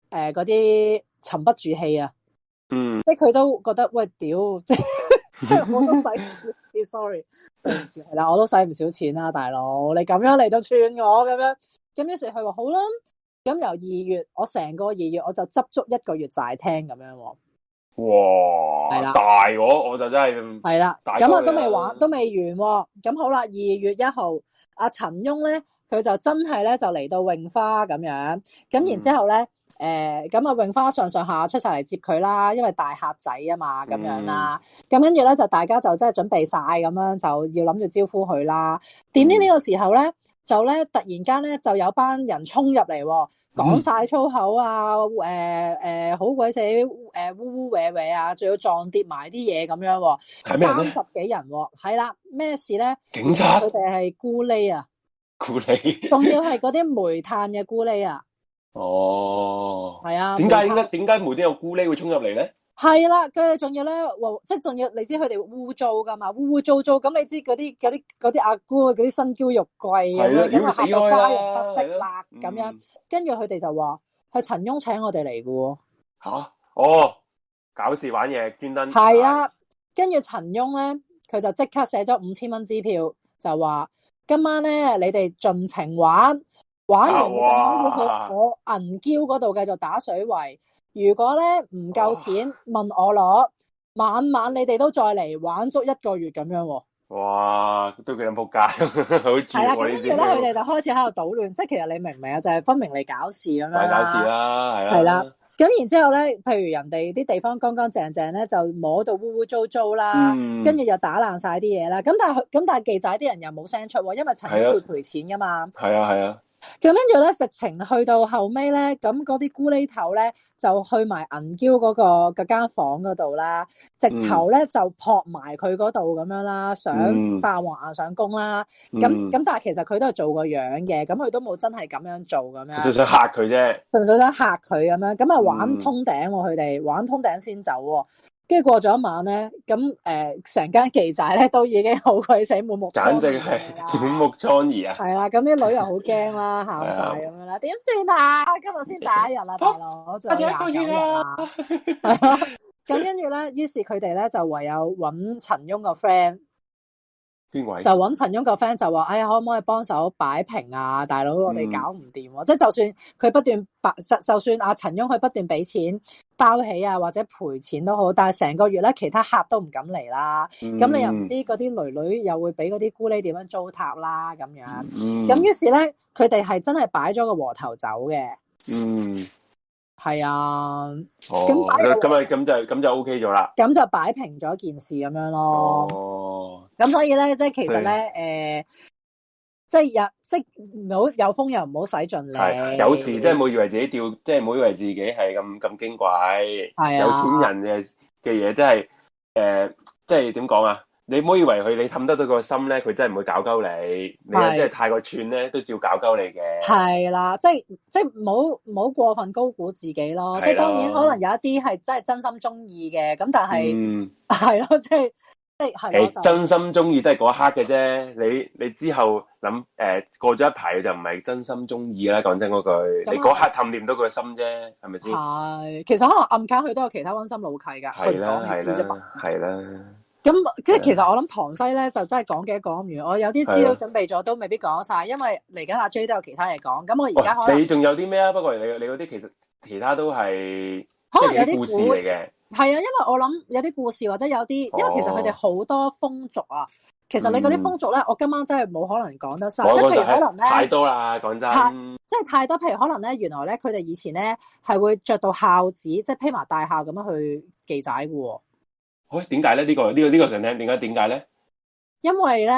誒嗰啲沉不住氣啊。嗯，即係佢都覺得喂屌，即係 <laughs> <laughs> <laughs> 我都使唔少錢，sorry。對唔住。係啦，我都使唔少錢啦，大佬，你咁樣嚟到串我咁樣，咁於是佢話好啦。咁由二月，我成個二月我就執足一個月就寨廳咁樣喎。哇，係啦的，大我我就真係係啦，咁啊都未玩，都未完，啊。咁好啦，二月一號，阿陳翁咧，佢就真係咧就嚟到泳花咁樣。咁然之後咧，誒、嗯，咁啊、呃、泳花上上下出晒嚟接佢啦，因為大客仔啊嘛，咁樣啦。咁、嗯、跟住咧就大家就真係準備晒咁樣，就要諗住招呼佢啦。嗯、點知呢個時候咧？就咧，突然間咧，就有班人衝入嚟、哦，講晒粗口啊，誒、呃、誒，好、呃、鬼死，誒烏烏歪歪啊，仲要撞跌埋啲嘢咁樣、哦，三十幾人喎，係啦、哦，咩事咧？警察佢哋係咕喱啊，咕喱？仲要係嗰啲煤炭嘅咕喱啊，哦，係啊，點解點解點解煤都有咕喱會衝入嚟咧？係啦，佢仲要咧，即係仲要，就是、你知佢哋污糟噶嘛，污污糟糟。咁你知嗰啲嗰啲嗰啲阿姑嗰啲身嬌肉貴嘅，咁啊了，到花又得啦，咁樣。跟住佢哋就話係陳翁請我哋嚟嘅喎。吓、啊，哦，搞事玩嘢專登係啊。跟住陳翁咧，佢就即刻寫咗五千蚊支票，就話今晚咧，你哋盡情玩。玩完要去我銀嬌嗰度繼續打水圍，啊、如果咧唔夠錢、啊、問我攞，晚晚你哋都再嚟玩足一個月咁樣。哇，都幾仆街，係啦，咁跟住咧佢哋就開始喺度搗亂， <laughs> 即係其實你明唔明，就是、明啊？就係分明嚟搞事咁樣啦。搞事啦，係啦、啊。係啦、啊，咁然之後咧，譬如人哋啲地方乾乾淨淨咧，就摸到污污糟糟啦，跟住、嗯、又打爛晒啲嘢啦。咁但係咁但係記仔啲人又冇聲出，因為曾經會賠錢噶嘛。係啊，係啊。是啊咁跟住咧，直情去到後尾咧，咁嗰啲咕喱頭咧就去埋銀嬌嗰、那個嗰間、那個、房嗰度啦，直頭咧就撲埋佢嗰度咁樣啦，想霸王硬上弓啦，咁咁、嗯、但係其實佢都係做個樣嘅，咁佢都冇真係咁樣做咁樣。就想嚇佢啫，純粹想嚇佢咁樣，咁啊玩通頂喎、啊，佢哋、嗯、玩通頂先走、啊。跟住過咗一晚咧，咁誒成間妓仔咧都已經好鬼死滿目，簡直係滿目瘡痍啊！係啦，咁啲女又好驚啦，喊晒咁樣啦，點 <laughs> 算啊？今日先第一日啊， <laughs> 大佬，就一個月啦。咁跟住咧，於是佢哋咧就唯有揾陳庸個 friend。就揾陳翁個 friend 就話：哎呀，可唔可以幫手擺平啊？大佬，我哋搞唔掂喎！即係、嗯、就算佢不斷就算阿陳翁佢不斷俾錢包起啊，或者賠錢都好，但係成個月咧，其他客都唔敢嚟啦。咁、嗯、你又唔知嗰啲女女又會俾嗰啲姑呢點樣糟蹋啦？咁樣。咁、嗯、於是咧，佢哋係真係擺咗個和頭走嘅。嗯。係啊，咁咁咁就咁就 OK 咗啦，咁就擺平咗件事咁樣咯。哦，咁所以咧是、呃，即係其實咧，誒，即係即唔好有風又唔好使盡力。係有時即係冇以為自己吊即係冇以為自己係咁咁矜貴。係啊，有錢人嘅嘅嘢真係誒，即係點講啊？就是你唔好以為佢你氹得到佢個心咧，佢真係唔會搞鳩你。你真係太過串咧，都照搞鳩你嘅。係啦，即係即係唔好唔好過分高估自己咯。即係當然可能有一啲係真係真心中意嘅，咁但係係咯，即係即係係真心中意都係嗰刻嘅啫。你你之後諗誒過咗一排就唔係真心中意啦。講真嗰句，你嗰刻氹掂到佢個心啫，係咪先？係，其實可能暗卡佢都有其他溫心老契噶，佢唔講你知啫嘛。係啦。咁即係其實我諗塘西咧就真係講嘅講完，我有啲資料準備咗都未必講晒，的因為嚟緊阿 J 都有其他嘢講。咁我而家可能、哦、你仲有啲咩啊？不過你你嗰啲其實其他都係可能有啲故事嚟嘅，係啊，因為我諗有啲故事或者有啲，哦、因為其實佢哋好多風俗啊，其實你嗰啲風俗咧，我今晚真係冇可能講得晒，嗯、即係譬如可能咧太多啦，講真，即係太多。譬如可能咧，原來咧，佢哋以前咧係會着到孝子，即係披埋大孝咁樣去祭仔嘅。喂，點解咧？為什麼呢、這個呢、這個呢、這個想聽，點解點解咧？為呢因為咧，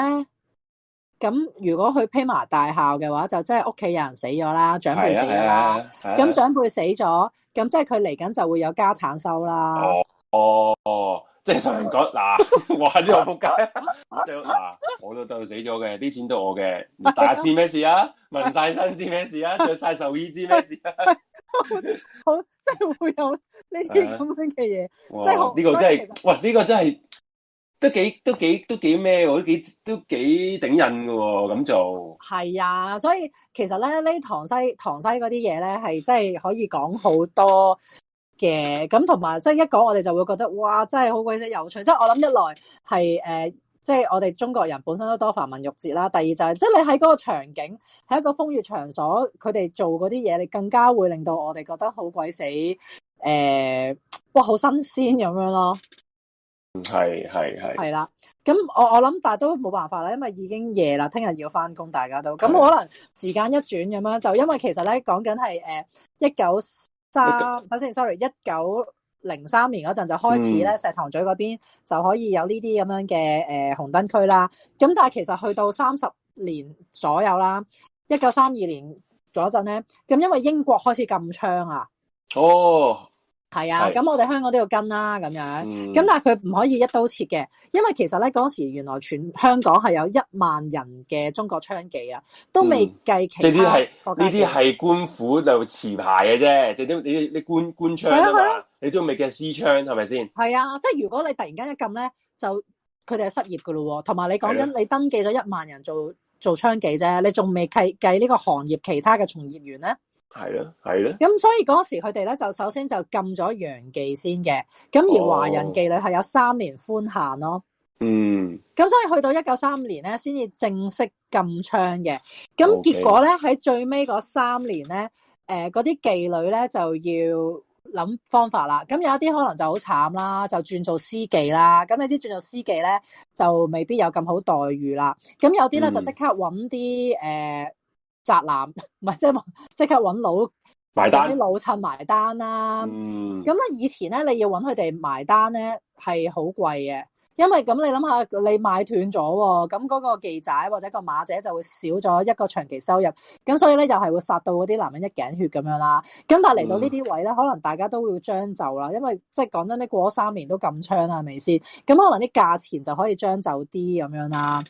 咁如果佢披麻戴孝嘅話，就即係屋企有人死咗啦，長輩死啦。咁、啊啊啊啊、長輩死咗，咁即係佢嚟緊就會有家產收啦。哦哦哦，即係同你講嗱，喺呢個撲街。嗱 <laughs> 啊，我都都死咗嘅，啲錢都是我嘅。打齋知咩事啊？聞晒身知咩事啊？着晒壽衣知咩事啊？好，即係會有。呢啲咁樣嘅嘢，即係呢個真係，哇，呢個真係都幾都幾都幾咩？我都幾都幾頂癮㗎喎，咁做。係啊，所以其實咧，呢塘西塘西嗰啲嘢咧，係真係可以講好多嘅。咁同埋，即係一講，我哋就會覺得哇，真係好鬼死有趣。即係我諗一來係誒，即係我哋中國人本身都多繁文縟節啦。第二就係，即係你喺嗰個場景，喺一個風月場所，佢哋做嗰啲嘢，你更加會令到我哋覺得好鬼死。誒，uh, 哇，好新鮮咁樣咯，係係係，係啦。咁的我我諗，但係都冇辦法啦，因為已經夜啦，聽日要翻工，大家都咁的可能時間一轉咁樣，就因為其實咧講緊係誒一九三，等先、uh, <music> ，sorry，一九零三年嗰陣就開始咧，石塘咀嗰邊就可以有呢啲咁樣嘅誒、uh, 紅燈區啦。咁但係其實去到三十年左右啦，一九三二年嗰陣咧，咁因為英國開始禁槍啊。哦，係啊，咁是我哋香港都要跟啦、啊，咁樣，咁、嗯、但係佢唔可以一刀切嘅，因為其實咧嗰時原來全香港係有一萬人嘅中國槍技娼妓啊，都未計其他。呢啲係呢啲係官府就持牌嘅啫，即啲你你，你官官娼啊，啊你都未計私娼係咪先？係啊，即係如果你突然間一禁咧，就佢哋係失業噶咯，同埋你講緊你，的你登記咗一萬人做做娼妓啫，你仲未計計呢個行業其他嘅從業員咧。係咯，係咯。咁、嗯、所以嗰時佢哋咧就首先就禁咗洋妓先嘅，咁而華人妓女係有三年寬限咯。Oh. Mm. 嗯。咁所以去到一九三五年咧，先至正式禁娼嘅。咁結果咧喺 Okay. 最尾嗰三年咧，誒嗰啲妓女咧就要諗方法啦。咁有一啲可能就好慘啦，就轉做司妓啦。咁你知轉做司妓咧就未必有咁好待遇啦。咁有啲咧就即刻搵啲誒。Mm. 呃宅男唔係即係即刻揾老，揾啲單老襯埋單啦、啊。咁咧、嗯、以前咧，你要揾佢哋埋單咧係好貴嘅，因為咁你諗下，你買斷咗，咁嗰個妓仔或者個馬仔就會少咗一個長期收入，咁所以咧又係會殺到嗰啲男人一頸血咁樣啦、啊。咁但係嚟到呢啲位咧，嗯、可能大家都會將就啦，因為即係講真咧，過咗三年都禁槍啦，係咪先？咁可能啲價錢就可以將就啲咁樣啦、啊。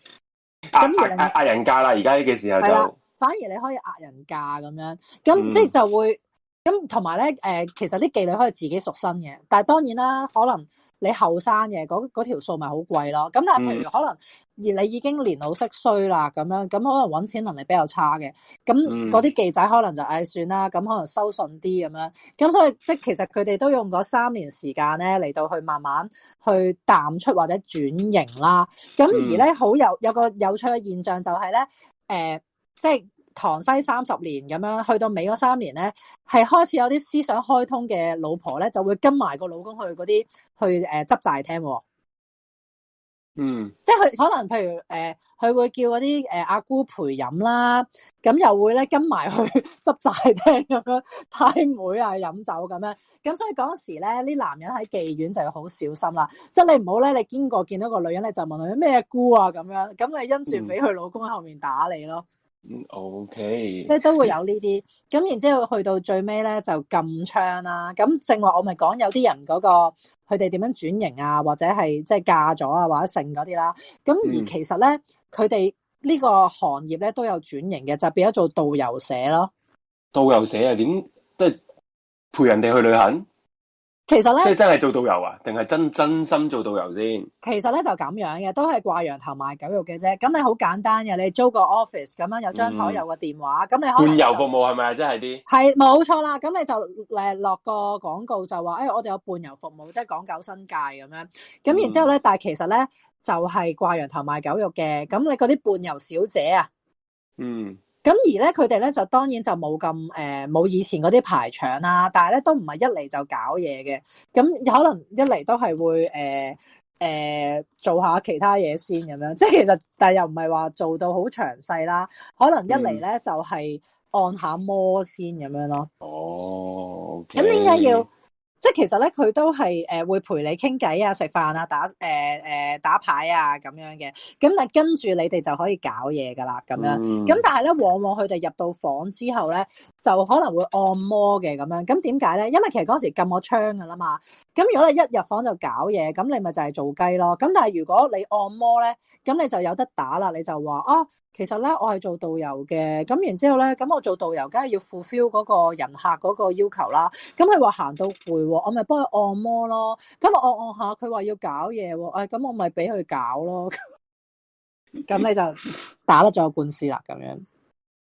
壓壓、啊啊啊、人價啦，而家呢啲時候就。反而你可以壓人價咁樣，咁即係就會咁，同埋咧，誒、呃，其實啲妓女可以自己贖身嘅，但係當然啦，可能你後生嘅嗰嗰條數咪好貴咯。咁但係，譬如可能而你已經年老色衰啦，咁樣咁可能搵錢能力比較差嘅，咁嗰啲妓仔可能就誒、哎、算啦，咁可能收信啲咁樣。咁所以即係其實佢哋都用咗三年時間咧，嚟到去慢慢去淡出或者轉型啦。咁而咧好有有個有趣嘅現象就係咧，誒、呃。即係塘西三十年咁樣，去到尾嗰三年咧，係開始有啲思想開通嘅老婆咧，就會跟埋個老公去嗰啲去誒、呃、執寨廳啊。嗯，即係佢可能譬如誒，佢、呃、會叫嗰啲誒阿姑陪飲啦，咁又會咧跟埋去執寨廳咁樣，太妹啊飲酒咁樣。咁所以嗰時咧，啲男人喺妓院就要好小心啦。即、就、係、是、你唔好咧，你經過見到個女人咧，你就問佢咩姑啊咁樣，咁你因住俾佢老公喺後面打你咯。嗯。O K，即係都會有呢啲，咁然之後去到最尾咧，就禁槍啦。咁正話我咪講有啲人嗰個佢哋點樣轉型啊，或者係即係嫁咗啊，或者剩嗰啲啦。咁而其實咧，佢哋呢個行業咧都有轉型嘅，就變咗做導遊社咯。導遊社啊，點即係陪人哋去旅行？其實咧，即係真係做導遊啊，定係真真心做導遊先？其實咧就咁樣嘅，都係掛羊頭賣狗肉嘅啫。咁你好簡單嘅，你租個 office 咁樣，有張台、嗯、有個電話，咁你伴遊服務係咪啊？真係啲係冇錯啦。咁你就誒落個廣告就話，誒、哎、我哋有伴遊服務，即係港九新界咁樣。咁然之後咧，嗯、但係其實咧就係、是、掛羊頭賣狗肉嘅。咁你嗰啲伴遊小姐啊，嗯。咁而咧，佢哋咧就當然就冇咁誒，冇以前嗰啲排場啦。但係咧都唔係一嚟就搞嘢嘅。咁可能一嚟都係會誒、呃呃、做下其他嘢先咁樣。即係其實，但係又唔係話做到好詳細啦。可能一嚟咧、嗯、就係按下摩先咁樣咯。哦，咁點解要？即係其實咧，佢都係誒會陪你傾偈啊、食飯啊、打誒誒、呃呃、打牌啊咁樣嘅。咁但係跟住你哋就可以搞嘢噶啦，咁樣。咁但係咧，往往佢哋入到房之後咧，就可能會按摩嘅咁樣。咁點解咧？因為其實嗰時撳我窗噶啦嘛。咁如果你一入房就搞嘢，咁你咪就係做雞咯。咁但係如果你按摩咧，咁你就有得打啦。你就話哦。其實咧，我係做導遊嘅，咁然之後咧，咁我做導遊梗係要 fulfill 嗰個人客嗰個要求啦。咁佢話行到攰喎，我咪幫佢按摩咯。咁我按按下，佢話要搞嘢喎，咁、哎、我咪俾佢搞咯。咁 <laughs> 你就打得咗官司啦，咁樣。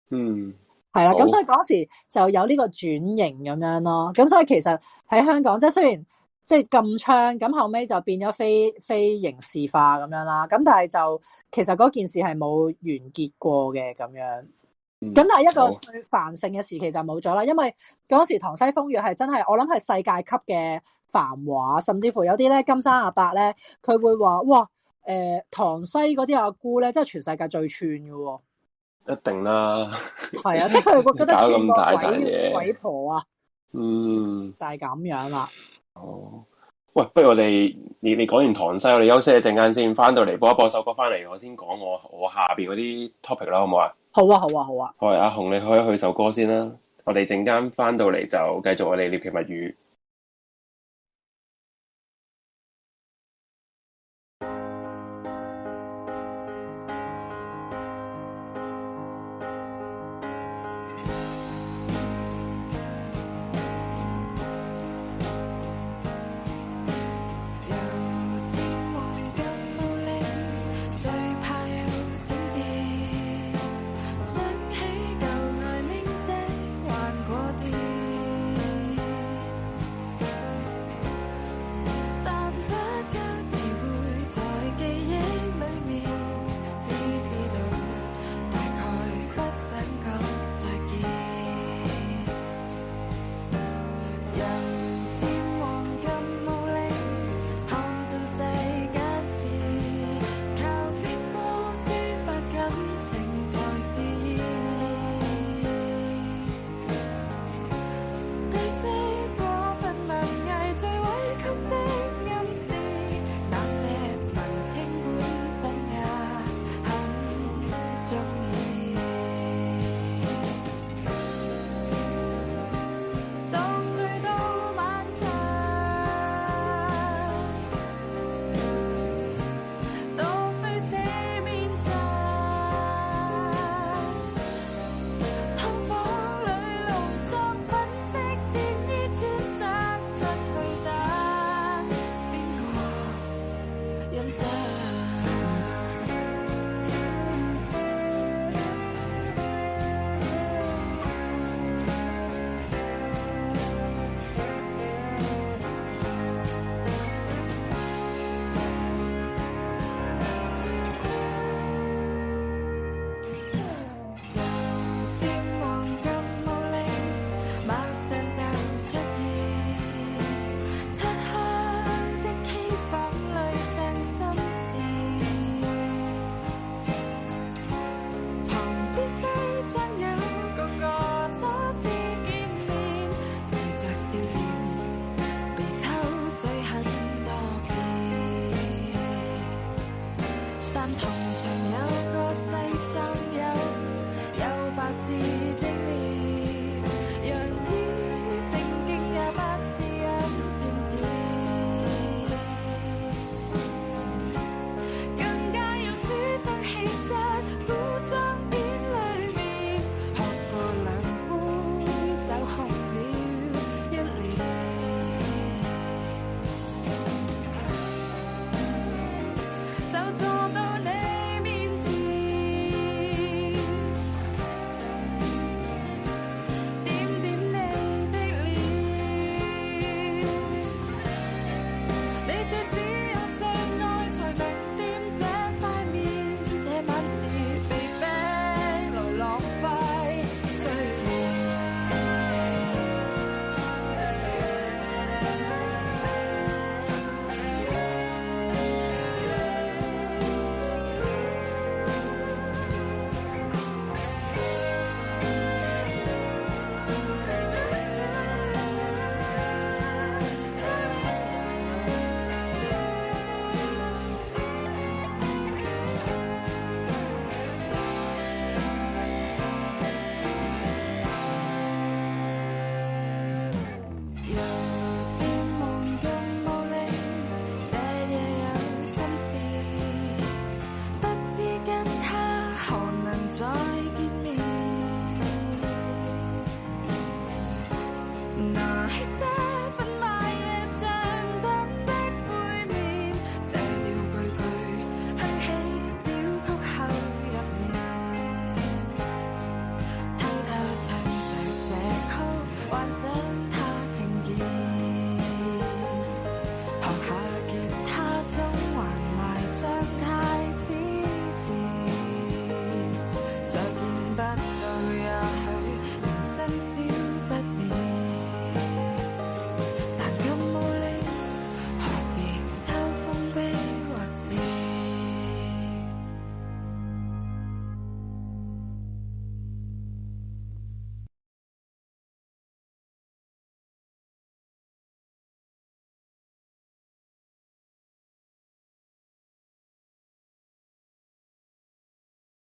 嗯。係啦，咁好所以嗰時就有呢個轉型咁樣咯。咁所以其實喺香港即係雖然。即係禁槍，咁後尾就變咗非非刑事化咁樣啦。咁但係就其實嗰件事係冇完結過嘅咁樣。咁但係一個最繁盛嘅時期就冇咗啦，因為嗰時塘西風月係真係我諗係世界級嘅繁華，甚至乎有啲咧，金山阿伯咧，佢會話哇，誒、呃、塘西嗰啲阿姑咧，即係全世界最串噶。一定啦。係 <laughs> 啊，即係佢哋會覺得串個鬼鬼婆啊。嗯，就係咁樣啦。哦，喂，不如我哋你你講完塘西我哋休息一陣間先，翻到嚟，播一播首歌翻嚟，我先講我我下邊嗰啲 topic 啦，好唔好啊？好啊，好啊，好啊。喂阿紅，你可以去首歌先啦，我哋陣間翻到嚟就繼續我哋獵奇物語。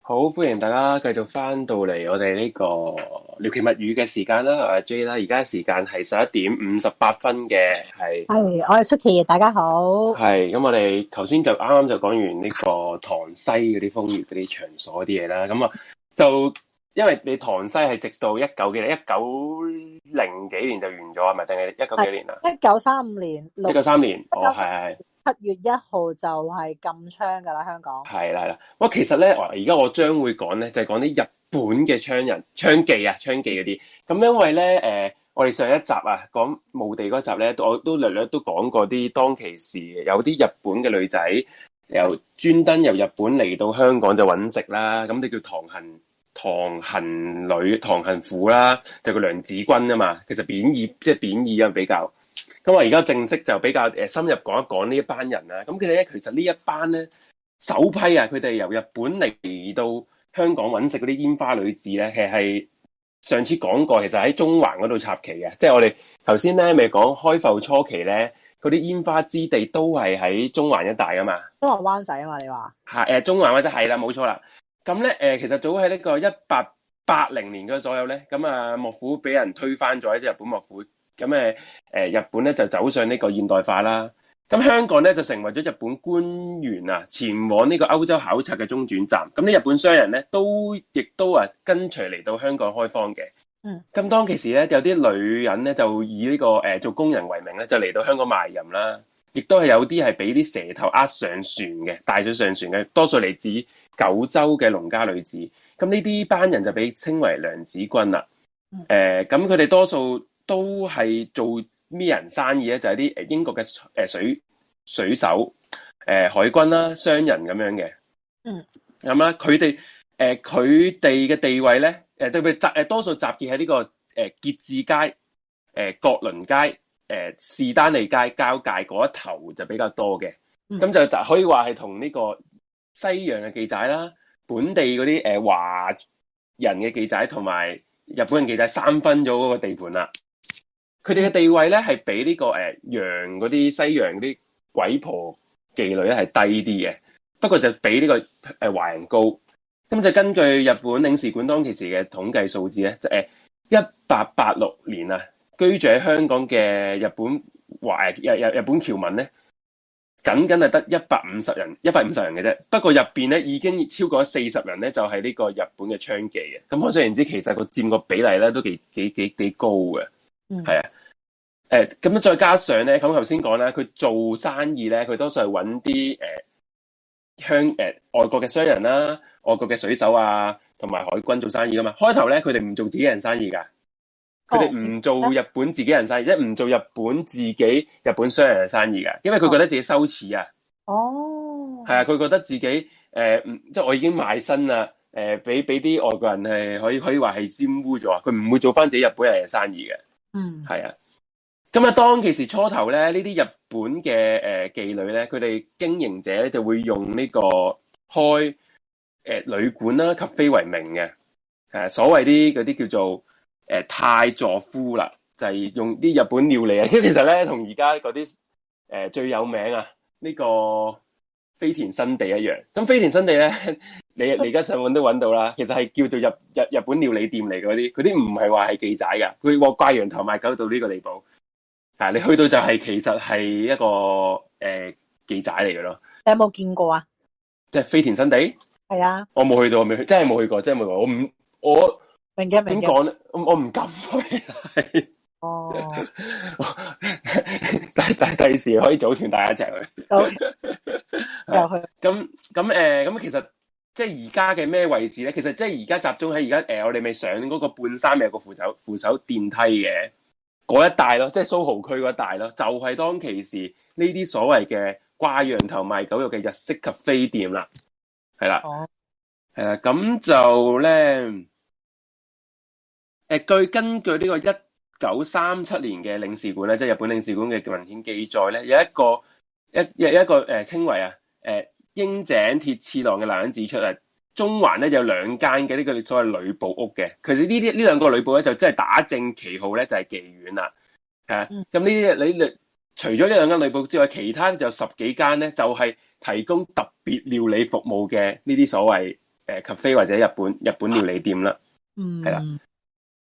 好，歡迎大家繼續翻到嚟我哋呢個獵奇物語嘅時間啦，我係阿 J 啦，而家時間係十一點五十八分嘅，係係我係 Suki, 大家好，係咁我哋頭先就啱啱就講完呢個塘西嗰啲風月嗰啲場所啲嘢啦，咁啊就因為你塘西係直到一九幾年，一九零幾年就完咗啊，係咪？定淨係一九幾年啊，一九三五年，一九三年，年哦係係。19 3. 七月一號就係禁娼噶啦香港係啦係啦，其實咧，而家我將會講咧，就係講啲日本嘅娼人娼妓啊，娼妓嗰啲。咁因為咧，誒、呃，我哋上一集啊，講墓地嗰集咧，我都略略都講過啲當其時有啲日本嘅女仔，由專登由日本嚟到香港就搵食啦，咁就叫唐行唐行女唐行婦啦，就個娘子軍啊嘛。其實貶義，即係貶義啊，比較。咁我而家正式就比較深入講一講一呢一班人啦。咁佢哋咧，其實一呢一班咧，首批啊，佢哋由日本嚟到香港揾食嗰啲煙花女子咧，係係上次講過，其實喺中環嗰度插旗嘅，即係我哋頭先咧咪講開埠初期咧，嗰啲煙花之地都係喺中環一帶㗎嘛，中嘛、呃。中環灣仔啊嘛，你話中環或者係啦，冇錯啦。咁咧、呃、其實早喺呢個一八八零年嘅左右咧，咁啊幕府俾人推翻咗，即、就、係、係、日本幕府。咁、呃、日本咧就走上呢個現代化啦。咁香港咧就成為咗日本官員啊，前往呢個歐洲考察嘅中轉站。咁啲日本商人咧，都亦都啊，跟隨嚟到香港開荒嘅。嗯。咁當其時咧，有啲女人咧就以呢個、呃、做工人為名咧，就嚟到香港賣淫啦。亦都係有啲係俾啲蛇頭呃上船嘅，帶咗上船嘅多數嚟自九州嘅農家女子。咁呢啲班人就俾稱為娘子軍啦。咁佢哋多數，都係做咩人生意咧？就係啲誒英國嘅誒水水手誒、呃、海軍啦、商人咁樣嘅。嗯。咁啦，佢哋誒佢哋嘅地位咧，誒特集誒多數集結喺呢、呢個誒傑治、呃、街、誒葛倫街、誒、呃、士丹利街交界嗰一頭就比較多嘅。咁、嗯、就可以話係同呢個西洋嘅記者啦、本地嗰啲誒華人嘅記者同埋日本人記者三分咗嗰個地盤啦。佢哋嘅地位咧，係比呢個誒洋嗰啲西洋啲鬼婆妓女咧係低啲嘅，不過就比呢個誒華人高。咁就根據日本領事館當其時嘅統計數字咧，即係一八八六年啊，居住喺香港嘅日本華日日日本僑民咧，僅僅係得一百五十人，一百五十人嘅啫。不過入邊咧已經超過四十人咧，就係、是、呢個日本嘅娼妓嘅。咁可想而知，其實個佔個比例咧都幾幾幾幾高嘅。是啊、嗯，係啊、嗯，誒，咁樣再加上咧，咁我頭先講啦，佢做生意咧，佢多數係揾啲誒，香誒外國嘅商人啦，外國嘅、啊、水手啊，同埋海軍做生意噶嘛。開頭咧，佢哋唔做自己人生意噶，佢哋唔做日本自己人生意，即係唔做日本自己日本商人嘅生意嘅，因為佢覺得自己羞恥啊。哦，係啊，佢覺得自己誒，即、呃、係、就是、我已經賣身啦，誒、呃，俾俾啲外國人係可以可以話係玷污咗啊，佢唔會做返自己日本人嘅生意嘅。嗯，係啊，咁啊，當其時初頭咧，呢啲日本嘅誒、呃、妓女咧，佢哋經營者就會用呢個開誒、呃、旅館啦、咖啡為名嘅，誒、啊、所謂啲嗰啲叫做誒、呃、泰座夫啦，就係、是、用啲日本料理啊，因為其實咧同而家嗰啲誒最有名啊呢個飛田新地一樣，咁飛田新地咧。 <laughs> 你你而家上門都揾到啦，其實係叫做日日日本料理店嚟嗰啲，啲唔係話係記仔噶，佢話掛羊頭賣狗到呢個地步，嚇、啊、你去到就係、是、其實係一個誒、呃、記仔嚟嘅咯。你有冇見過啊？即係飛田新地係啊！我冇去到，我未去，真係冇去過，真係冇去過。我唔我明嘅明點講我唔敢去。哦，第第第時可以組團，大家一齊去。Okay. <laughs> 啊、又去。咁咁誒咁，呃、其實。即係而家嘅咩位置咧？其實即係而家集中喺而家誒，我哋咪上嗰個半山咪有個扶手扶手電梯嘅嗰一帶咯，即係 SoHo 區嗰一帶咯，就係、是、當其時呢啲所謂嘅掛羊頭賣狗肉嘅日式咖啡店啦，係啦，係啦，咁就咧誒、呃，據根據呢個一九三七年嘅領事館咧，即、就、係、是、日本領事館嘅文件記載咧，有一個一一個誒稱、呃、為啊誒。呃英井鐵次郎嘅男人指出啊，中環咧有兩間嘅呢個所謂女部屋嘅，其實呢啲呢兩個女部屋咧就真係打正旗號咧就係妓院啦，係啊，咁呢啲你除咗呢兩間女部屋之外，其他就十幾間咧就係、是、提供特別料理服務嘅呢啲所謂誒 cafe 或者日本日本料理店啦，係啦，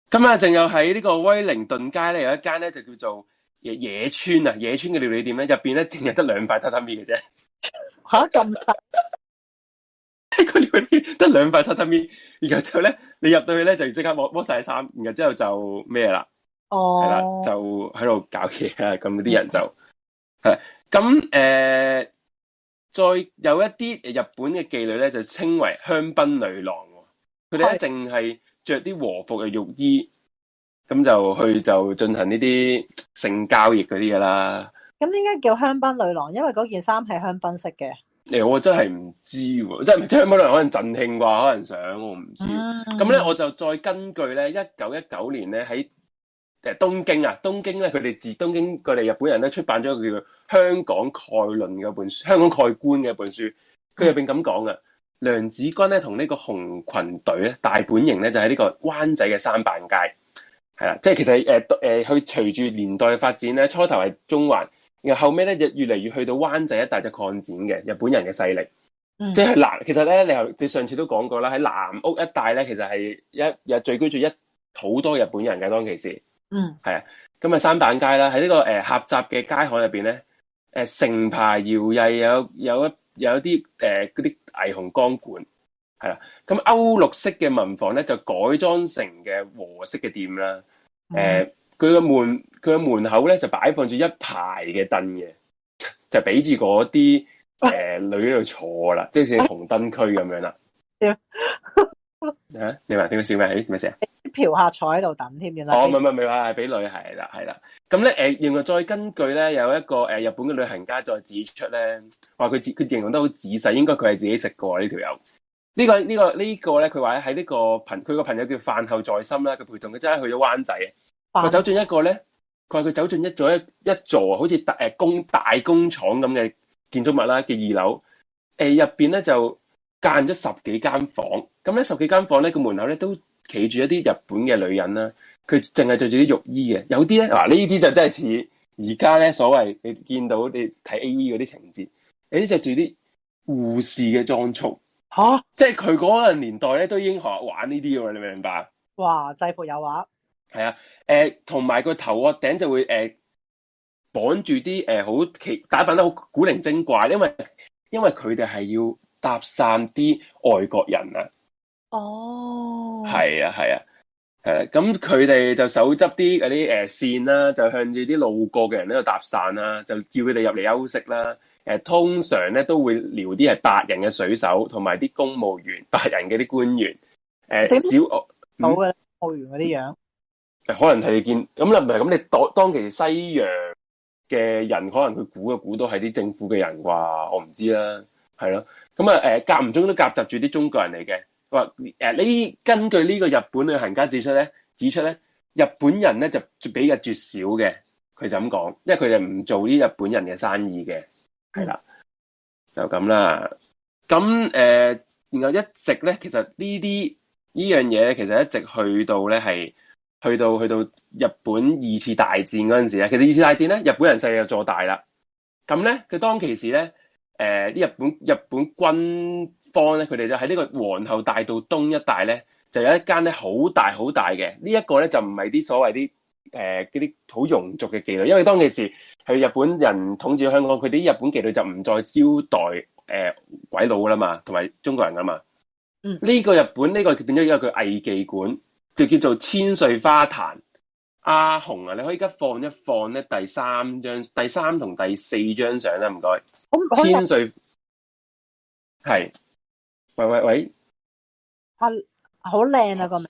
咁啊，仲的、嗯嗯、有喺呢個威靈頓街咧有一間咧就叫做野野村啊，野村嘅料理店咧入邊咧淨係得兩塊榻榻米嘅啫。吓咁差，得兩塊榻榻米，然後之後咧，你入到去咧就即刻剝剝晒衫，然後之後就咩啦，係啦、oh.，就喺度搞嘢啦。咁啲人就係咁誒，再有一啲日本嘅妓女咧，就稱為香檳女郎，佢哋咧淨係着啲和服嘅浴衣，咁就去就進行呢啲性交易嗰啲噶啦。咁點解叫香檳女郎，因為嗰件衫係香檳色嘅。誒、欸，我真係唔知喎、啊，即係香檳女郎可能振興啩，可能想我唔知。咁咧、嗯，我就再根據咧一九一九年咧喺誒東京啊，東京咧佢哋自東京佢哋日本人咧出版咗一個叫《香港概論》嘅本書，《香港概觀》嘅一本書。佢入邊咁講啊，梁子君咧同呢個紅群隊咧大本營咧就喺、是、呢個灣仔嘅三板街係啦。即係、就是、其實誒誒，佢隨住年代發展咧，初頭係中環。然後後尾咧，就越嚟越去到灣仔一帶就擴展嘅日本人嘅勢力，即係南。其實咧，你又你上次都講過啦，喺南屋一帶咧，其實係一有聚居住一好多日本人嘅。當其時嗯，嗯，係啊，咁啊，三板街啦，喺呢、這個誒狹窄嘅街巷入邊咧，誒、呃，成排搖曳有有，有一有啲誒嗰啲霓虹光管係啦。咁歐陸式嘅民房咧，就改裝成嘅和式嘅店啦，誒、嗯。佢個門佢個門口咧就擺放住一排嘅燈嘅，就俾住嗰啲誒女喺度坐啦，即係似紅燈區咁樣啦。吓、 <laughs> 啊、你話點解笑咩？誒、哎，咩事啊？嫖客坐喺度等添，原來哦，唔係唔係唔係，係俾女係啦係啦。咁咧誒，然後、呃、再根據咧有一個誒、呃、日本嘅旅行家再指出咧，話佢自佢形容得好仔細，應該佢係自己食過呢條友。呢、這個這個這個這個呢、這個呢個咧，佢話喺呢個朋佢個朋友叫飯後在心啦，佢陪同佢真係去咗灣仔。佢走進一個咧，佢話佢走進一座一一座好似大誒工大工廠咁嘅建築物啦嘅二樓，誒入邊咧就間咗十幾間房。咁、嗯、呢十幾間房咧個門口咧都企住一啲日本嘅女人啦，佢淨係着住啲浴衣嘅，有啲咧嗱呢啲就真係似而家咧所謂你見到你睇 AV 嗰啲情節，啲着住啲護士嘅裝束，吓蛤，即係佢嗰個年代咧都已經學玩呢啲嘅，你明唔明白啊？哇，制服誘惑。係啊，誒、呃，同埋個頭啊頂就會誒綁、呃、住啲誒好奇打扮得好古靈精怪，因為因為佢哋係要搭訕啲外國人啊。哦，係啊係啊，誒、啊，咁佢哋就手執啲嗰啲誒線啦、啊，就向住啲路過嘅人喺度搭訕啦、啊，就叫佢哋入嚟休息啦、啊。誒、呃，通常咧都會撩啲係白人嘅水手同埋啲公務員白人嘅啲官員。誒、呃，小我冇嘅公務員嗰啲樣。可能係你見咁，你唔係咁。你當當其時西洋嘅人，可能佢估一估都係啲政府嘅人啩，我唔知啦，係咯。咁啊，誒、呃，夾唔中都夾雜住啲中國人嚟嘅。佢話誒呢，根據呢個日本旅行家指出咧，指出咧，日本人咧就比較絕少嘅，佢就咁講，因為佢哋唔做呢日本人嘅生意嘅，係啦，就咁啦。咁誒、呃，然後一直咧，其實呢啲呢樣嘢，其實一直去到咧係。去到去到日本二次大戰嗰陣時咧，其實二次大戰咧，日本人勢力就做大啦。咁咧，佢當其時咧，誒、呃，啲日本日本軍方咧，佢哋就喺呢個皇后大道東一帶咧，就有一間咧好大好大嘅。這個，呢一個咧就唔係啲所謂啲誒嗰啲好庸俗嘅妓女，因為當其時佢日本人統治香港，佢啲日本妓女就唔再招待誒、呃、鬼佬噶啦嘛，同埋中國人噶嘛。嗯，呢個日本呢、這個變咗一個佢藝妓館。就叫做千歲花壇，阿紅啊，你可以而家放一放咧，第三張、第三同第四張相啦，唔該。咁千歲係，喂喂喂，阿好靚啊個名，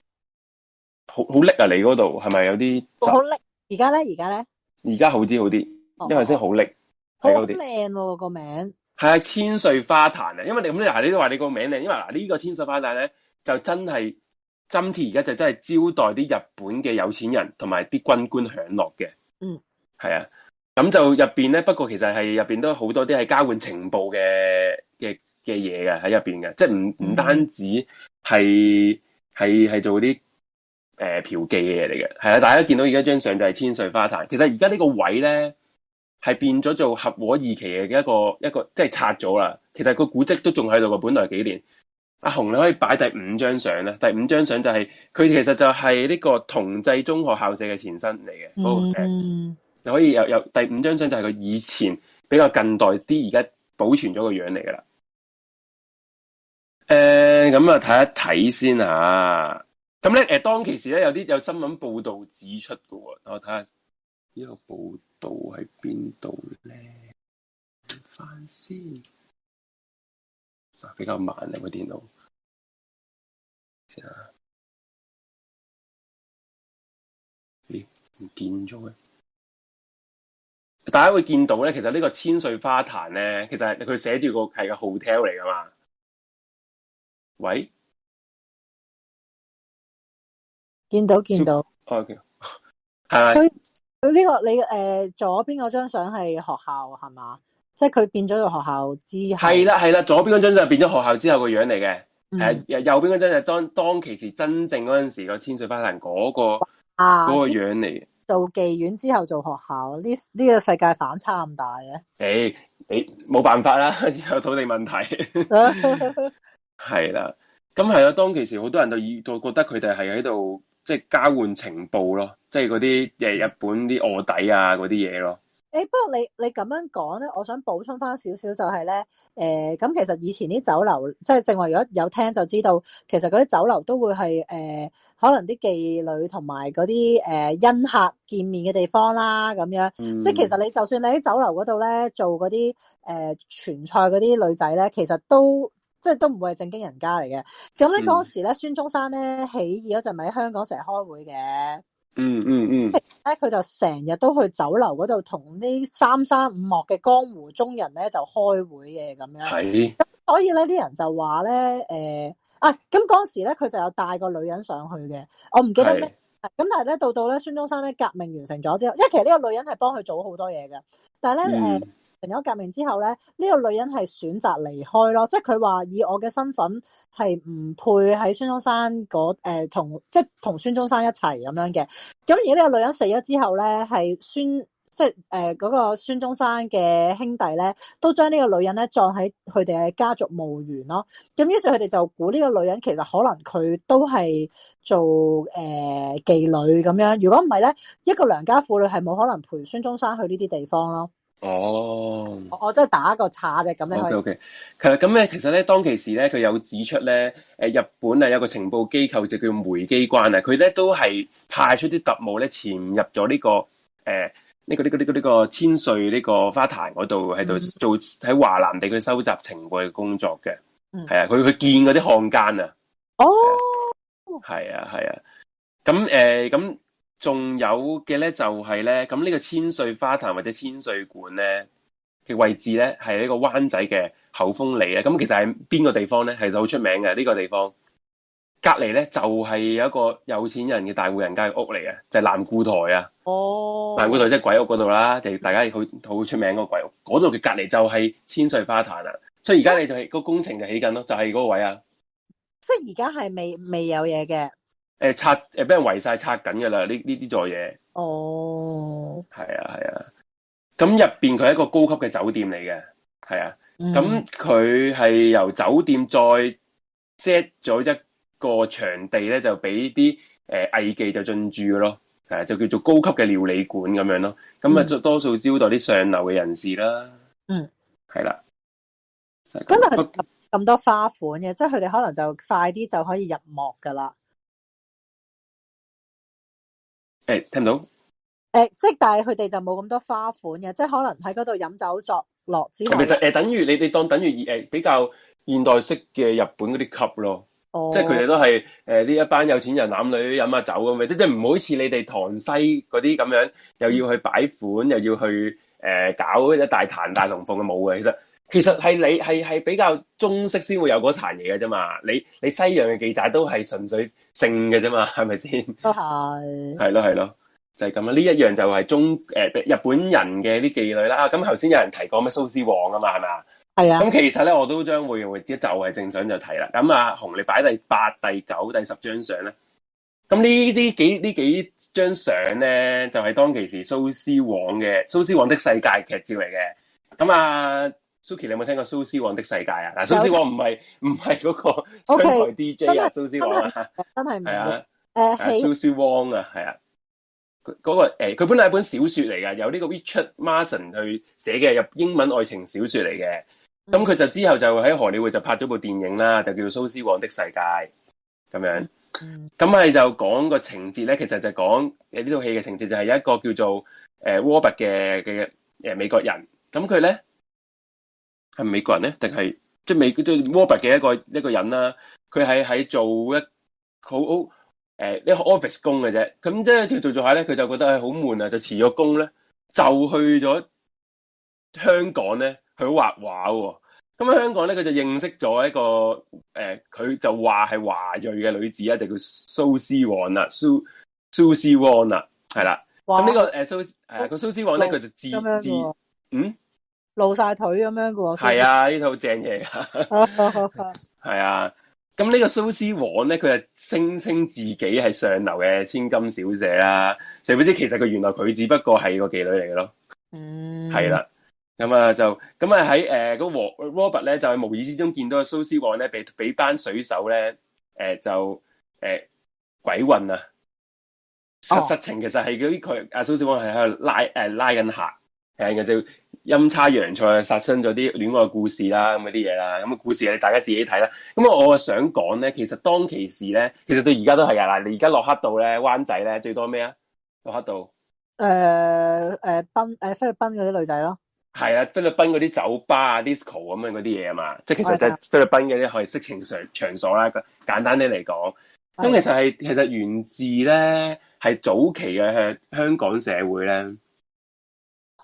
好好叻啊你嗰度係咪有啲？好叻！而家咧，而家咧，而家好啲，好啲，因為先好叻。好靚喎個名，係啊，千歲花壇啊，因為你咁嗱，你都話你個名靚，因為嗱呢個千歲花壇咧，就真係。直至而家就真係招待啲日本嘅有錢人同埋啲軍官享樂嘅，嗯，係啊，咁就入面咧。不過其實係入面都好多啲係交換情報嘅嘅嘅嘢嘅喺入邊嘅，即係唔唔單止係係係做啲、呃、嫖妓嘅嘢嚟嘅。係啊，大家見到而家張相就係千歲花壇。其實而家呢個位咧係變咗做合和二期嘅一個一個即係、就是、拆咗啦。其實個古跡都仲喺度嘅，本來幾年。阿紅你可以擺第五張相咧，第五張相就係、是、佢其實就係呢個同濟中學校舍嘅前身嚟嘅，嗰、嗯呃、就可以有有第五張相就係佢以前比較近代啲，而家保存咗個樣嚟噶啦。誒、呃，咁啊睇一睇先吓，咁咧誒當其時咧有啲有新聞報道指出嘅、哦，我睇下呢個報道喺邊度咧，翻先。比較慢你、啊、部電腦啊，咦？唔見咗嘅。大家會見到咧，其實呢個千歲花壇咧，其實係佢寫住個係個 hotel 嚟噶嘛。喂，見到見到。O K，係咪？佢呢 <laughs> Okay. <laughs> 的、這個你、呃、左邊嗰張相係學校係嘛？是即係佢變咗個學校之後，係啦係啦，左邊嗰張就是變咗學校之後個樣嚟嘅、嗯呃，右邊嗰張就當當其時真正嗰陣時候的千歲、那個千歲花靈嗰個嗰個樣嚟。到、啊、做妓院之後做學校，呢呢、這個世界反差咁大嘅。誒誒、欸、冇、欸、辦法啦，有土地問題。係 <laughs> 啦， <laughs> 咁係啊，當其時好多人都就覺得佢哋係喺度即係交換情報咯，即係嗰啲誒日本啲臥底啊嗰啲嘢咯。誒、欸，不過你你咁樣講咧，我想補充翻少少就係、是、咧，誒、呃，咁其實以前啲酒樓，即係正話，如果有聽就知道，其實嗰啲酒樓都會係誒、呃，可能啲妓女同埋嗰啲誒，恩、呃、客見面嘅地方啦，咁樣，嗯、即係其實你就算你喺酒樓嗰度咧，做嗰啲誒傳菜嗰啲女仔咧，其實都即係都唔會係正經人家嚟嘅。咁咧、嗯、當時咧，孫中山咧起義嗰陣咪喺香港成日開會嘅。嗯嗯嗯，咧、嗯、佢、嗯、就成日都去酒樓嗰度同啲三山五岳嘅江湖中人咧就開會嘅咁樣，係是，所以咧啲人就話咧，誒、呃、啊，咁嗰時咧佢就有帶個女人上去嘅，我唔記得咩，咁是但係咧到到咧孫中山咧革命完成咗之後，因為其實呢個女人係幫佢做好多嘢嘅，但係咧誒。嗯呃成咗革命之後咧，呢個女人係選擇離開咯，即係佢話以我嘅身份係唔配喺孫中山誒同、呃、即係同孫中山一齊咁樣嘅。咁而家呢個女人死咗之後咧，係孫即係誒嗰個孫中山嘅兄弟咧，都將呢個女人咧葬喺佢哋嘅家族墓園咯。咁於是佢哋就估呢個女人其實可能佢都係做誒、呃、妓女咁樣。如果唔係咧，一個良家婦女係冇可能陪孫中山去呢啲地方咯。哦，我我真係打個岔啫，咁樣。O K O K，其實咁咧，其實咧當其時咧，佢有指出咧，誒，日本啊有一個情報機構，就叫梅機關啊，佢咧都係派出啲特務咧，潛入咗呢、這個誒呢、呃這個呢、這個呢、這個呢、這個千歲呢個花壇嗰度，喺度做喺華南地區收集情報嘅工作嘅，係啊、mm.，佢佢見嗰啲漢奸啊，哦、oh.，係啊係啊，咁誒咁。仲有嘅咧，就係咧，咁呢個千歲花壇或者千歲館咧嘅位置咧，係呢個灣仔嘅口風嚟咧。咁其實係邊個地方咧？係就好出名嘅呢、呢個地方。隔離咧就係有一個有錢人嘅大戶人家嘅屋嚟嘅，就係南固台啊。哦，南固台即係鬼屋嗰度啦，大家好好出名嗰個鬼屋。嗰度嘅隔離就係千歲花壇啊，所以而家你就係、個工程就起緊咯，就係、是、嗰位啊。即係而家係未未有嘢嘅。誒、呃、拆誒，俾人圍晒拆緊噶啦！呢呢啲座嘢哦，係啊係啊，咁入邊佢係一個高級嘅酒店嚟嘅，係啊，咁佢係由酒店再 set 咗一個場地咧，就俾啲誒藝伎就進駐咯，係、啊、就叫做高級嘅料理館咁樣咯，咁啊就多數招待啲上流嘅人士啦，嗯、mm，係、hmm. 啦、啊，咁但係咁多花款嘅，即係佢哋可能就快啲就可以入幕噶啦。誒，hey, 聽唔到？誒、uh，即係但係佢哋就冇咁多花款嘅，即係可能喺嗰度飲酒作樂之，咪就誒，等於你哋當等於誒比較現代式嘅日本嗰啲 c 囉，咯。哦、oh，即係佢哋都係誒呢一班有錢人攬女飲下酒咁嘅，即係即係唔好似你哋塘西嗰啲咁樣，又要去擺款，又要去誒、呃、搞一大壇大龍鳳嘅冇嘅，其實。其實係你係係比較中式先會有嗰壇嘢嘅啫嘛，你你西洋嘅記載都係純粹性嘅啫嘛，係咪先？都係是，係咯係咯，就係咁啦。呢一樣就係中誒、呃、日本人嘅啲妓女啦。咁頭先有人提過咩蘇絲黃啊嘛，係咪啊？係啊的。咁其實咧，我都將會會即就係正想就睇啦。咁啊，紅你擺第八、第九、第十張相咧。咁呢啲幾呢幾張相咧，就係、是、當其時蘇絲黃嘅蘇絲黃的世界劇照嚟嘅。咁啊。Suki，你有冇聽過《蘇絲黃的世界》啊？嗱，蘇絲黃唔係唔係嗰個上海 DJ 啊？蘇絲黃》？啊，真係唔係啊。蘇絲黃啊，係是啊。嗰、啊啊嗰個誒，佢、欸、本來係一本小說嚟㗎，由呢個 Richard Mason r 去寫嘅，入英文愛情小說嚟嘅。咁佢、嗯、就之後就喺荷里活就拍咗部電影啦，就叫做《蘇絲黃的世界》咁樣。咁係、嗯嗯、就講個情節咧，其實就講呢套戲嘅情節就係、是、有一個叫做誒 Warbur 嘅嘅誒美國人，咁佢咧。係美國人咧，定係即係美即係、就是、Robert 嘅一個一個人啦、啊。佢係喺做一好誒啲 office 工嘅啫。咁即係做做下咧，佢就覺得誒好悶啊，就辭咗工咧，就去咗香港咧去畫畫、哦。咁喺香港咧，佢就認識咗一個誒，佢、呃、就話係華裔嘅女子啊，就叫蘇絲黃啦，蘇蘇絲黃啦，係啦、啊。咁呢個誒蘇誒個蘇絲黃咧，佢哇就自自嗯。露晒腿咁樣，噶係啊，呢套正嘢噶，係 <laughs> <laughs> 啊，咁呢個蘇絲王咧，佢係聲稱自己係上流嘅千金小姐啦，誰不知其實佢原來佢只不過係個妓女嚟嘅咯，嗯，係啦、啊，咁啊就咁啊喺誒個和 Robert 咧就係無意之中見到阿蘇絲王咧俾俾班水手咧誒、呃、就誒、呃、鬼混啊，實、哦、實情其實係啲佢阿蘇絲王係喺度拉誒拉緊客。誒，就陰差陽錯發生咗啲戀愛故事啦，咁啲嘢啦，咁、那、嘅、個、故事你大家自己睇啦。咁啊，我啊想講咧，其實當其時咧，其實到而家都係呀。你而家落黑道咧，灣仔咧最多咩啊？落黑道。誒誒、呃呃，賓誒菲律賓嗰啲女仔咯。係、呃、啊，菲律賓嗰啲酒吧啊，disco 咁樣嗰啲嘢啊嘛，即係其實喺菲律賓嗰啲以色情場所啦。簡單啲嚟講，咁其實係的其實源自咧係早期嘅香港社會咧。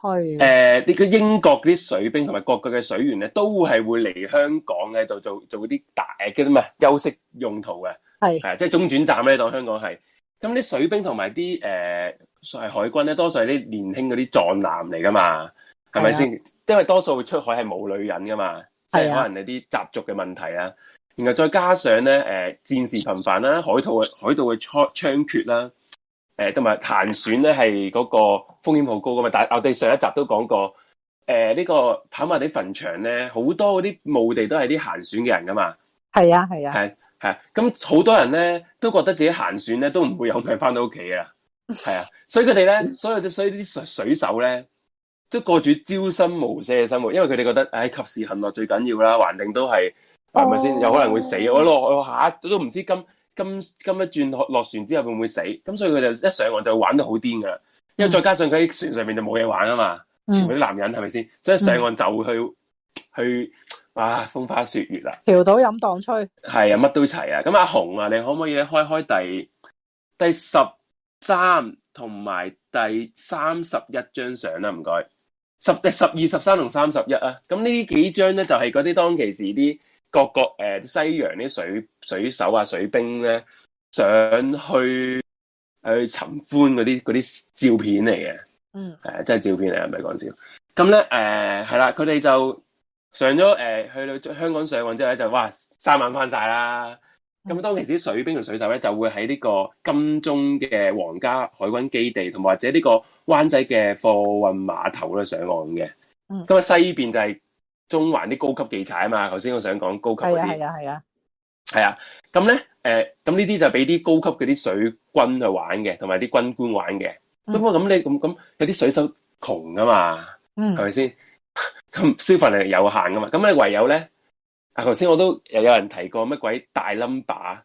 係啲個英國啲水兵同埋各國嘅水員咧，都係會嚟香港呢，就做做啲大嘅咩、呃、休息用途嘅是的、啊。即係中轉站咧，當香港係。咁啲水兵同埋啲誒海軍咧，多數係啲年輕嗰啲壯男嚟噶嘛，係咪先？因為多數出海係冇女人噶嘛，即係是的 可能有啲習俗嘅問題啊。然後再加上咧、呃、戰事頻繁啦、啊，海盜嘅海盜嘅猖獗啦、啊。誒，同埋行船咧係嗰個風險好高噶嘛，但係我哋上一集都講過，誒、呃這個、呢個跑馬地墳場咧，好多嗰啲墓地都係啲行船嘅人噶嘛，係啊係啊，係係啊，咁好、啊、多人咧都覺得自己行船咧都唔會有命翻到屋企啊，係啊，所以佢哋咧，所以啲所以啲水手咧，都過住朝生暮死嘅生活，因為佢哋覺得，唉、哎，及時行樂最緊要啦，橫掂都係，係咪先？有可能會死，我落我我下都都唔知今。今今一轉落船之後會唔會死？咁所以佢就一上岸就會玩到好癲噶啦。因為再加上佢喺船上面就冇嘢玩啊嘛，嗯、全部啲男人係咪先？所以一上岸就會去去啊風花雪月啦，嫖賭飲蕩吹。係啊，乜都齊啊。咁阿紅啊，你可唔可以開開第第十三同埋第三十一張相啦？唔該，十第十二、十三同三十一啊。咁、啊、呢啲幾張咧就係嗰啲當其時啲。各國誒、呃、西洋啲水水手啊水兵咧，上去去尋歡嗰啲啲照片嚟嘅，嗯，誒、啊，真係照片嚟，唔係講笑。咁咧，誒、呃、係啦，佢哋就上咗誒、呃、去到香港上岸之後咧，就哇，三晚翻晒啦。咁、嗯、當其時啲水兵同水手咧，就會喺呢個金鐘嘅皇家海軍基地，同或者呢個灣仔嘅貨運碼頭咧上岸嘅。咁啊西邊就係、是。中環啲高級妓寨啊嘛，頭先我想講高級嗰啲係啊係啊係啊，係啊咁咧誒咁呢啲、呃、就俾啲高級嗰啲水軍去玩嘅，同埋啲軍官玩嘅。咁啊咁你咁咁有啲水手窮啊嘛，嗯係咪先，咁消費能力有限噶嘛？咁你唯有咧啊頭先我都有人提過乜鬼大 number，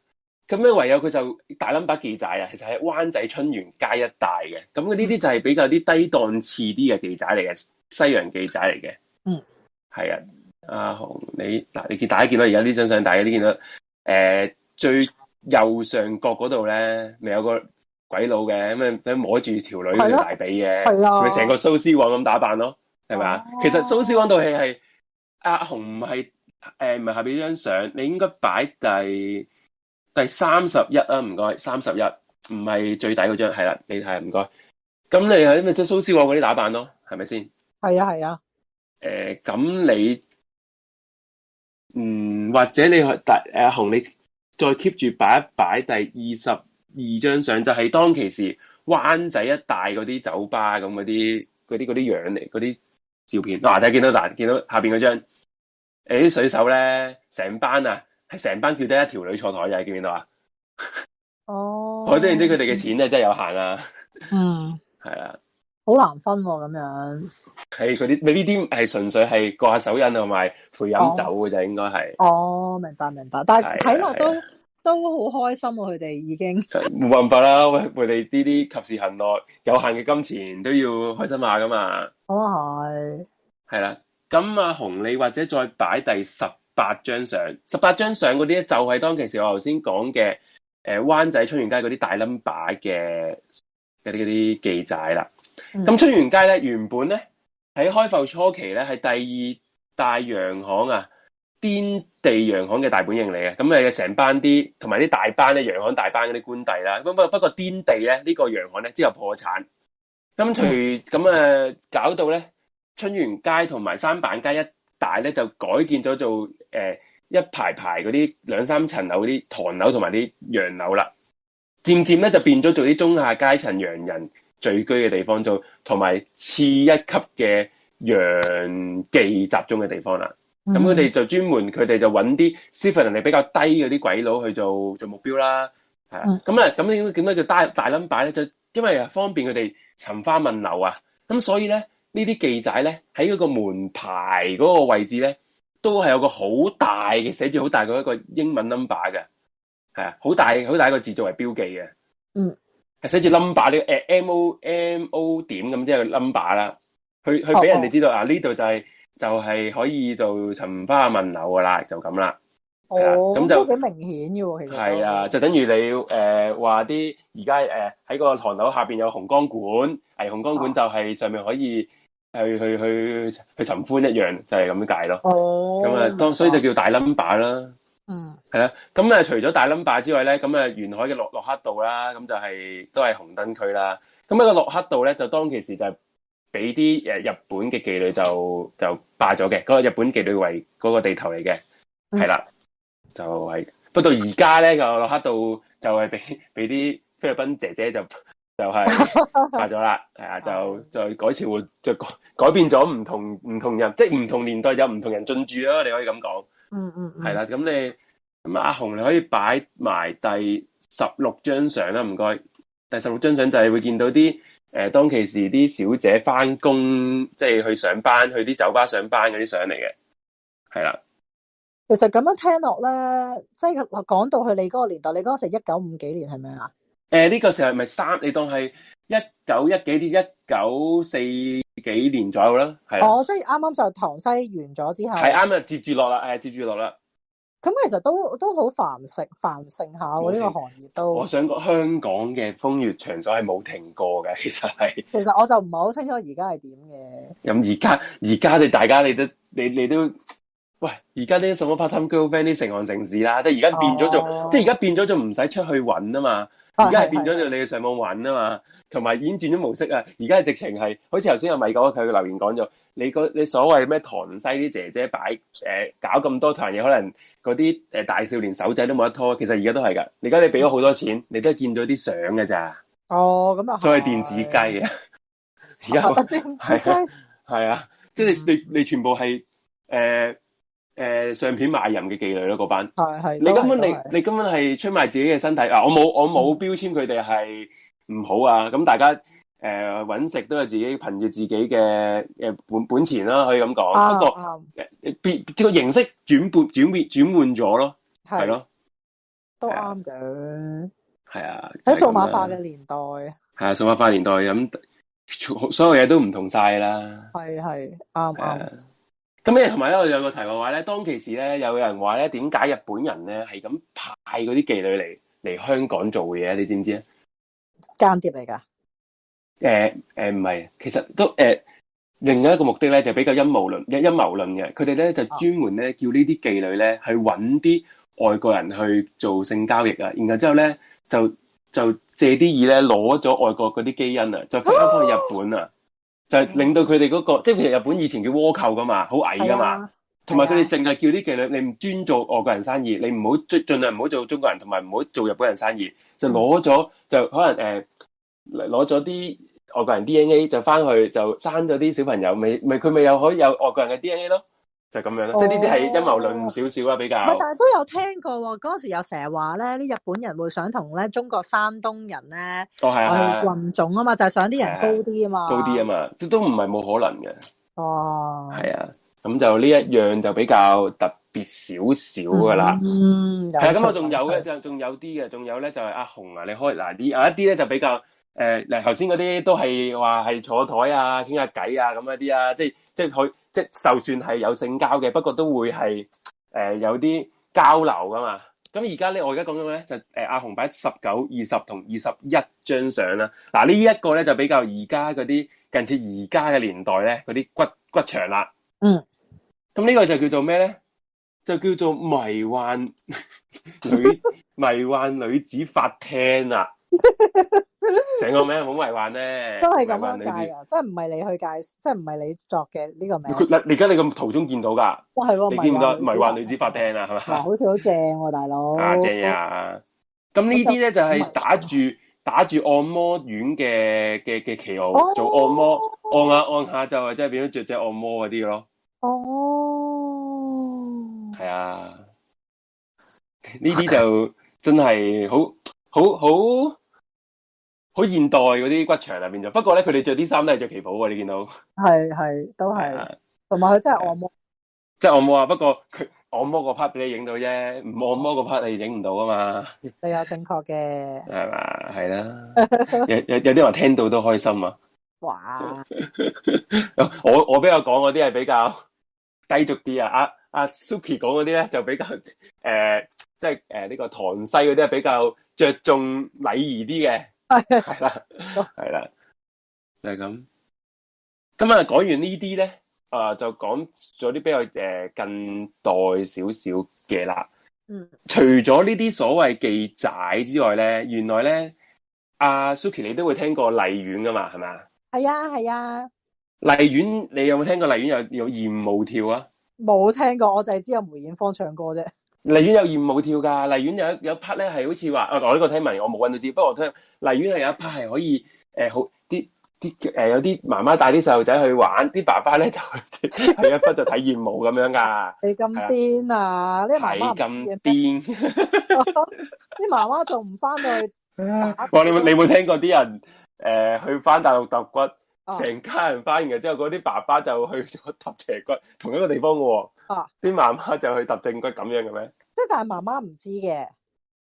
咁咧唯有佢就大 number 妓寨啊，其實喺灣仔春園街一帶嘅。咁呢啲就係比較啲低檔次啲嘅妓寨嚟嘅，西洋妓寨嚟嘅。嗯。係啊，阿紅，你嗱，你見大家見到而家呢張相，大家都見到誒、呃，最右上角嗰度咧，咪有個鬼佬嘅，咁、啊啊、樣摸住條女嘅大髀嘅，係咪成個蘇絲黃咁打扮咯？係咪，是啊、其實蘇絲黃套戲係阿紅唔係誒，唔、呃、係下邊呢張相，你應該擺第第三十一啦，唔該，三十一，唔係最底嗰張，係啦、啊，你睇，唔該。咁你係咪即係蘇絲黃嗰啲打扮咯？係咪先？係啊，係啊。誒，咁、呃、你，嗯，或者你去第，阿紅你再 keep 住擺一擺第二十二張相，就係當其時灣仔一帶嗰啲酒吧咁嗰啲嗰啲嗰啲樣嚟嗰啲照片。嗱、就是，啊、大家見到嗱，見到下邊嗰張，誒、欸、啲水手咧，成班啊，係成班叫得一條女坐台，你見唔見到啊？哦，oh. 我知唔知佢哋嘅錢咧真係有限啦。Mm. <laughs> 嗯，係啊。好難分咁、啊、樣，係佢啲你呢啲係純粹係掛下手印同埋陪飲酒嘅就、oh. 應該係。哦，oh, 明白明白，但係睇落都、啊啊、都好開心啊！佢哋已經冇辦法啦。喂，佢哋呢啲及時行樂，有限嘅金錢都要開心下噶嘛。好、oh, 是，啊係，係啦。咁啊，紅利或者再擺第十八張相，十八張相嗰啲咧就係當其時我頭先講嘅，誒、呃，灣仔春園街嗰啲大冧巴嘅嗰啲啲記載啦。咁、嗯、春園街咧，原本咧喺開埠初期咧，係第二大洋行啊，顛地洋行嘅大本營嚟嘅。咁啊，成班啲同埋啲大班咧，洋行大班嗰啲官邸啦、啊。不過不過地呢，顛地咧呢個洋行咧之後破產。咁隨咁搞到咧春園街同埋三板街一帶咧，就改建咗做誒、呃、一排排嗰啲兩三層樓嗰啲唐樓同埋啲洋樓啦。漸漸咧就變咗做啲中下階層洋人，聚居嘅地方做，同埋次一級嘅洋妓集中嘅地方啦、啊。咁佢哋就專門，佢哋就揾啲 skill 能力比較低嗰啲鬼佬去做做目標啦。係啊，咁啊、嗯，咁點解叫大大 number 咧？就因為啊方便佢哋尋花問柳啊。咁所以咧，載呢啲記載咧喺嗰個門牌嗰個位置咧，都係有個好大嘅寫住好大嘅一個英文 number 嘅，係啊，好大好大一個字作為標記嘅。嗯。係寫住 number 呢？誒、這個，M O M O 點咁即係個 number 啦，去去俾人哋知道、oh. 啊！呢度就係、是、就係、是、可以做尋花問柳噶啦，就咁啦。哦，oh, 就都幾明顯嘅其實。係啊，就等於你誒話啲而家誒喺個唐樓下邊有紅光管，誒紅光管就係上面可以去、oh. 去去去尋歡一樣，就係咁解咯。哦，咁啊，當所以就叫大 number 啦。.嗯，嗯，係啦、嗯，咁、嗯、除咗大冧霸之外咧，咁啊，沿海嘅洛洛克道啦，咁就係、是、都係紅燈區啦。咁呢個洛克道咧，就當其時就俾啲誒日本嘅妓女就就霸咗嘅，嗰、那個日本妓女為嗰個地頭嚟嘅，係啦、嗯，就係、是。不到而家咧，個洛克道就係俾俾啲菲律賓姐姐就就係霸咗啦，係啊，就是、 <laughs> 就，就改朝換就改，改變咗唔同唔同人，即係唔同年代有唔同人進駐啦，你可以咁講。嗯嗯，係、嗯、啦，咁你咁啊，阿紅你可以擺埋第十六張相啦，唔該。第十六張相就係會見到啲誒、呃，當其時啲小姐返工，即、就、係、是、去上班，去啲酒吧上班嗰啲相嚟嘅，係啦。其實咁樣聽落咧，即係話講到去你嗰個年代，你嗰時一九五幾年係咪啊？誒，呢、呃這個時候係咪三？你當係一九一幾年、一九四幾年左右啦，係。哦，即係啱啱就塘西完咗之後。係啱啦，接住落啦，接住落啦。咁其實都都好繁盛，繁盛下喎、啊，呢事個行業都。我想講香港嘅風月場所係冇停過嘅，其實係。其實我就唔係好清楚而家係點嘅。咁而家而家你大家你都你你都，喂，而家啲什麼 part time girlfriend 啲成行成市啦，即係而家變咗做，哦、即係而家變咗做唔使出去揾啊嘛。而家係變咗就你要上網揾啊嘛，同埋已經轉咗模式啊！而家係直情係，好似頭先阿米狗佢留言講咗，你個你所謂咩塘西啲姐姐擺，誒、呃、搞咁多台嘢，可能嗰啲誒大少年手仔都冇得拖，其實而家都係㗎。而家你俾咗好多錢，嗯、你都係見咗啲相㗎咋？哦，咁啊，所以係電子雞啊，而家係啊，即係你你你全部係誒。呃誒相片賣淫嘅妓女咯，嗰班係係。你根本你你根本係出賣自己嘅身體啊！我冇我冇標籤佢哋係唔好啊！咁大家誒揾食都係自己憑住自己嘅誒本本錢啦，可以咁講。不過誒變個形式轉變轉變轉換咗咯，係咯，都啱嘅。係啊，喺數碼化嘅年代，係啊，數碼化年代咁，所有嘢都唔同晒啦。係係啱啱。咁咩？同埋咧，我有個題外話咧，當其時咧，有人話咧，點解日本人咧係咁派嗰啲妓女嚟嚟香港做嘢？你知唔知啊？間諜嚟噶？誒誒、呃，唔、呃、係，其實都誒，另、呃、一個目的咧就比較陰謀論，陰謀論嘅。佢哋咧就專門咧叫呢啲妓女咧去揾啲外國人去做性交易啊，然後之後咧就就借啲意咧攞咗外國嗰啲基因啊，就翻翻去日本啊。就令到佢哋嗰個，即係其實日本以前叫倭寇噶嘛，好矮噶嘛，同埋佢哋淨係叫啲妓女，你唔專做外國人生意，你唔好盡量唔好做中國人，同埋唔好做日本人生意，就攞咗就可能誒攞咗啲外國人 D N A 就翻去就生咗啲小朋友，咪咪佢咪又可以有外國人嘅 D N A 咯。就咁樣啦，即係呢啲係陰謀論少少啦，比較。唔係，但係都有聽過，嗰陣時有成日話咧，啲日本人會想同咧中國山東人咧，哦係啊，混種啊嘛，就係想啲人高啲啊嘛，高啲啊嘛，都都唔係冇可能嘅。哦，係啊，咁就呢一樣就比較特別少少噶啦。嗯，係啊，咁我仲有咧，就仲有啲嘅，仲有咧就係阿紅啊，你開嗱呢有一啲咧就比較誒，嗱頭先嗰啲都係話係坐台啊，傾下偈啊咁一啲啊，即係即係佢。即係就算係有性交嘅，不過都會係誒、呃、有啲交流噶嘛。咁而家咧，我而家講緊咧就誒阿、呃、紅擺十九、二十同二十一張相啦。嗱、這個，呢一個咧就比較而家嗰啲近似而家嘅年代咧嗰啲骨骨場啦。嗯，咁呢個就叫做咩咧？就叫做迷幻 <laughs> 女迷幻女子法庭啦。成個名好迷幻咧，都係咁樣介噶即係唔係你去介，即係唔係你作嘅呢個名。你而家你咁途中見到噶，哇，你見唔到迷幻女子髮廳啊？係咪？好似好正喎，大佬。正啊！咁呢啲咧就係打住打住按摩院嘅嘅嘅旗號做按摩，按下按下就啊，即係變咗做只按摩嗰啲咯。哦，係啊，呢啲就真係好，好，好。好現代嗰啲骨場入邊就。不過咧，佢哋着啲衫都係着旗袍喎。你見到係係都係，同埋佢真係按摩，即係按摩，按摩啊。不過按摩個 part 俾你影到啫，唔按摩個 part 你影唔到啊嘛。你有正確嘅係嘛？係啦，有有有啲人聽到都開心啊。哇！ <laughs> 我我比較講嗰啲係比較低俗啲啊。阿、啊、阿 Suki 講嗰啲咧就比較誒，即係誒呢個塘西嗰啲係比較着重禮儀啲嘅。係啦，係啦、 <laughs> 呃，就係咁。咁啊，講完呢啲咧，啊就講咗啲比較誒、呃、近代少少嘅啦。嗯，除咗呢啲所謂記仔之外咧，原來咧，阿、啊、Suki 你都會聽過荔園噶嘛？係咪啊？係啊，係啊。荔園，你有冇聽過荔園有有艷舞跳啊？冇聽過，我就係知道有梅艷芳唱歌啫。麗苑有豔舞跳噶麗苑有一有 part 咧係好似話，啊我呢個睇文我冇搵到知，不過我聽麗苑係有一 part 係可以誒、呃、好啲啲誒有啲媽媽帶啲細路仔去玩，啲爸爸咧就去，去一 part 度睇豔舞咁樣噶。你咁癲啊？啲媽媽癲，啲媽媽仲唔翻去哇！你你冇聽過啲人誒、呃、去翻大陸揼骨，成、哦、家人翻嘅之後，嗰啲爸爸就去咗揼斜骨，同一個地方噶、哦。啊！啲媽媽就去踏正骨咁樣嘅咩？即係但係媽媽唔知嘅，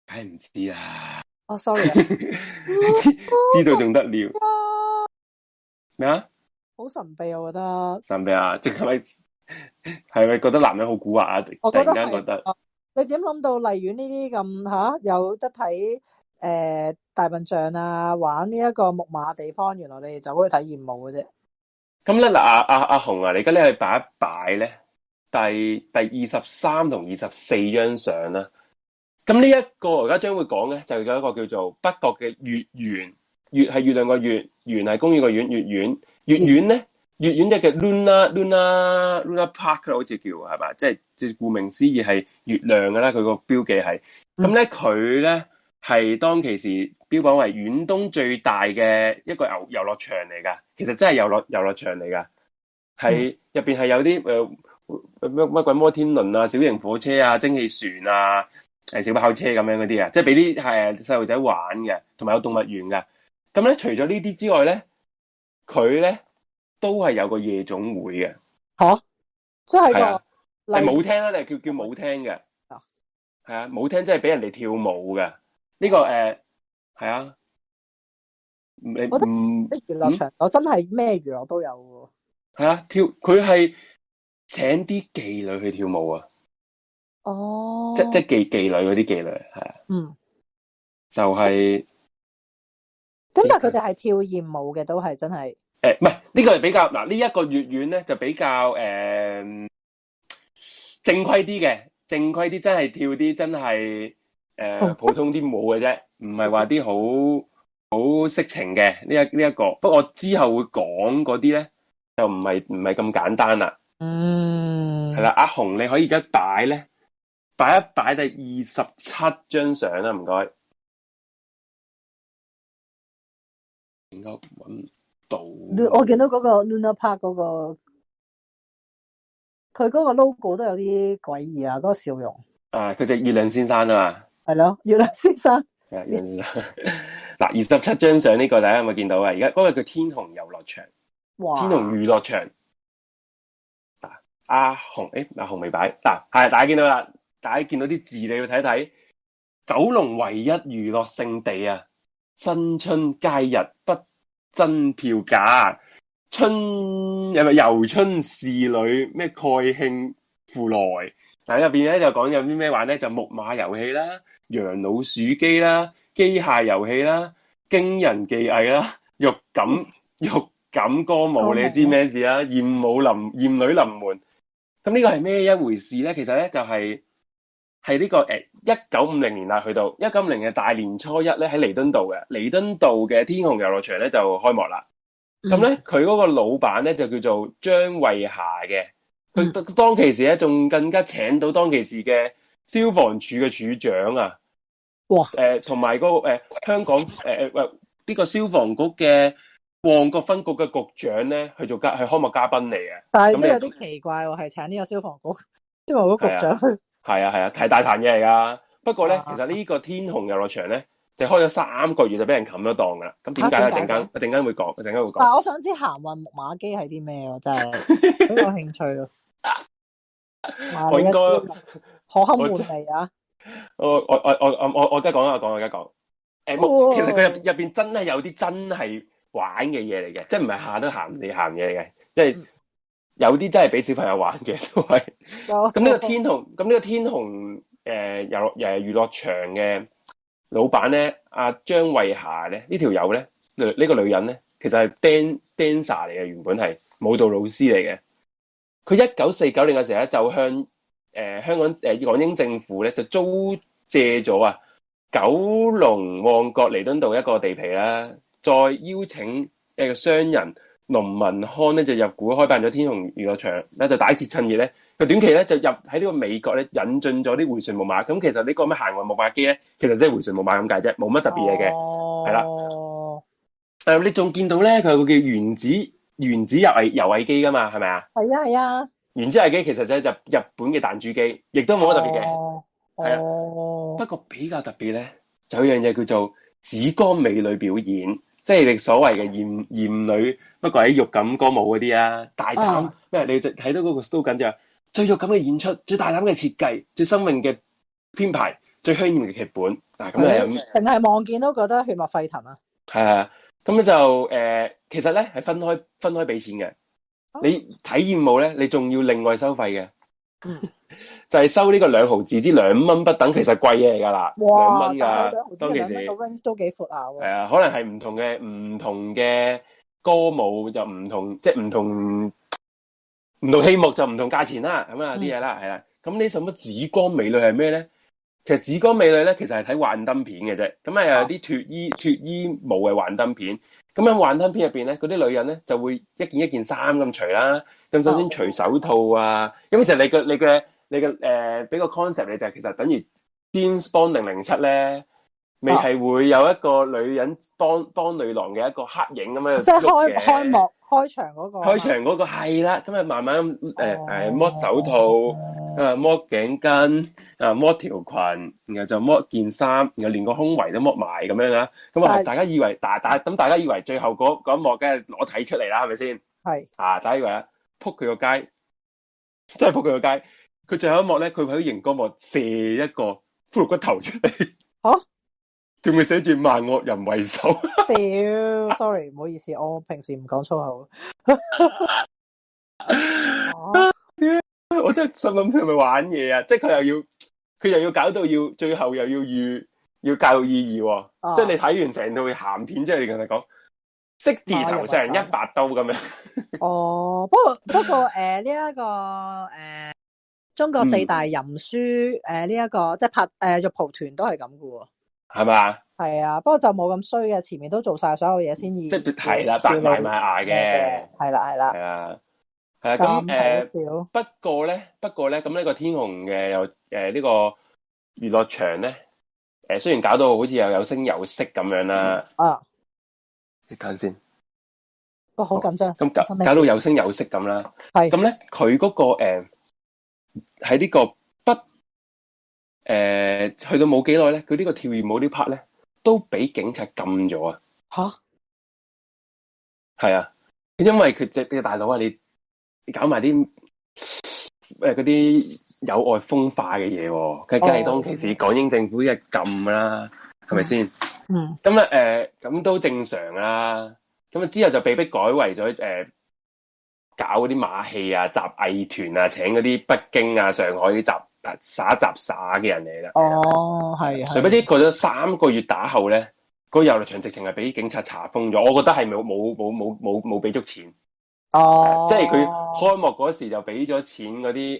梗係唔知啊！哦、oh，sorry，知 <laughs> 知道仲得了咩、哦、啊？好麼神秘，我覺得神秘啊！即係咪係咪覺得男人好古惑啊？我突然間覺得你點諗到荔園呢啲咁吓有得睇誒、呃、大笨象啊，玩呢一個木馬地方，原來你哋就去睇艷舞嘅啫。咁咧嗱，阿阿阿雄啊，你而家咧去擺一擺咧？第第二十三同二十四張相啦，咁呢一個而家將會講咧，就有一個叫做北角嘅月圓，月係月亮個月，圓係公園個園，月圓月圓咧，月圓就叫 Luna Luna Luna Park 啦，好似叫係嘛，即係即係顧名思義係月亮嘅啦，佢個標記係，咁咧佢咧係當其時標榜為遠東最大嘅一個遊遊樂場嚟噶，其實真係遊樂遊樂場嚟噶，係入邊係有啲誒。呃乜乜鬼摩天輪啊，小型火車啊，蒸汽船啊，誒、欸，小跑車咁樣嗰啲啊，即係俾啲係細路仔玩嘅，同埋有動物園噶。咁咧，除咗呢啲之外咧，佢咧都係有個夜總會嘅。吓，即係個舞廳啦，你叫叫舞廳嘅。啊，係、就是、啊，舞廳即係俾人哋跳舞嘅。呢個誒，係啊。你唔？娛樂場我真係咩娛樂都有。係啊，跳佢係。請啲妓女去跳舞啊！哦、oh.，即即妓妓女嗰啲妓女係啊，嗯、mm. 就是，就係咁，但係佢哋係跳艷舞嘅，都係真係誒，唔係呢個係比較嗱，這個、月呢一個粵語咧就比較誒正規啲嘅，正規啲真係跳啲真係誒、呃、普通啲舞嘅啫，唔係話啲好好色情嘅呢一呢一個。不過之後會講嗰啲咧，就唔係唔係咁簡單啦。嗯，係啦，阿紅，你可以而家擺咧，擺一擺第二十七張相啦，唔該。點解揾到，那個。我見到嗰個 Luna Park，嗰個佢嗰個 logo 都有啲詭異啊，嗰，那個笑容。啊，佢就月亮先生啊，嗯，嘛。係咯，月亮先生。係月亮。嗱， <laughs> 啊，二十七張相呢個大家有冇見到啊？而家嗰個叫天虹遊樂場。哇天虹遊樂場。阿紅，誒、欸，阿紅未擺，嗱、啊、係，大家見到啦，大家見到啲字你去睇睇，九龍唯一娛樂勝地啊，新春佳日不增票價，春有咪遊春仕女咩蓋興富來，嗱入邊咧就講有啲咩玩咧，就呢、就是、木馬遊戲啦、養老鼠機啦、機械遊戲啦、驚人技藝啦、肉感肉感歌舞，你知咩事啦、哦、啊？艷舞林，艷女臨門。咁呢個係咩一回事咧？其實咧就係係呢個誒一九五零年啦，去到一九五零年大年初一咧，喺彌敦道嘅彌敦道嘅天虹遊樂場咧就開幕啦。咁咧佢嗰個老闆咧就叫做張慧霞嘅。佢當其時咧仲更加請到當其時嘅消防處嘅處長啊。哇！誒同埋嗰個，呃、香港誒喂呢個消防局嘅。旺角分局嘅局長咧，去做嘉去開幕嘉賓嚟嘅。但係都有啲奇怪、啊，係請呢個消防局消防局局長。係啊係啊，係、啊、大壇嘢嚟噶。不過咧，啊、其實呢個天虹遊樂場咧，就開咗三個月就俾人冚咗檔噶啦。咁點解一陣間一陣間會講？一陣間會講？會會但係我想知行運木馬機係啲咩？真係好有興趣咯。我應該可敲門嚟啊！我我我我我我而家講講而家講。誒、欸，哦、其實佢入入邊真係有啲真係，.玩嘅嘢嚟嘅，即係唔係行都行，你行嘢嚟嘅，即係有啲真係俾小朋友玩嘅，都係。咁 <laughs> 呢個天虹，咁呢 <laughs> 個天虹誒遊誒娛樂場嘅老闆咧，阿、啊、張慧霞咧，這條呢條友咧，呢、這個女人咧，其實係 dan, dancer 嚟嘅，原本係舞蹈老師嚟嘅。佢一九四九年嘅時候咧，就向誒、呃、香港誒、呃、港英政府咧，就租借咗啊九龍旺角彌敦道一個地皮啦。再邀請誒個商人農民康，咧，就入股開辦咗天虹娛樂場，咧，就打鐵趁熱，咧，佢短期，咧，就入喺呢個美國，咧，引進咗啲回旋木馬。咁其實呢個咩行雲木馬機，咧，其實即係回旋木馬咁解啫，冇乜特別嘢嘅係啦。誒、啊了啊，你仲見到咧佢有個叫原子原子遊藝遊藝機噶嘛係咪啊？係啊係啊！原子遊藝機，啊啊、機其實就係日日本嘅彈珠機，亦都冇乜特別嘅係啊，不過比較特別咧，就有一樣嘢叫做紫光美女表演。即係你所謂嘅艷艷女，不過喺肉感歌舞嗰啲啊，大膽咩、啊？你睇到嗰個 studio 就最肉感嘅演出，最大膽嘅設計，最生命嘅編排，最香艷嘅劇本嗱，咁啊、就是，成日望見都覺得血脈沸騰啊！係啊，咁咧就誒、呃，其實咧係分開分開俾錢嘅、啊，你睇演舞咧，你仲要另外收費嘅。 <laughs> 就係收呢個兩毫子之兩蚊不等，其實貴嘢噶啦。兩蚊噶，當其、啊、都幾闊係啊，啊，可能係唔同嘅唔同嘅歌舞就唔同，即係唔同唔同戲目就唔同價錢啦。咁啊啲嘢啦，係啦、嗯。咁呢、啊、乜紫光美女係咩咧？其實紫光美女咧，其實係睇幻燈片嘅啫。咁啊，有啲脱衣脱衣舞嘅幻燈片。咁樣幻燈片入面呢，嗰啲女人呢就會一件一件衫咁除啦。咁首先除手套啊，因為、哦、其實你嘅你嘅你嘅誒，俾、呃、個 concept 你就係其實等於 James Bond 零零七咧。未係會有一個女人當當女郎嘅一個黑影咁樣，即係開開幕開場嗰個。開場嗰個係啦，咁啊、那個、慢慢誒誒、呃哦、摸手套，誒、嗯、摸頸巾，誒摸條裙，然後就摸件衫，然後連個胸圍都摸埋咁樣啦。咁啊，大家以為大大咁大家以為最後嗰嗰一幕梗係攞體出嚟啦，係咪先？係啊，大家以為啦，扑佢個街，真係扑佢個街。佢最後一幕咧，佢喺熒光幕射一個骷髏骨頭出嚟。啊、哦？仲未寫住萬惡人為首？屌 <laughs> ，sorry，唔好意思，我平時唔講粗口。 <laughs> <laughs> 我真係心諗佢係咪玩嘢啊？即係佢又要佢又要搞到要最後又要寓要教育意義、哦，oh. 即係你睇完成套鹹片，片，即係你同我講，識字頭上一百刀咁樣。哦、oh，不過不過誒，呢、呃、一、這個誒、呃、中國四大淫書誒呢一個即係拍誒玉蒲團都係咁嘅。係嘛？係啊，不過就冇咁衰嘅，前面都做晒所有嘢先易。即係別提啦，但係咪挨嘅？係啦，係啦。係啊，係啊，啲誒、嗯，不過咧，不過咧，咁呢個天虹嘅又誒呢個娛樂場咧，誒雖然搞到好似又有聲有色咁樣啦、嗯。啊，你睇先，我好緊張。咁、哦嗯、搞，搞到有聲有色咁啦。係咁咧，佢嗰個誒喺呢、呢個。呃誒、呃，去到冇幾耐咧，佢呢個跳艷舞啲 part 咧，都俾警察禁咗啊！吓蛤，係啊，因為佢即啲大佬啊，你搞埋啲誒嗰啲有礙風化嘅嘢、哦，梗係當其時港英政府一禁啦，係咪先？嗯，咁咧誒，咁、呃、都正常啦。咁啊之後就被逼改為咗誒、呃，搞嗰啲馬戲啊、雜藝團啊，請嗰啲北京啊、上海啲雜。耍雜耍嘅人嚟啦，哦，係，殊不知過咗三個月打後咧，嗰個遊樂場直情係俾警察查封咗。我覺得係冇冇冇冇冇冇俾足錢，哦，即係佢開幕嗰時就俾咗錢嗰啲誒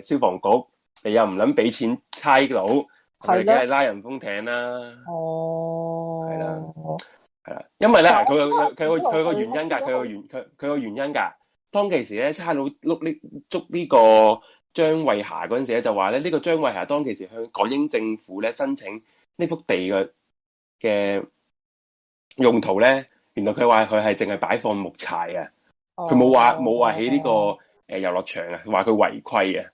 誒消防局，你又唔諗俾錢差佬，梗係拉人封艇啦，哦，係啦，係啦，因為咧佢佢佢個佢個原因噶，佢個原佢佢個原因噶，當其時咧差佬碌呢捉呢個。張慧霞嗰陣時咧就話咧呢個張慧霞當其時向港英政府咧申請呢幅地嘅嘅用途咧，原來佢話佢係淨係擺放木柴啊，佢冇話冇話起呢個誒遊樂場啊，佢話佢違規啊。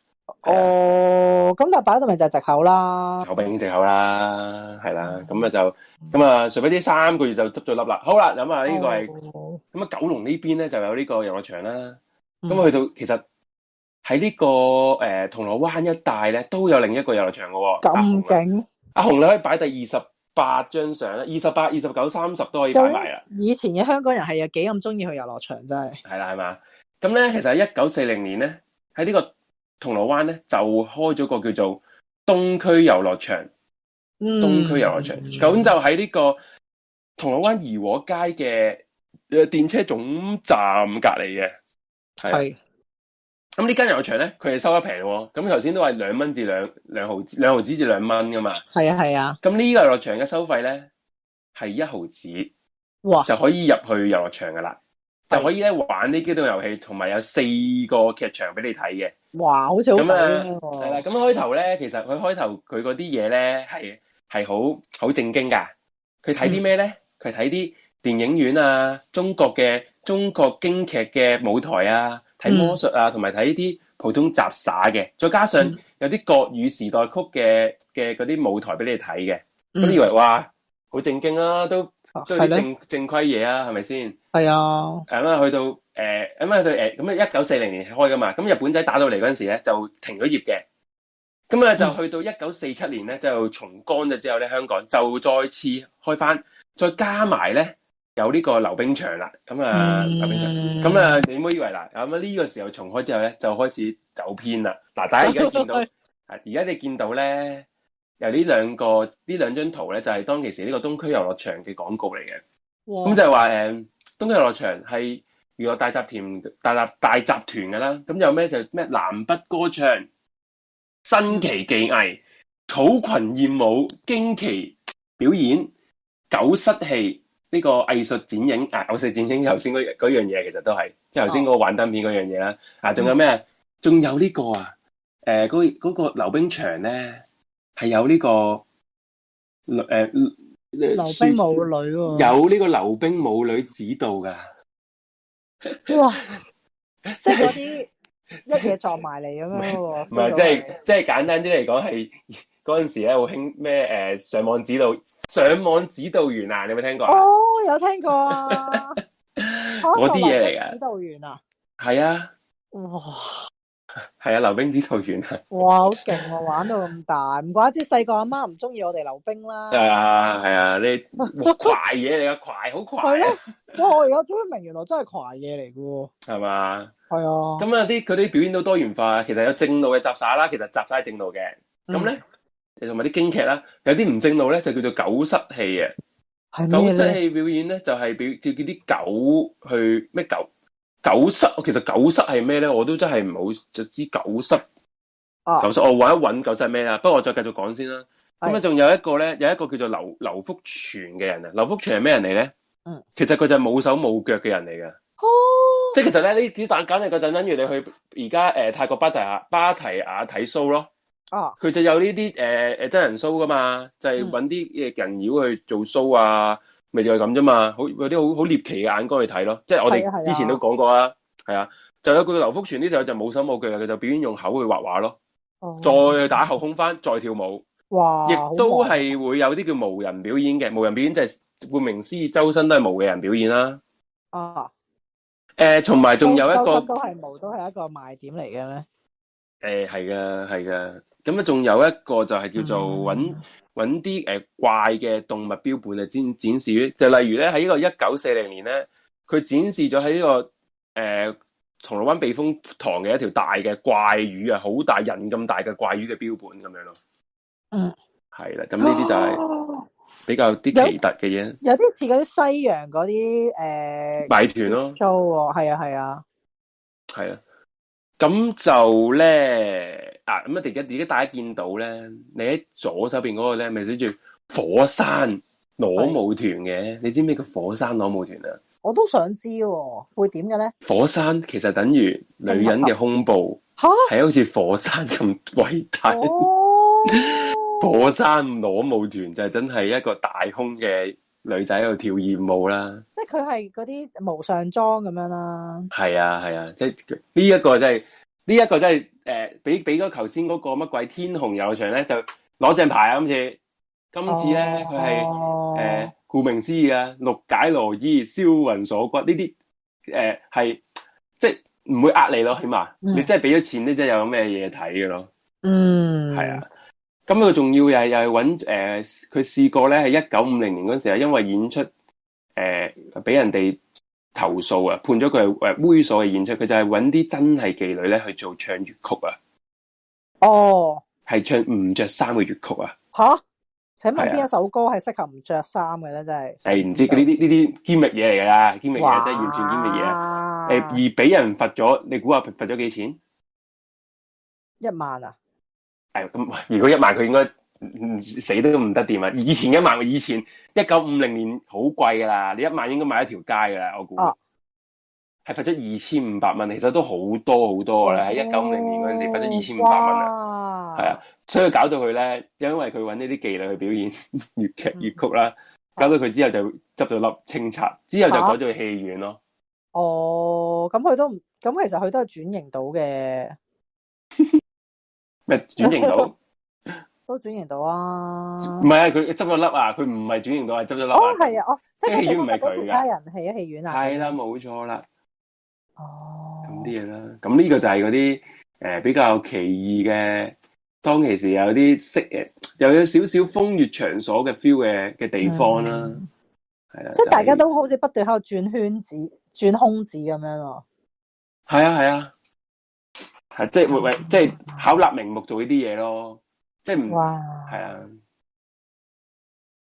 哦，咁就擺到咪就係借口啦，口柄借口啦，係啦，咁啊就咁啊，除非呢三個月就執咗笠啦。好啦，咁啊、oh、呢個係咁啊九龍呢邊咧就有呢個遊樂場啦，咁、mm hmm. 去到其實。喺、這個呃、呢個誒銅鑼灣一帶咧，都有另一個遊樂場嘅，哦。咁勁！阿紅你可以擺第二十八張相啦，二十八、二十九、三十都可以擺埋啦。以前嘅香港人係有幾咁中意去遊樂場，真係。係啦，係嘛？咁咧，其實喺一九四零年咧，喺呢個銅鑼灣咧就開咗個叫做東區遊樂場。嗯、東區遊樂場咁、嗯、就喺呢個銅鑼灣怡和街嘅誒電車總站隔籬嘅。係。咁呢間遊樂場咧，佢又收得平喎。咁頭先都話兩蚊至兩兩毫紙兩毫紙至兩蚊噶嘛。係啊係啊。咁、啊、呢個遊樂場嘅收費咧，係一毫紙，嘩就可以入去遊樂場噶啦，是就可以咧玩啲機動遊戲，同埋有四個劇場俾你睇嘅。哇，好似好正經喎。係啦，咁、啊、開頭咧，其實佢開頭佢嗰啲嘢咧，係係好好正經噶。佢睇啲咩咧？佢睇啲電影院啊，中國嘅中國京劇嘅舞台啊。睇魔術啊，同埋睇呢啲普通雜耍嘅，嗯、再加上有啲國語時代曲嘅嘅嗰啲舞台俾你睇嘅，都、嗯、以為哇好正經啊都啊都啲正的正規嘢啊，係咪先？係啊的，咁啊、呃，去到誒咁啊，對、呃、誒，咁啊，一九四零年開㗎嘛，咁日本仔打到嚟嗰陣時咧，就停咗業嘅。咁咧就去到一九四七年咧，就重光咗之後咧，香港就再次開返，再加埋咧。有呢個溜冰場啦，咁啊溜、mm. 冰場，咁啊你唔好以為嗱，咁啊呢個時候重開之後咧，就開始走偏啦。嗱，大家而家見到，而家 <laughs> 你見到咧，由兩兩呢兩個呢兩張圖咧，就係、是、當其時呢個東區遊樂場嘅廣告嚟嘅。咁 Wow. 就係話誒，東區遊樂場係娛樂大集團大立大集團嘅啦。咁有咩就咩南北歌唱、新奇技藝、草裙艷舞、驚奇表演、狗失氣。呢個藝術剪影，啊，手勢剪影，頭先嗰嗰樣嘢其實都係，即係頭先嗰個幻燈片嗰樣嘢啦，啊，仲有咩？仲有呢個啊？誒、呃，嗰、那個那個溜冰場咧，係有呢、這個誒、呃呃、溜冰舞女喎、啊，有呢個溜冰舞女指導噶， <laughs> 哇！即係嗰啲一嘢撞埋嚟咁樣唔係即係即係簡單啲嚟講係。嗰陣時咧好興咩？誒，上網指導上網指導員啊！你有冇聽過啊？哦，有聽過啊！嗰啲嘢嚟噶，指導員是啊，係啊！哇，係啊！溜冰指導員啊！哇，好勁！玩到咁大，唔怪之細個阿媽唔中意我哋溜冰啦。係啊，係啊，你滑嘢嚟啊，滑好滑！哇！我而家先明白，原來真係滑嘢嚟噶，係嘛吧？係啊。咁啊，啲佢啲表演都多元化。其實有正路嘅雜耍啦，其實雜耍係正路嘅。咁咧、嗯。同埋啲京劇啦、啊，有啲唔正路咧，就叫做狗虱戲嘅。狗虱戲表演咧，就係、是、表叫叫啲狗去咩狗？狗虱，其實狗虱係咩咧？我都真係唔好就知狗虱。哦、啊，狗虱，我揾一揾狗虱係咩啊？不過我再繼續講先啦、啊。咁咧是，仲有一個咧，有一個叫做劉劉福全嘅人啊。劉福全係咩人嚟咧？來呢嗯，其實佢就係冇手冇腳嘅人嚟嘅。哦、啊，即係其實咧，呢啲打緊嘅陣，等於你去而家誒泰國芭提亞芭提亞睇 show 咯。哦，佢就有呢啲誒誒真人 show 噶嘛，就係搵啲嘢人妖去做 show 啊，咪、嗯、就係咁啫嘛，好有啲好好獵奇嘅眼光去睇咯，即係我哋之前都講過啦，係啊，是啊就有個劉福全呢就就冇手冇腳嘅，就表演用口去畫畫咯，哦、再打後空翻，再跳舞，哇，亦都係會有啲叫無人表演嘅，無人表演就係、是、顧名思義，周身都係無嘅人表演啦，哦，誒、呃，同埋仲有一個都係無，都係一個賣點嚟嘅咩？誒、呃，係噶，係噶。咁咧，仲有一個就係叫做揾揾啲誒怪嘅動物標本嚟展展示。就例如咧，喺呢個一九四零年咧，佢展示咗喺呢個誒銅鑼灣避風塘嘅一條大嘅怪魚啊，好大人咁大嘅怪魚嘅標本咁樣咯。嗯，係啦，咁呢啲就係比較啲奇特嘅嘢。有啲似嗰啲西洋嗰啲誒米團咯。就係啊，係啊，係啊。咁就咧。嗱，咁啊，而家而家大家見到咧，你喺左手邊嗰個咧，咪寫住火山裸舞團嘅？你知唔知叫火山裸舞團啊？我都想知道、啊，會點嘅咧？火山其實等於女人嘅胸部，嚇，係好似火山咁偉大。哦、火山裸舞團就係真係一個大胸嘅女仔喺度跳艷舞啦。即係佢係嗰啲無上裝咁樣啦。係啊，係啊，啊，即係呢一個真、就、係、是。天呢一個真係誒，俾俾咗頭先嗰個乜鬼天鴻遊場咧，就攞正牌啊！今次今次咧，佢係誒顧名思義啊，六解羅衣，消魂鎖骨呢啲誒係即係唔會呃你咯，起碼、mm. 你真係俾咗錢咧，你真係有咩嘢睇嘅咯。嗯，係啊，咁佢仲要是又係又係揾誒，佢、呃、試過咧係一九五零年嗰陣時候，係因為演出誒俾、呃、人哋。投訴啊，判咗佢係誒猥瑣嘅演出，佢就係搵啲真係妓女咧去做唱粵曲啊。哦，係唱唔着衫嘅粵曲啊。吓，請問邊一首歌係適合唔着衫嘅咧？是哇真係誒，唔知呢啲呢啲 gimmick 嘢嚟噶啦，gimmick 嘢真係完全 gimmick 嘢。誒，而俾人罰咗，你估下罰咗幾錢？一萬啊。誒，咁如果一萬，佢應該。死都唔得掂啊！以前一萬，以前一九五零年好貴噶啦，你一萬應該買一條街噶啦，我估。哦、啊。係罰咗二千五百蚊，其實都好多好多㗎喇。喺一九五零年嗰陣時了了，罰咗二千五百蚊啊，係啊，所以搞到佢咧，因為佢搵呢啲妓女去表演粵劇粵曲啦，嗯、搞到佢之後就執咗粒清拆，之後就改咗去戲院咯、啊。哦，咁佢都唔，咁其實佢都係轉型到嘅。咩轉 <laughs> 型到？ <laughs> 都轉型到啊！唔係啊，佢執咗笠啊，佢唔係轉型到，係執咗笠。哦，係啊，哦，戲院唔係佢噶，是其他人戲院戲院啊，係啦，啊，冇錯啦。哦，咁啲嘢啦，咁呢個就係嗰啲誒比較奇異嘅，當其時有啲色誒，又有少少風月場所嘅 feel 嘅嘅地方啦，係啦，即係大家都好似不斷喺度轉圈子、轉空子咁樣咯。係啊，係啊，係即係為為即係巧立名目做呢啲嘢咯。即係唔係啊，係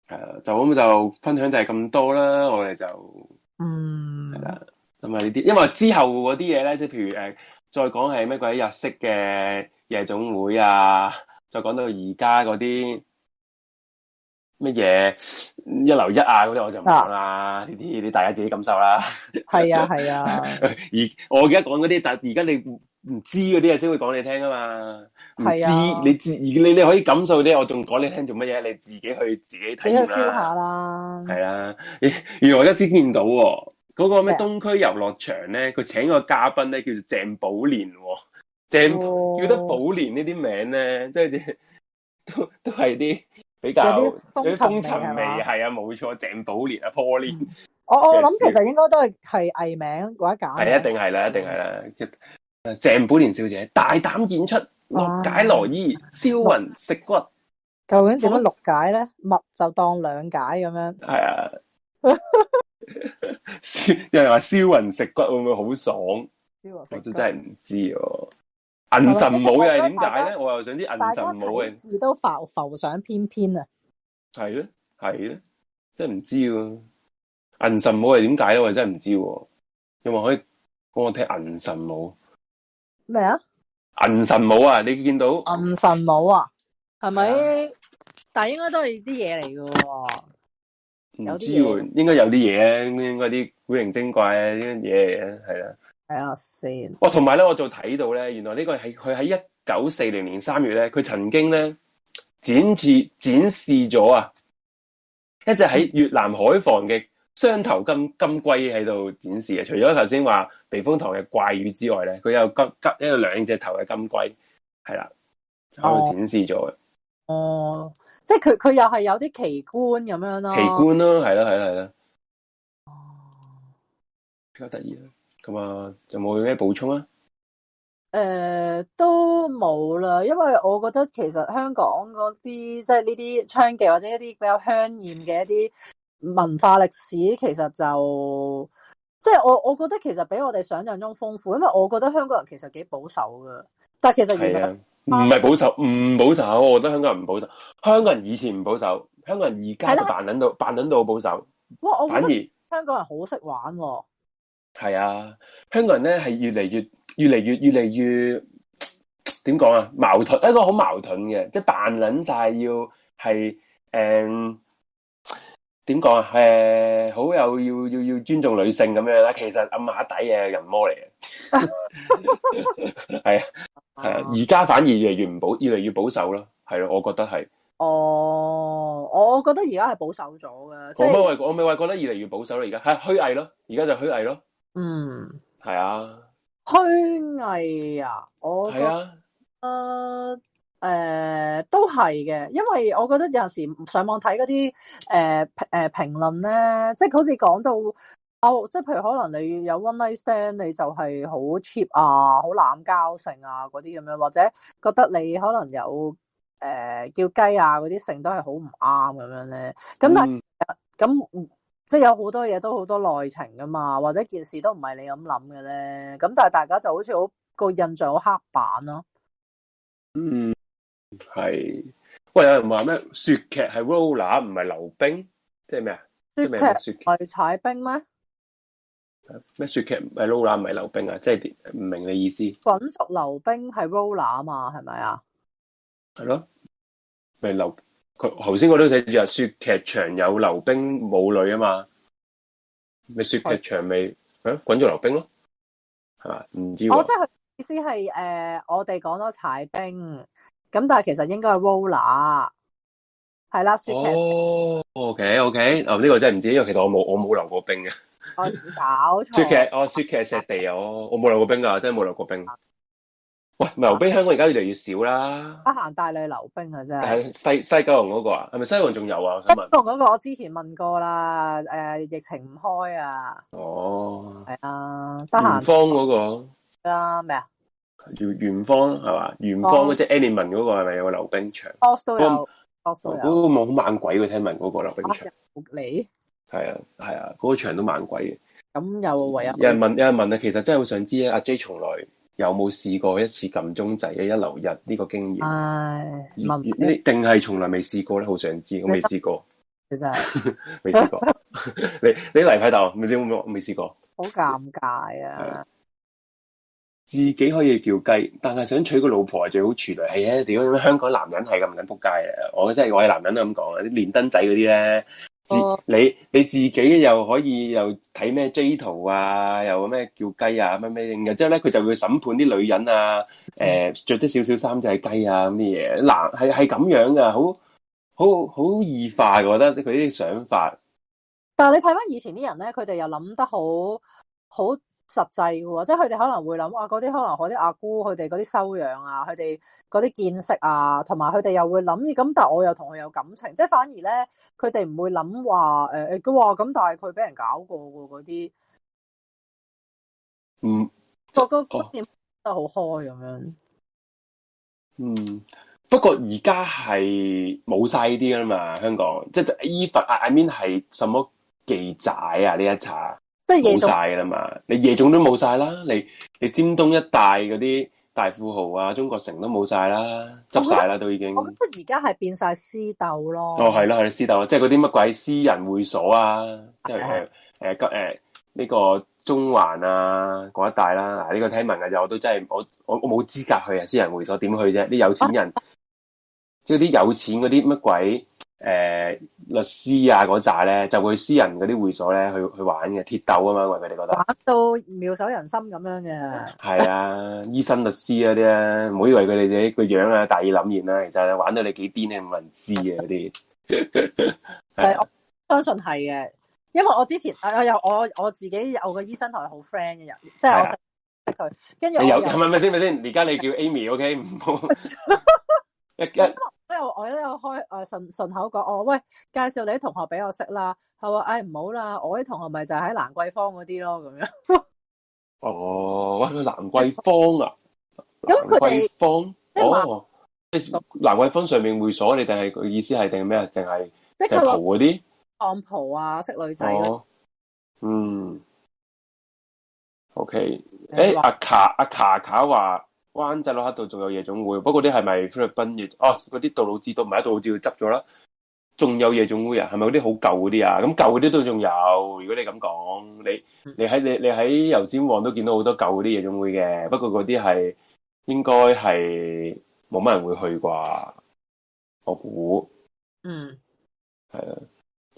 哇啊，就咁就分享就係咁多啦。我哋就嗯，係啦，咁啊呢啲，就是，因為之後嗰啲嘢咧，即係譬如誒、呃，再講係乜鬼日式嘅夜總會啊，再講到而家嗰啲乜嘢一樓一啊嗰啲，我就唔講啦。呢啲你大家自己感受啦。係啊係啊，而我而家講嗰啲，但而家你唔知嗰啲嘢先會講你聽啊嘛。啊、知你知你你可以感受啲，我仲講你聽做乜嘢？你自己去自己睇啦。你去 feel 下啦。係原來我一先見到喎、哦，嗰、那個咩東區遊樂場咧，佢麼請個嘉賓咧，叫做鄭寶蓮喎、哦。鄭、哦、叫得寶蓮呢啲名咧，即係都都係啲比較啲風塵味係啊，冇錯，鄭寶蓮啊，破蓮。我我諗其實應該都係係藝名嗰一間。一定係啦，一定係啦。嗯、鄭寶蓮小姐，大膽演出。六解羅衣，燒雲、啊、食骨，究竟點樣六解咧？咪就當兩解咁樣。係啊，有人話燒雲食骨會唔會好爽？我都真係唔知哦、啊。銀神舞又係點解咧？我又想知銀神舞嘅字都浮浮上翩翩啊！係咧，係咧，真係唔知哦、啊。銀神舞係點解咧？我真係唔知道、啊。有冇可以幫我睇銀神舞？咩啊？銀神舞啊！你見到銀神舞啊？係咪？是啊、但係應該都係啲嘢嚟嘅，會有啲應該有啲嘢，應該啲古靈精怪啲嘢嚟嘅，係啦，係啊，先等。哇、哦！同埋咧，我就睇到咧，原來個是在呢個係佢喺一九四零年三月咧，佢曾經咧展示展示咗啊一隻喺越南海防嘅。雙頭金金龜喺度展示嘅，除咗頭先話避風塘嘅怪魚之外咧，佢有急急一個兩隻頭嘅金龜，係啦，就展示咗嘅。哦，即係佢佢又係有啲奇觀咁樣咯，奇觀咯，係咯係咯係咯。哦，比較得意啦。咁啊，有冇咩補充啊？誒、呃，都冇啦，因為我覺得其實香港嗰啲即係呢啲娼妓或者一啲比較香艷嘅一啲。文化歷史其實就即係我，我覺得其實比我哋想象中豐富，因為我覺得香港人其實幾保守噶。但係其實唔係唔係保守，唔、嗯、保守，我覺得香港人唔保守。香港人以前唔保守，香港人而家都扮捻到、啊、扮捻到好保守。反而香港人好識玩、哦。係啊，香港人咧係越嚟越、越嚟越、越嚟越、點講啊？矛盾，一個好矛盾嘅，即係扮捻晒要係誒。嗯點講啊？誒，好有要要要尊重女性咁樣啦。其實暗下底嘅人魔嚟嘅，係啊，係啊。而家反而越嚟越唔保，越嚟越保守咯。係咯，我覺得係。哦，我我覺得而家係保守咗嘅。我咪話，我咪話，覺得越嚟越保守咯。而家係虛偽咯，而家就虛偽咯。嗯，係啊。虛偽啊！我係啊。誒、呃，都係嘅，因為我覺得有陣時候上網睇嗰啲誒誒評論咧，即係好似講到歐、哦，即係譬如可能你有 one night stand，你就係好 cheap 啊，好濫交性啊嗰啲咁樣，或者覺得你可能有誒、呃、叫雞啊嗰啲性都係好唔啱咁樣咧。咁但咁、嗯、即係有好多嘢都好多內情噶嘛，或者件事都唔係你咁諗嘅咧。咁但係大家就好似好個印象好刻板咯、啊。嗯。係喂，有人話咩雪屐係 roller 唔係溜冰，即係咩啊？雪屐係踩冰咩？咩雪屐係 roller 唔係溜冰啊？即係唔明你嘅意思。滾軸溜冰係 roller 啊嘛，係咪啊？係咯，咪溜。佢頭先我都寫住的啊，雪屐場有溜冰舞女啊嘛。咪雪屐場咪啊，滾軸溜冰咯，係、啊、嘛？唔知我、哦、即係意思係誒、呃，我哋講咗踩冰。咁但係其實應該係 Roller 係啦雪屐，oh, okay, okay。哦，OK OK，哦呢個真係唔知，因為其實我冇我冇溜過冰嘅。我搞錯、 <laughs> 哦。雪屐，哦雪屐，石地我我冇溜過冰噶，真係冇溜過冰。 <laughs> 喂，溜冰香港而家越嚟越少啦。得閒帶你溜冰啊，啫係。西西九龍嗰個啊？係咪西九龍仲有啊？我想問西九龍嗰個我之前問過啦，誒、呃，疫情唔開啊。哦。係啊。得閒。方嗰、那個。啦咩啊？圓元方係嘛？元方即只 a n i m a n 嗰個係咪有個溜冰場 o x 都有，Box 都有。個好猛鬼，我聽聞嗰個溜冰場嚟。係啊，係啊，嗰個場都猛鬼嘅。咁又唯有有人問，有人問啊，其實真係好想知咧。阿 J 從來有冇試過一次撳鐘仔嘅一流日呢個經驗？唉，問你定係從來未試過咧？好想知，我未試過。其實未試過。你你嚟喺度，咪先，我未試過。好尷尬啊！自己可以叫雞，但係想娶個老婆係最好處女。係啊，點解香港男人係咁緊撲街嘅？我真係我係男人都咁講啊，啲連登仔嗰啲咧，哦、自你你自己又可以又睇咩 J 圖啊，又咩叫雞啊，咩咩，然之後咧佢就會審判啲女人啊，誒，著啲少少衫就係雞啊咁啲嘢，嗱係係咁樣噶，好好好異化，我覺得佢啲想法。但係你睇翻以前啲人咧，佢哋又諗得好好。很實際嘅喎，即係佢哋可能會諗啊，嗰啲可能嗰啲阿姑佢哋嗰啲修養啊，佢哋嗰啲見識啊，同埋佢哋又會諗咁，但係我又同佢有感情，即係反而咧，佢哋唔會諗話誒誒，佢話咁，但係佢俾人搞過嘅嗰啲，嗯，個觀點都好就、哦、開咁樣。嗯，不過而家係冇晒啲啦嘛，香港即係 Eva，I mean 係什麼記仔啊？呢一茬。即係冇晒噶啦嘛，你夜總都冇晒啦，你你尖東一帶嗰啲大富豪啊，中國城都冇晒啦，執晒啦都已經。我覺得而家係變晒私鬥咯。哦，係咯，係咯，私鬥咯，即係嗰啲乜鬼私人會所啊，即係誒誒誒呢個中環啊嗰一帶啦，啊。嗱，這，呢個聽聞嘅就我都真係我我我冇資格去啊！私人會所點去啫？啲有錢人，即係啲有錢嗰啲乜鬼。誒、呃，律師啊那呢，嗰扎咧就會去私人嗰啲會所咧去去玩嘅鐵斗啊嘛，佢哋覺得玩到妙手人心咁樣嘅。係啊， <laughs> 醫生律師嗰啲啊，唔好以為佢哋自己個樣大意啊大義凜然啦，其實玩到你幾癲 <laughs> 啊，冇人知啊嗰啲。係，我相信係嘅，因為我之前我有我我自己有個醫生同佢好 friend 嘅，人，即係、啊、我識佢，跟住有係咪咪先咪先？而家你叫 Amy <laughs> OK 唔好 <laughs> <laughs> 即係我咧，我開誒順順口講、哎、哦，喂，介紹你啲同學俾我識啦，係話誒唔好啦，我啲同學咪就喺蘭桂坊嗰啲咯，咁樣。哦，喂，佢蘭桂坊啊，咁佢哋坊哦，哦，即係蘭桂坊上面會所，你定係意思係定咩啊？定係即係蒲嗰啲，按蒲啊，識女仔咯。嗯，OK，誒，阿卡阿卡卡話。灣仔洛克道仲有夜總會，不過啲係咪菲律賓嘅？哦，嗰啲杜老誌都唔係，杜老誌佢執咗啦。仲有夜總會是是那些很的啊？係咪嗰啲好舊嗰啲啊？咁舊嗰啲都仲有。如果你咁講，你你喺你你喺油尖旺都見到好多舊嗰啲夜總會嘅。不過嗰啲係應該係冇乜人會去啩，我估。嗯。係啊，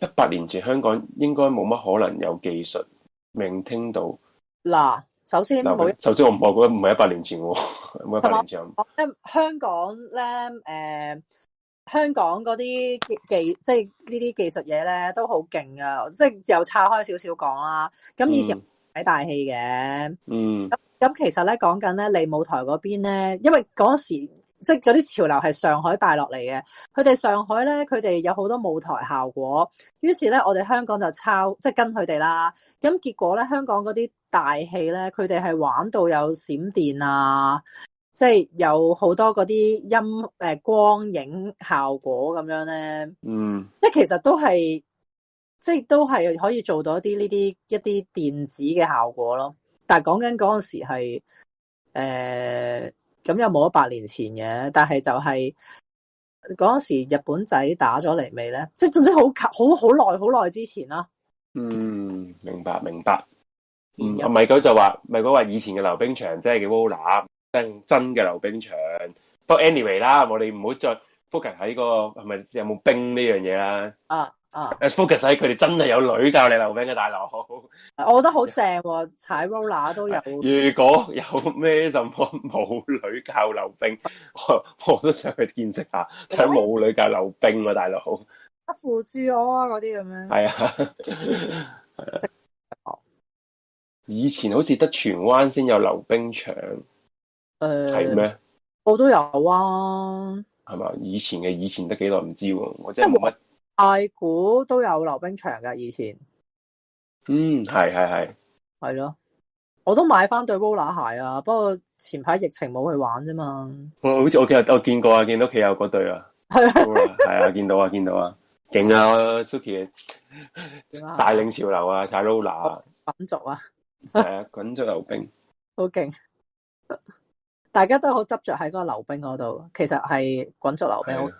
一百年前香港應該冇乜可能有技術明聽到。嗱。首先，我沒首先沒沒我唔係覺得唔係一百年前喎，一百年前香呢、呃。香港咧，誒，香港嗰啲技即係呢啲技術嘢咧，都好勁噶。即係又拆開少少講啦、啊。咁以前睇大戲嘅，嗯，咁其實咧講緊咧，你舞台嗰邊咧，因為嗰時即係嗰啲潮流係上海帶落嚟嘅。佢哋上海咧，佢哋有好多舞台效果，於是咧，我哋香港就抄，即係跟佢哋啦。咁結果咧，香港嗰啲。大戲咧，佢哋係玩到有閃電啊，即係有好多嗰啲音誒光影效果咁樣咧。嗯，即係其實都係，即係都係可以做到一啲呢啲一啲電子嘅效果咯。但係講緊嗰陣時係誒，咁又冇一百年前嘅，但係就係嗰陣時日本仔打咗嚟未咧？即係總之好好好耐好耐之前啦。嗯，明白明白。嗯，唔係佢就話，唔係佢話以前嘅溜冰場即係叫 w o l a 真真嘅溜冰場。Anyway, 不過 anyway 啦，我哋唔好再 focus 喺個係咪有冇冰呢樣嘢啦。啊啊，focus 喺佢哋真係有女教你溜冰嘅、啊、大佬。我覺得好正、啊，踩 r o l l 都有。如果有咩就冇女教溜冰 <laughs> 我，我都想去見識下睇冇女教溜冰嘅、啊、大佬、啊。扶住我啊！嗰啲咁樣。係啊。以前好似得荃灣先有溜冰場，誒係咩？嗎我都有啊，係嘛？以前嘅以前得幾耐唔知喎，我真係冇乜。太古都有溜冰場噶以前，嗯係係係係咯，我都買翻對 roller 鞋啊，不過前排疫情冇去玩啫嘛。好似我見我見過啊，見到企有嗰對啊，係啊係啊，見到啊見到啊，勁啊 s u Suki，帶 <laughs> 領潮流啊晒 roller，品族啊。係啊，滾咗溜冰，好勁！ <laughs> 大家都好執着喺嗰個溜冰嗰度，其實係滾咗溜冰是。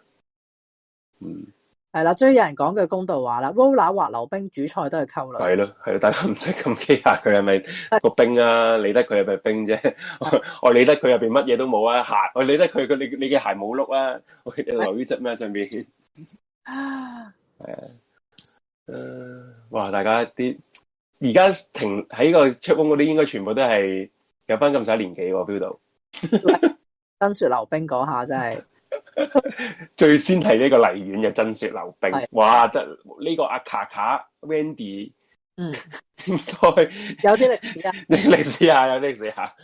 嗯，係啦，終於有人講句公道話啦。Roller 滑溜冰，主菜都係溝女。係咯，係咯，大家唔使咁驚下佢係咪個冰啊？是的理得佢係咪冰啫、啊的？ <laughs> 我理得佢入邊乜嘢都冇啊？鞋我理得佢你你嘅鞋冇碌啊？我留于只咩上邊面？係 <laughs> 啊、呃呃，哇！大家啲～而家停喺個出彎嗰啲，應該全部都係有翻咁細年紀喎，飆到真雪溜冰嗰下真係， <laughs> 最先係呢個荔園嘅真雪溜冰，是的 哇！得、這、呢個阿卡卡 Wendy，嗯 <laughs> 會，應該有啲歷史啊，歷史啊，有歷史下。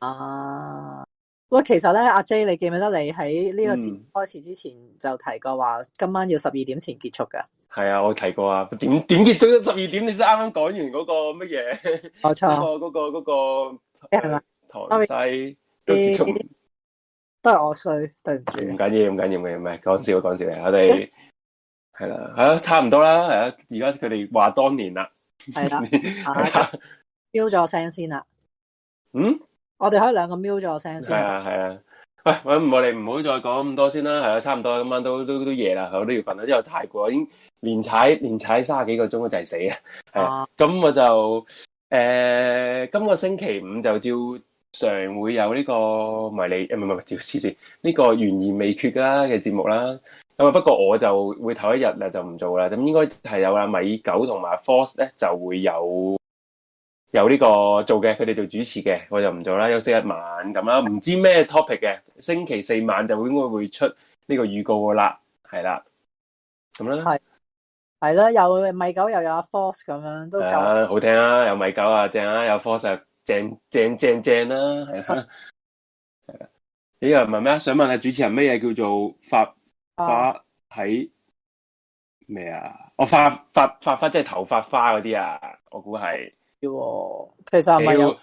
啊。喂，其實咧，阿 J，你記唔記得你喺呢個節開始之前就提過話，今晚要十二點前結束嘅？係、嗯、啊，我提過啊。點點結束？十二點？你先啱啱講完嗰個乜嘢？冇錯錯，嗰、哦那個嗰、那個嗰個係嘛？塘西都結束，都係我衰，對唔住。唔緊要，唔緊要嘅，唔係講笑，講笑嚟。我哋係啦，係咯、 <laughs> 啊，差唔多啦，係啦、啊。而家佢哋話當年啦，係啦，啊，消咗聲先啦。啊、嗯。嗯我哋可以兩個 mute 咗聲先。係啊，係啊。喂，咁我哋唔好再講咁多先啦。係啊，差唔多啦。今晚都都都夜啦，我都要瞓啦。因為太攰已經連踩連踩三十幾個鐘啊，就係死啊、嗯。係咁我就誒、呃，今個星期五就照常會有呢、呢個迷離誒，唔係唔係，照黐線呢個懸疑未決啦嘅節目啦。咁啊，不過我就會頭一日啊就唔做啦。咁應該係有啦。米九同埋 Force 咧就會有。有呢個做嘅，佢哋做主持嘅，我就唔做啦，休息一晚咁啦，唔知咩 topic 嘅。星期四晚就應該會出呢個預告噶啦，係啦，咁啦，係係啦，又米狗又有阿 Force 咁樣都好聽啊，有米狗啊，正啊，有 Force，正正正正啦，係啦， <laughs> 係咦呢個問咩啊？想問下主持人咩嘢叫做發花喺咩啊？哦、啊？我發發發花即係頭髮花嗰啲啊，我估係。其實係咪要？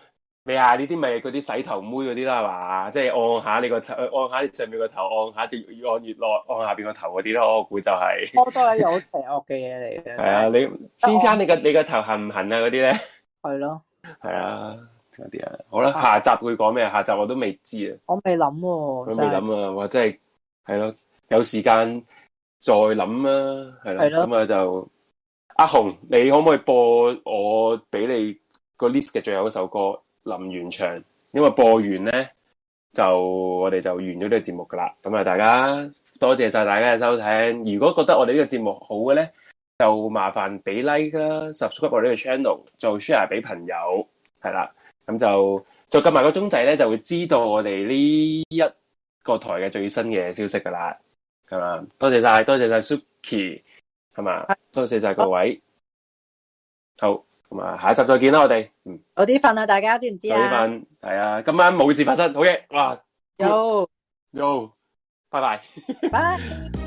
未啊、欸？呢啲咪嗰啲洗頭妹嗰啲啦，係嘛？即係按下你個頭，按下你上面個頭，按下就越按越落，按下邊個頭嗰啲咯。我估就係、是、我多係有好邪惡嘅嘢嚟嘅。係啊，你先生你個你個頭痕唔痕啊？嗰啲咧係咯，係啊，啲啊，好啦，下集會講咩？下集我都未知未想、哦、未想啊。的我未諗，我未諗啊！我真係係咯，有時間再諗啦、啊。係啦，咁啊了就。阿雄，你可唔可以播我俾你個 list 嘅最後一首歌《林完祥》？因為播完咧，就我哋就完咗呢個節目噶啦。咁啊，大家多謝晒大家嘅收聽。如果覺得我哋呢個節目好嘅咧，就麻煩俾 like 啦，subscribe 我呢個 channel，做 share 俾朋友，係啦。咁就就撳埋個鐘仔咧，就會知道我哋呢一個台嘅最新嘅消息噶啦。咁啊，多謝晒，多謝晒 Suki。係嘛，多謝晒各位，好，咁啊，下一集再見啦，我哋，嗯，早啲瞓啦，大家知唔知啊？早啲瞓，係啊，今晚冇事發生，好嘢，哇，Yo Yo，拜拜，拜。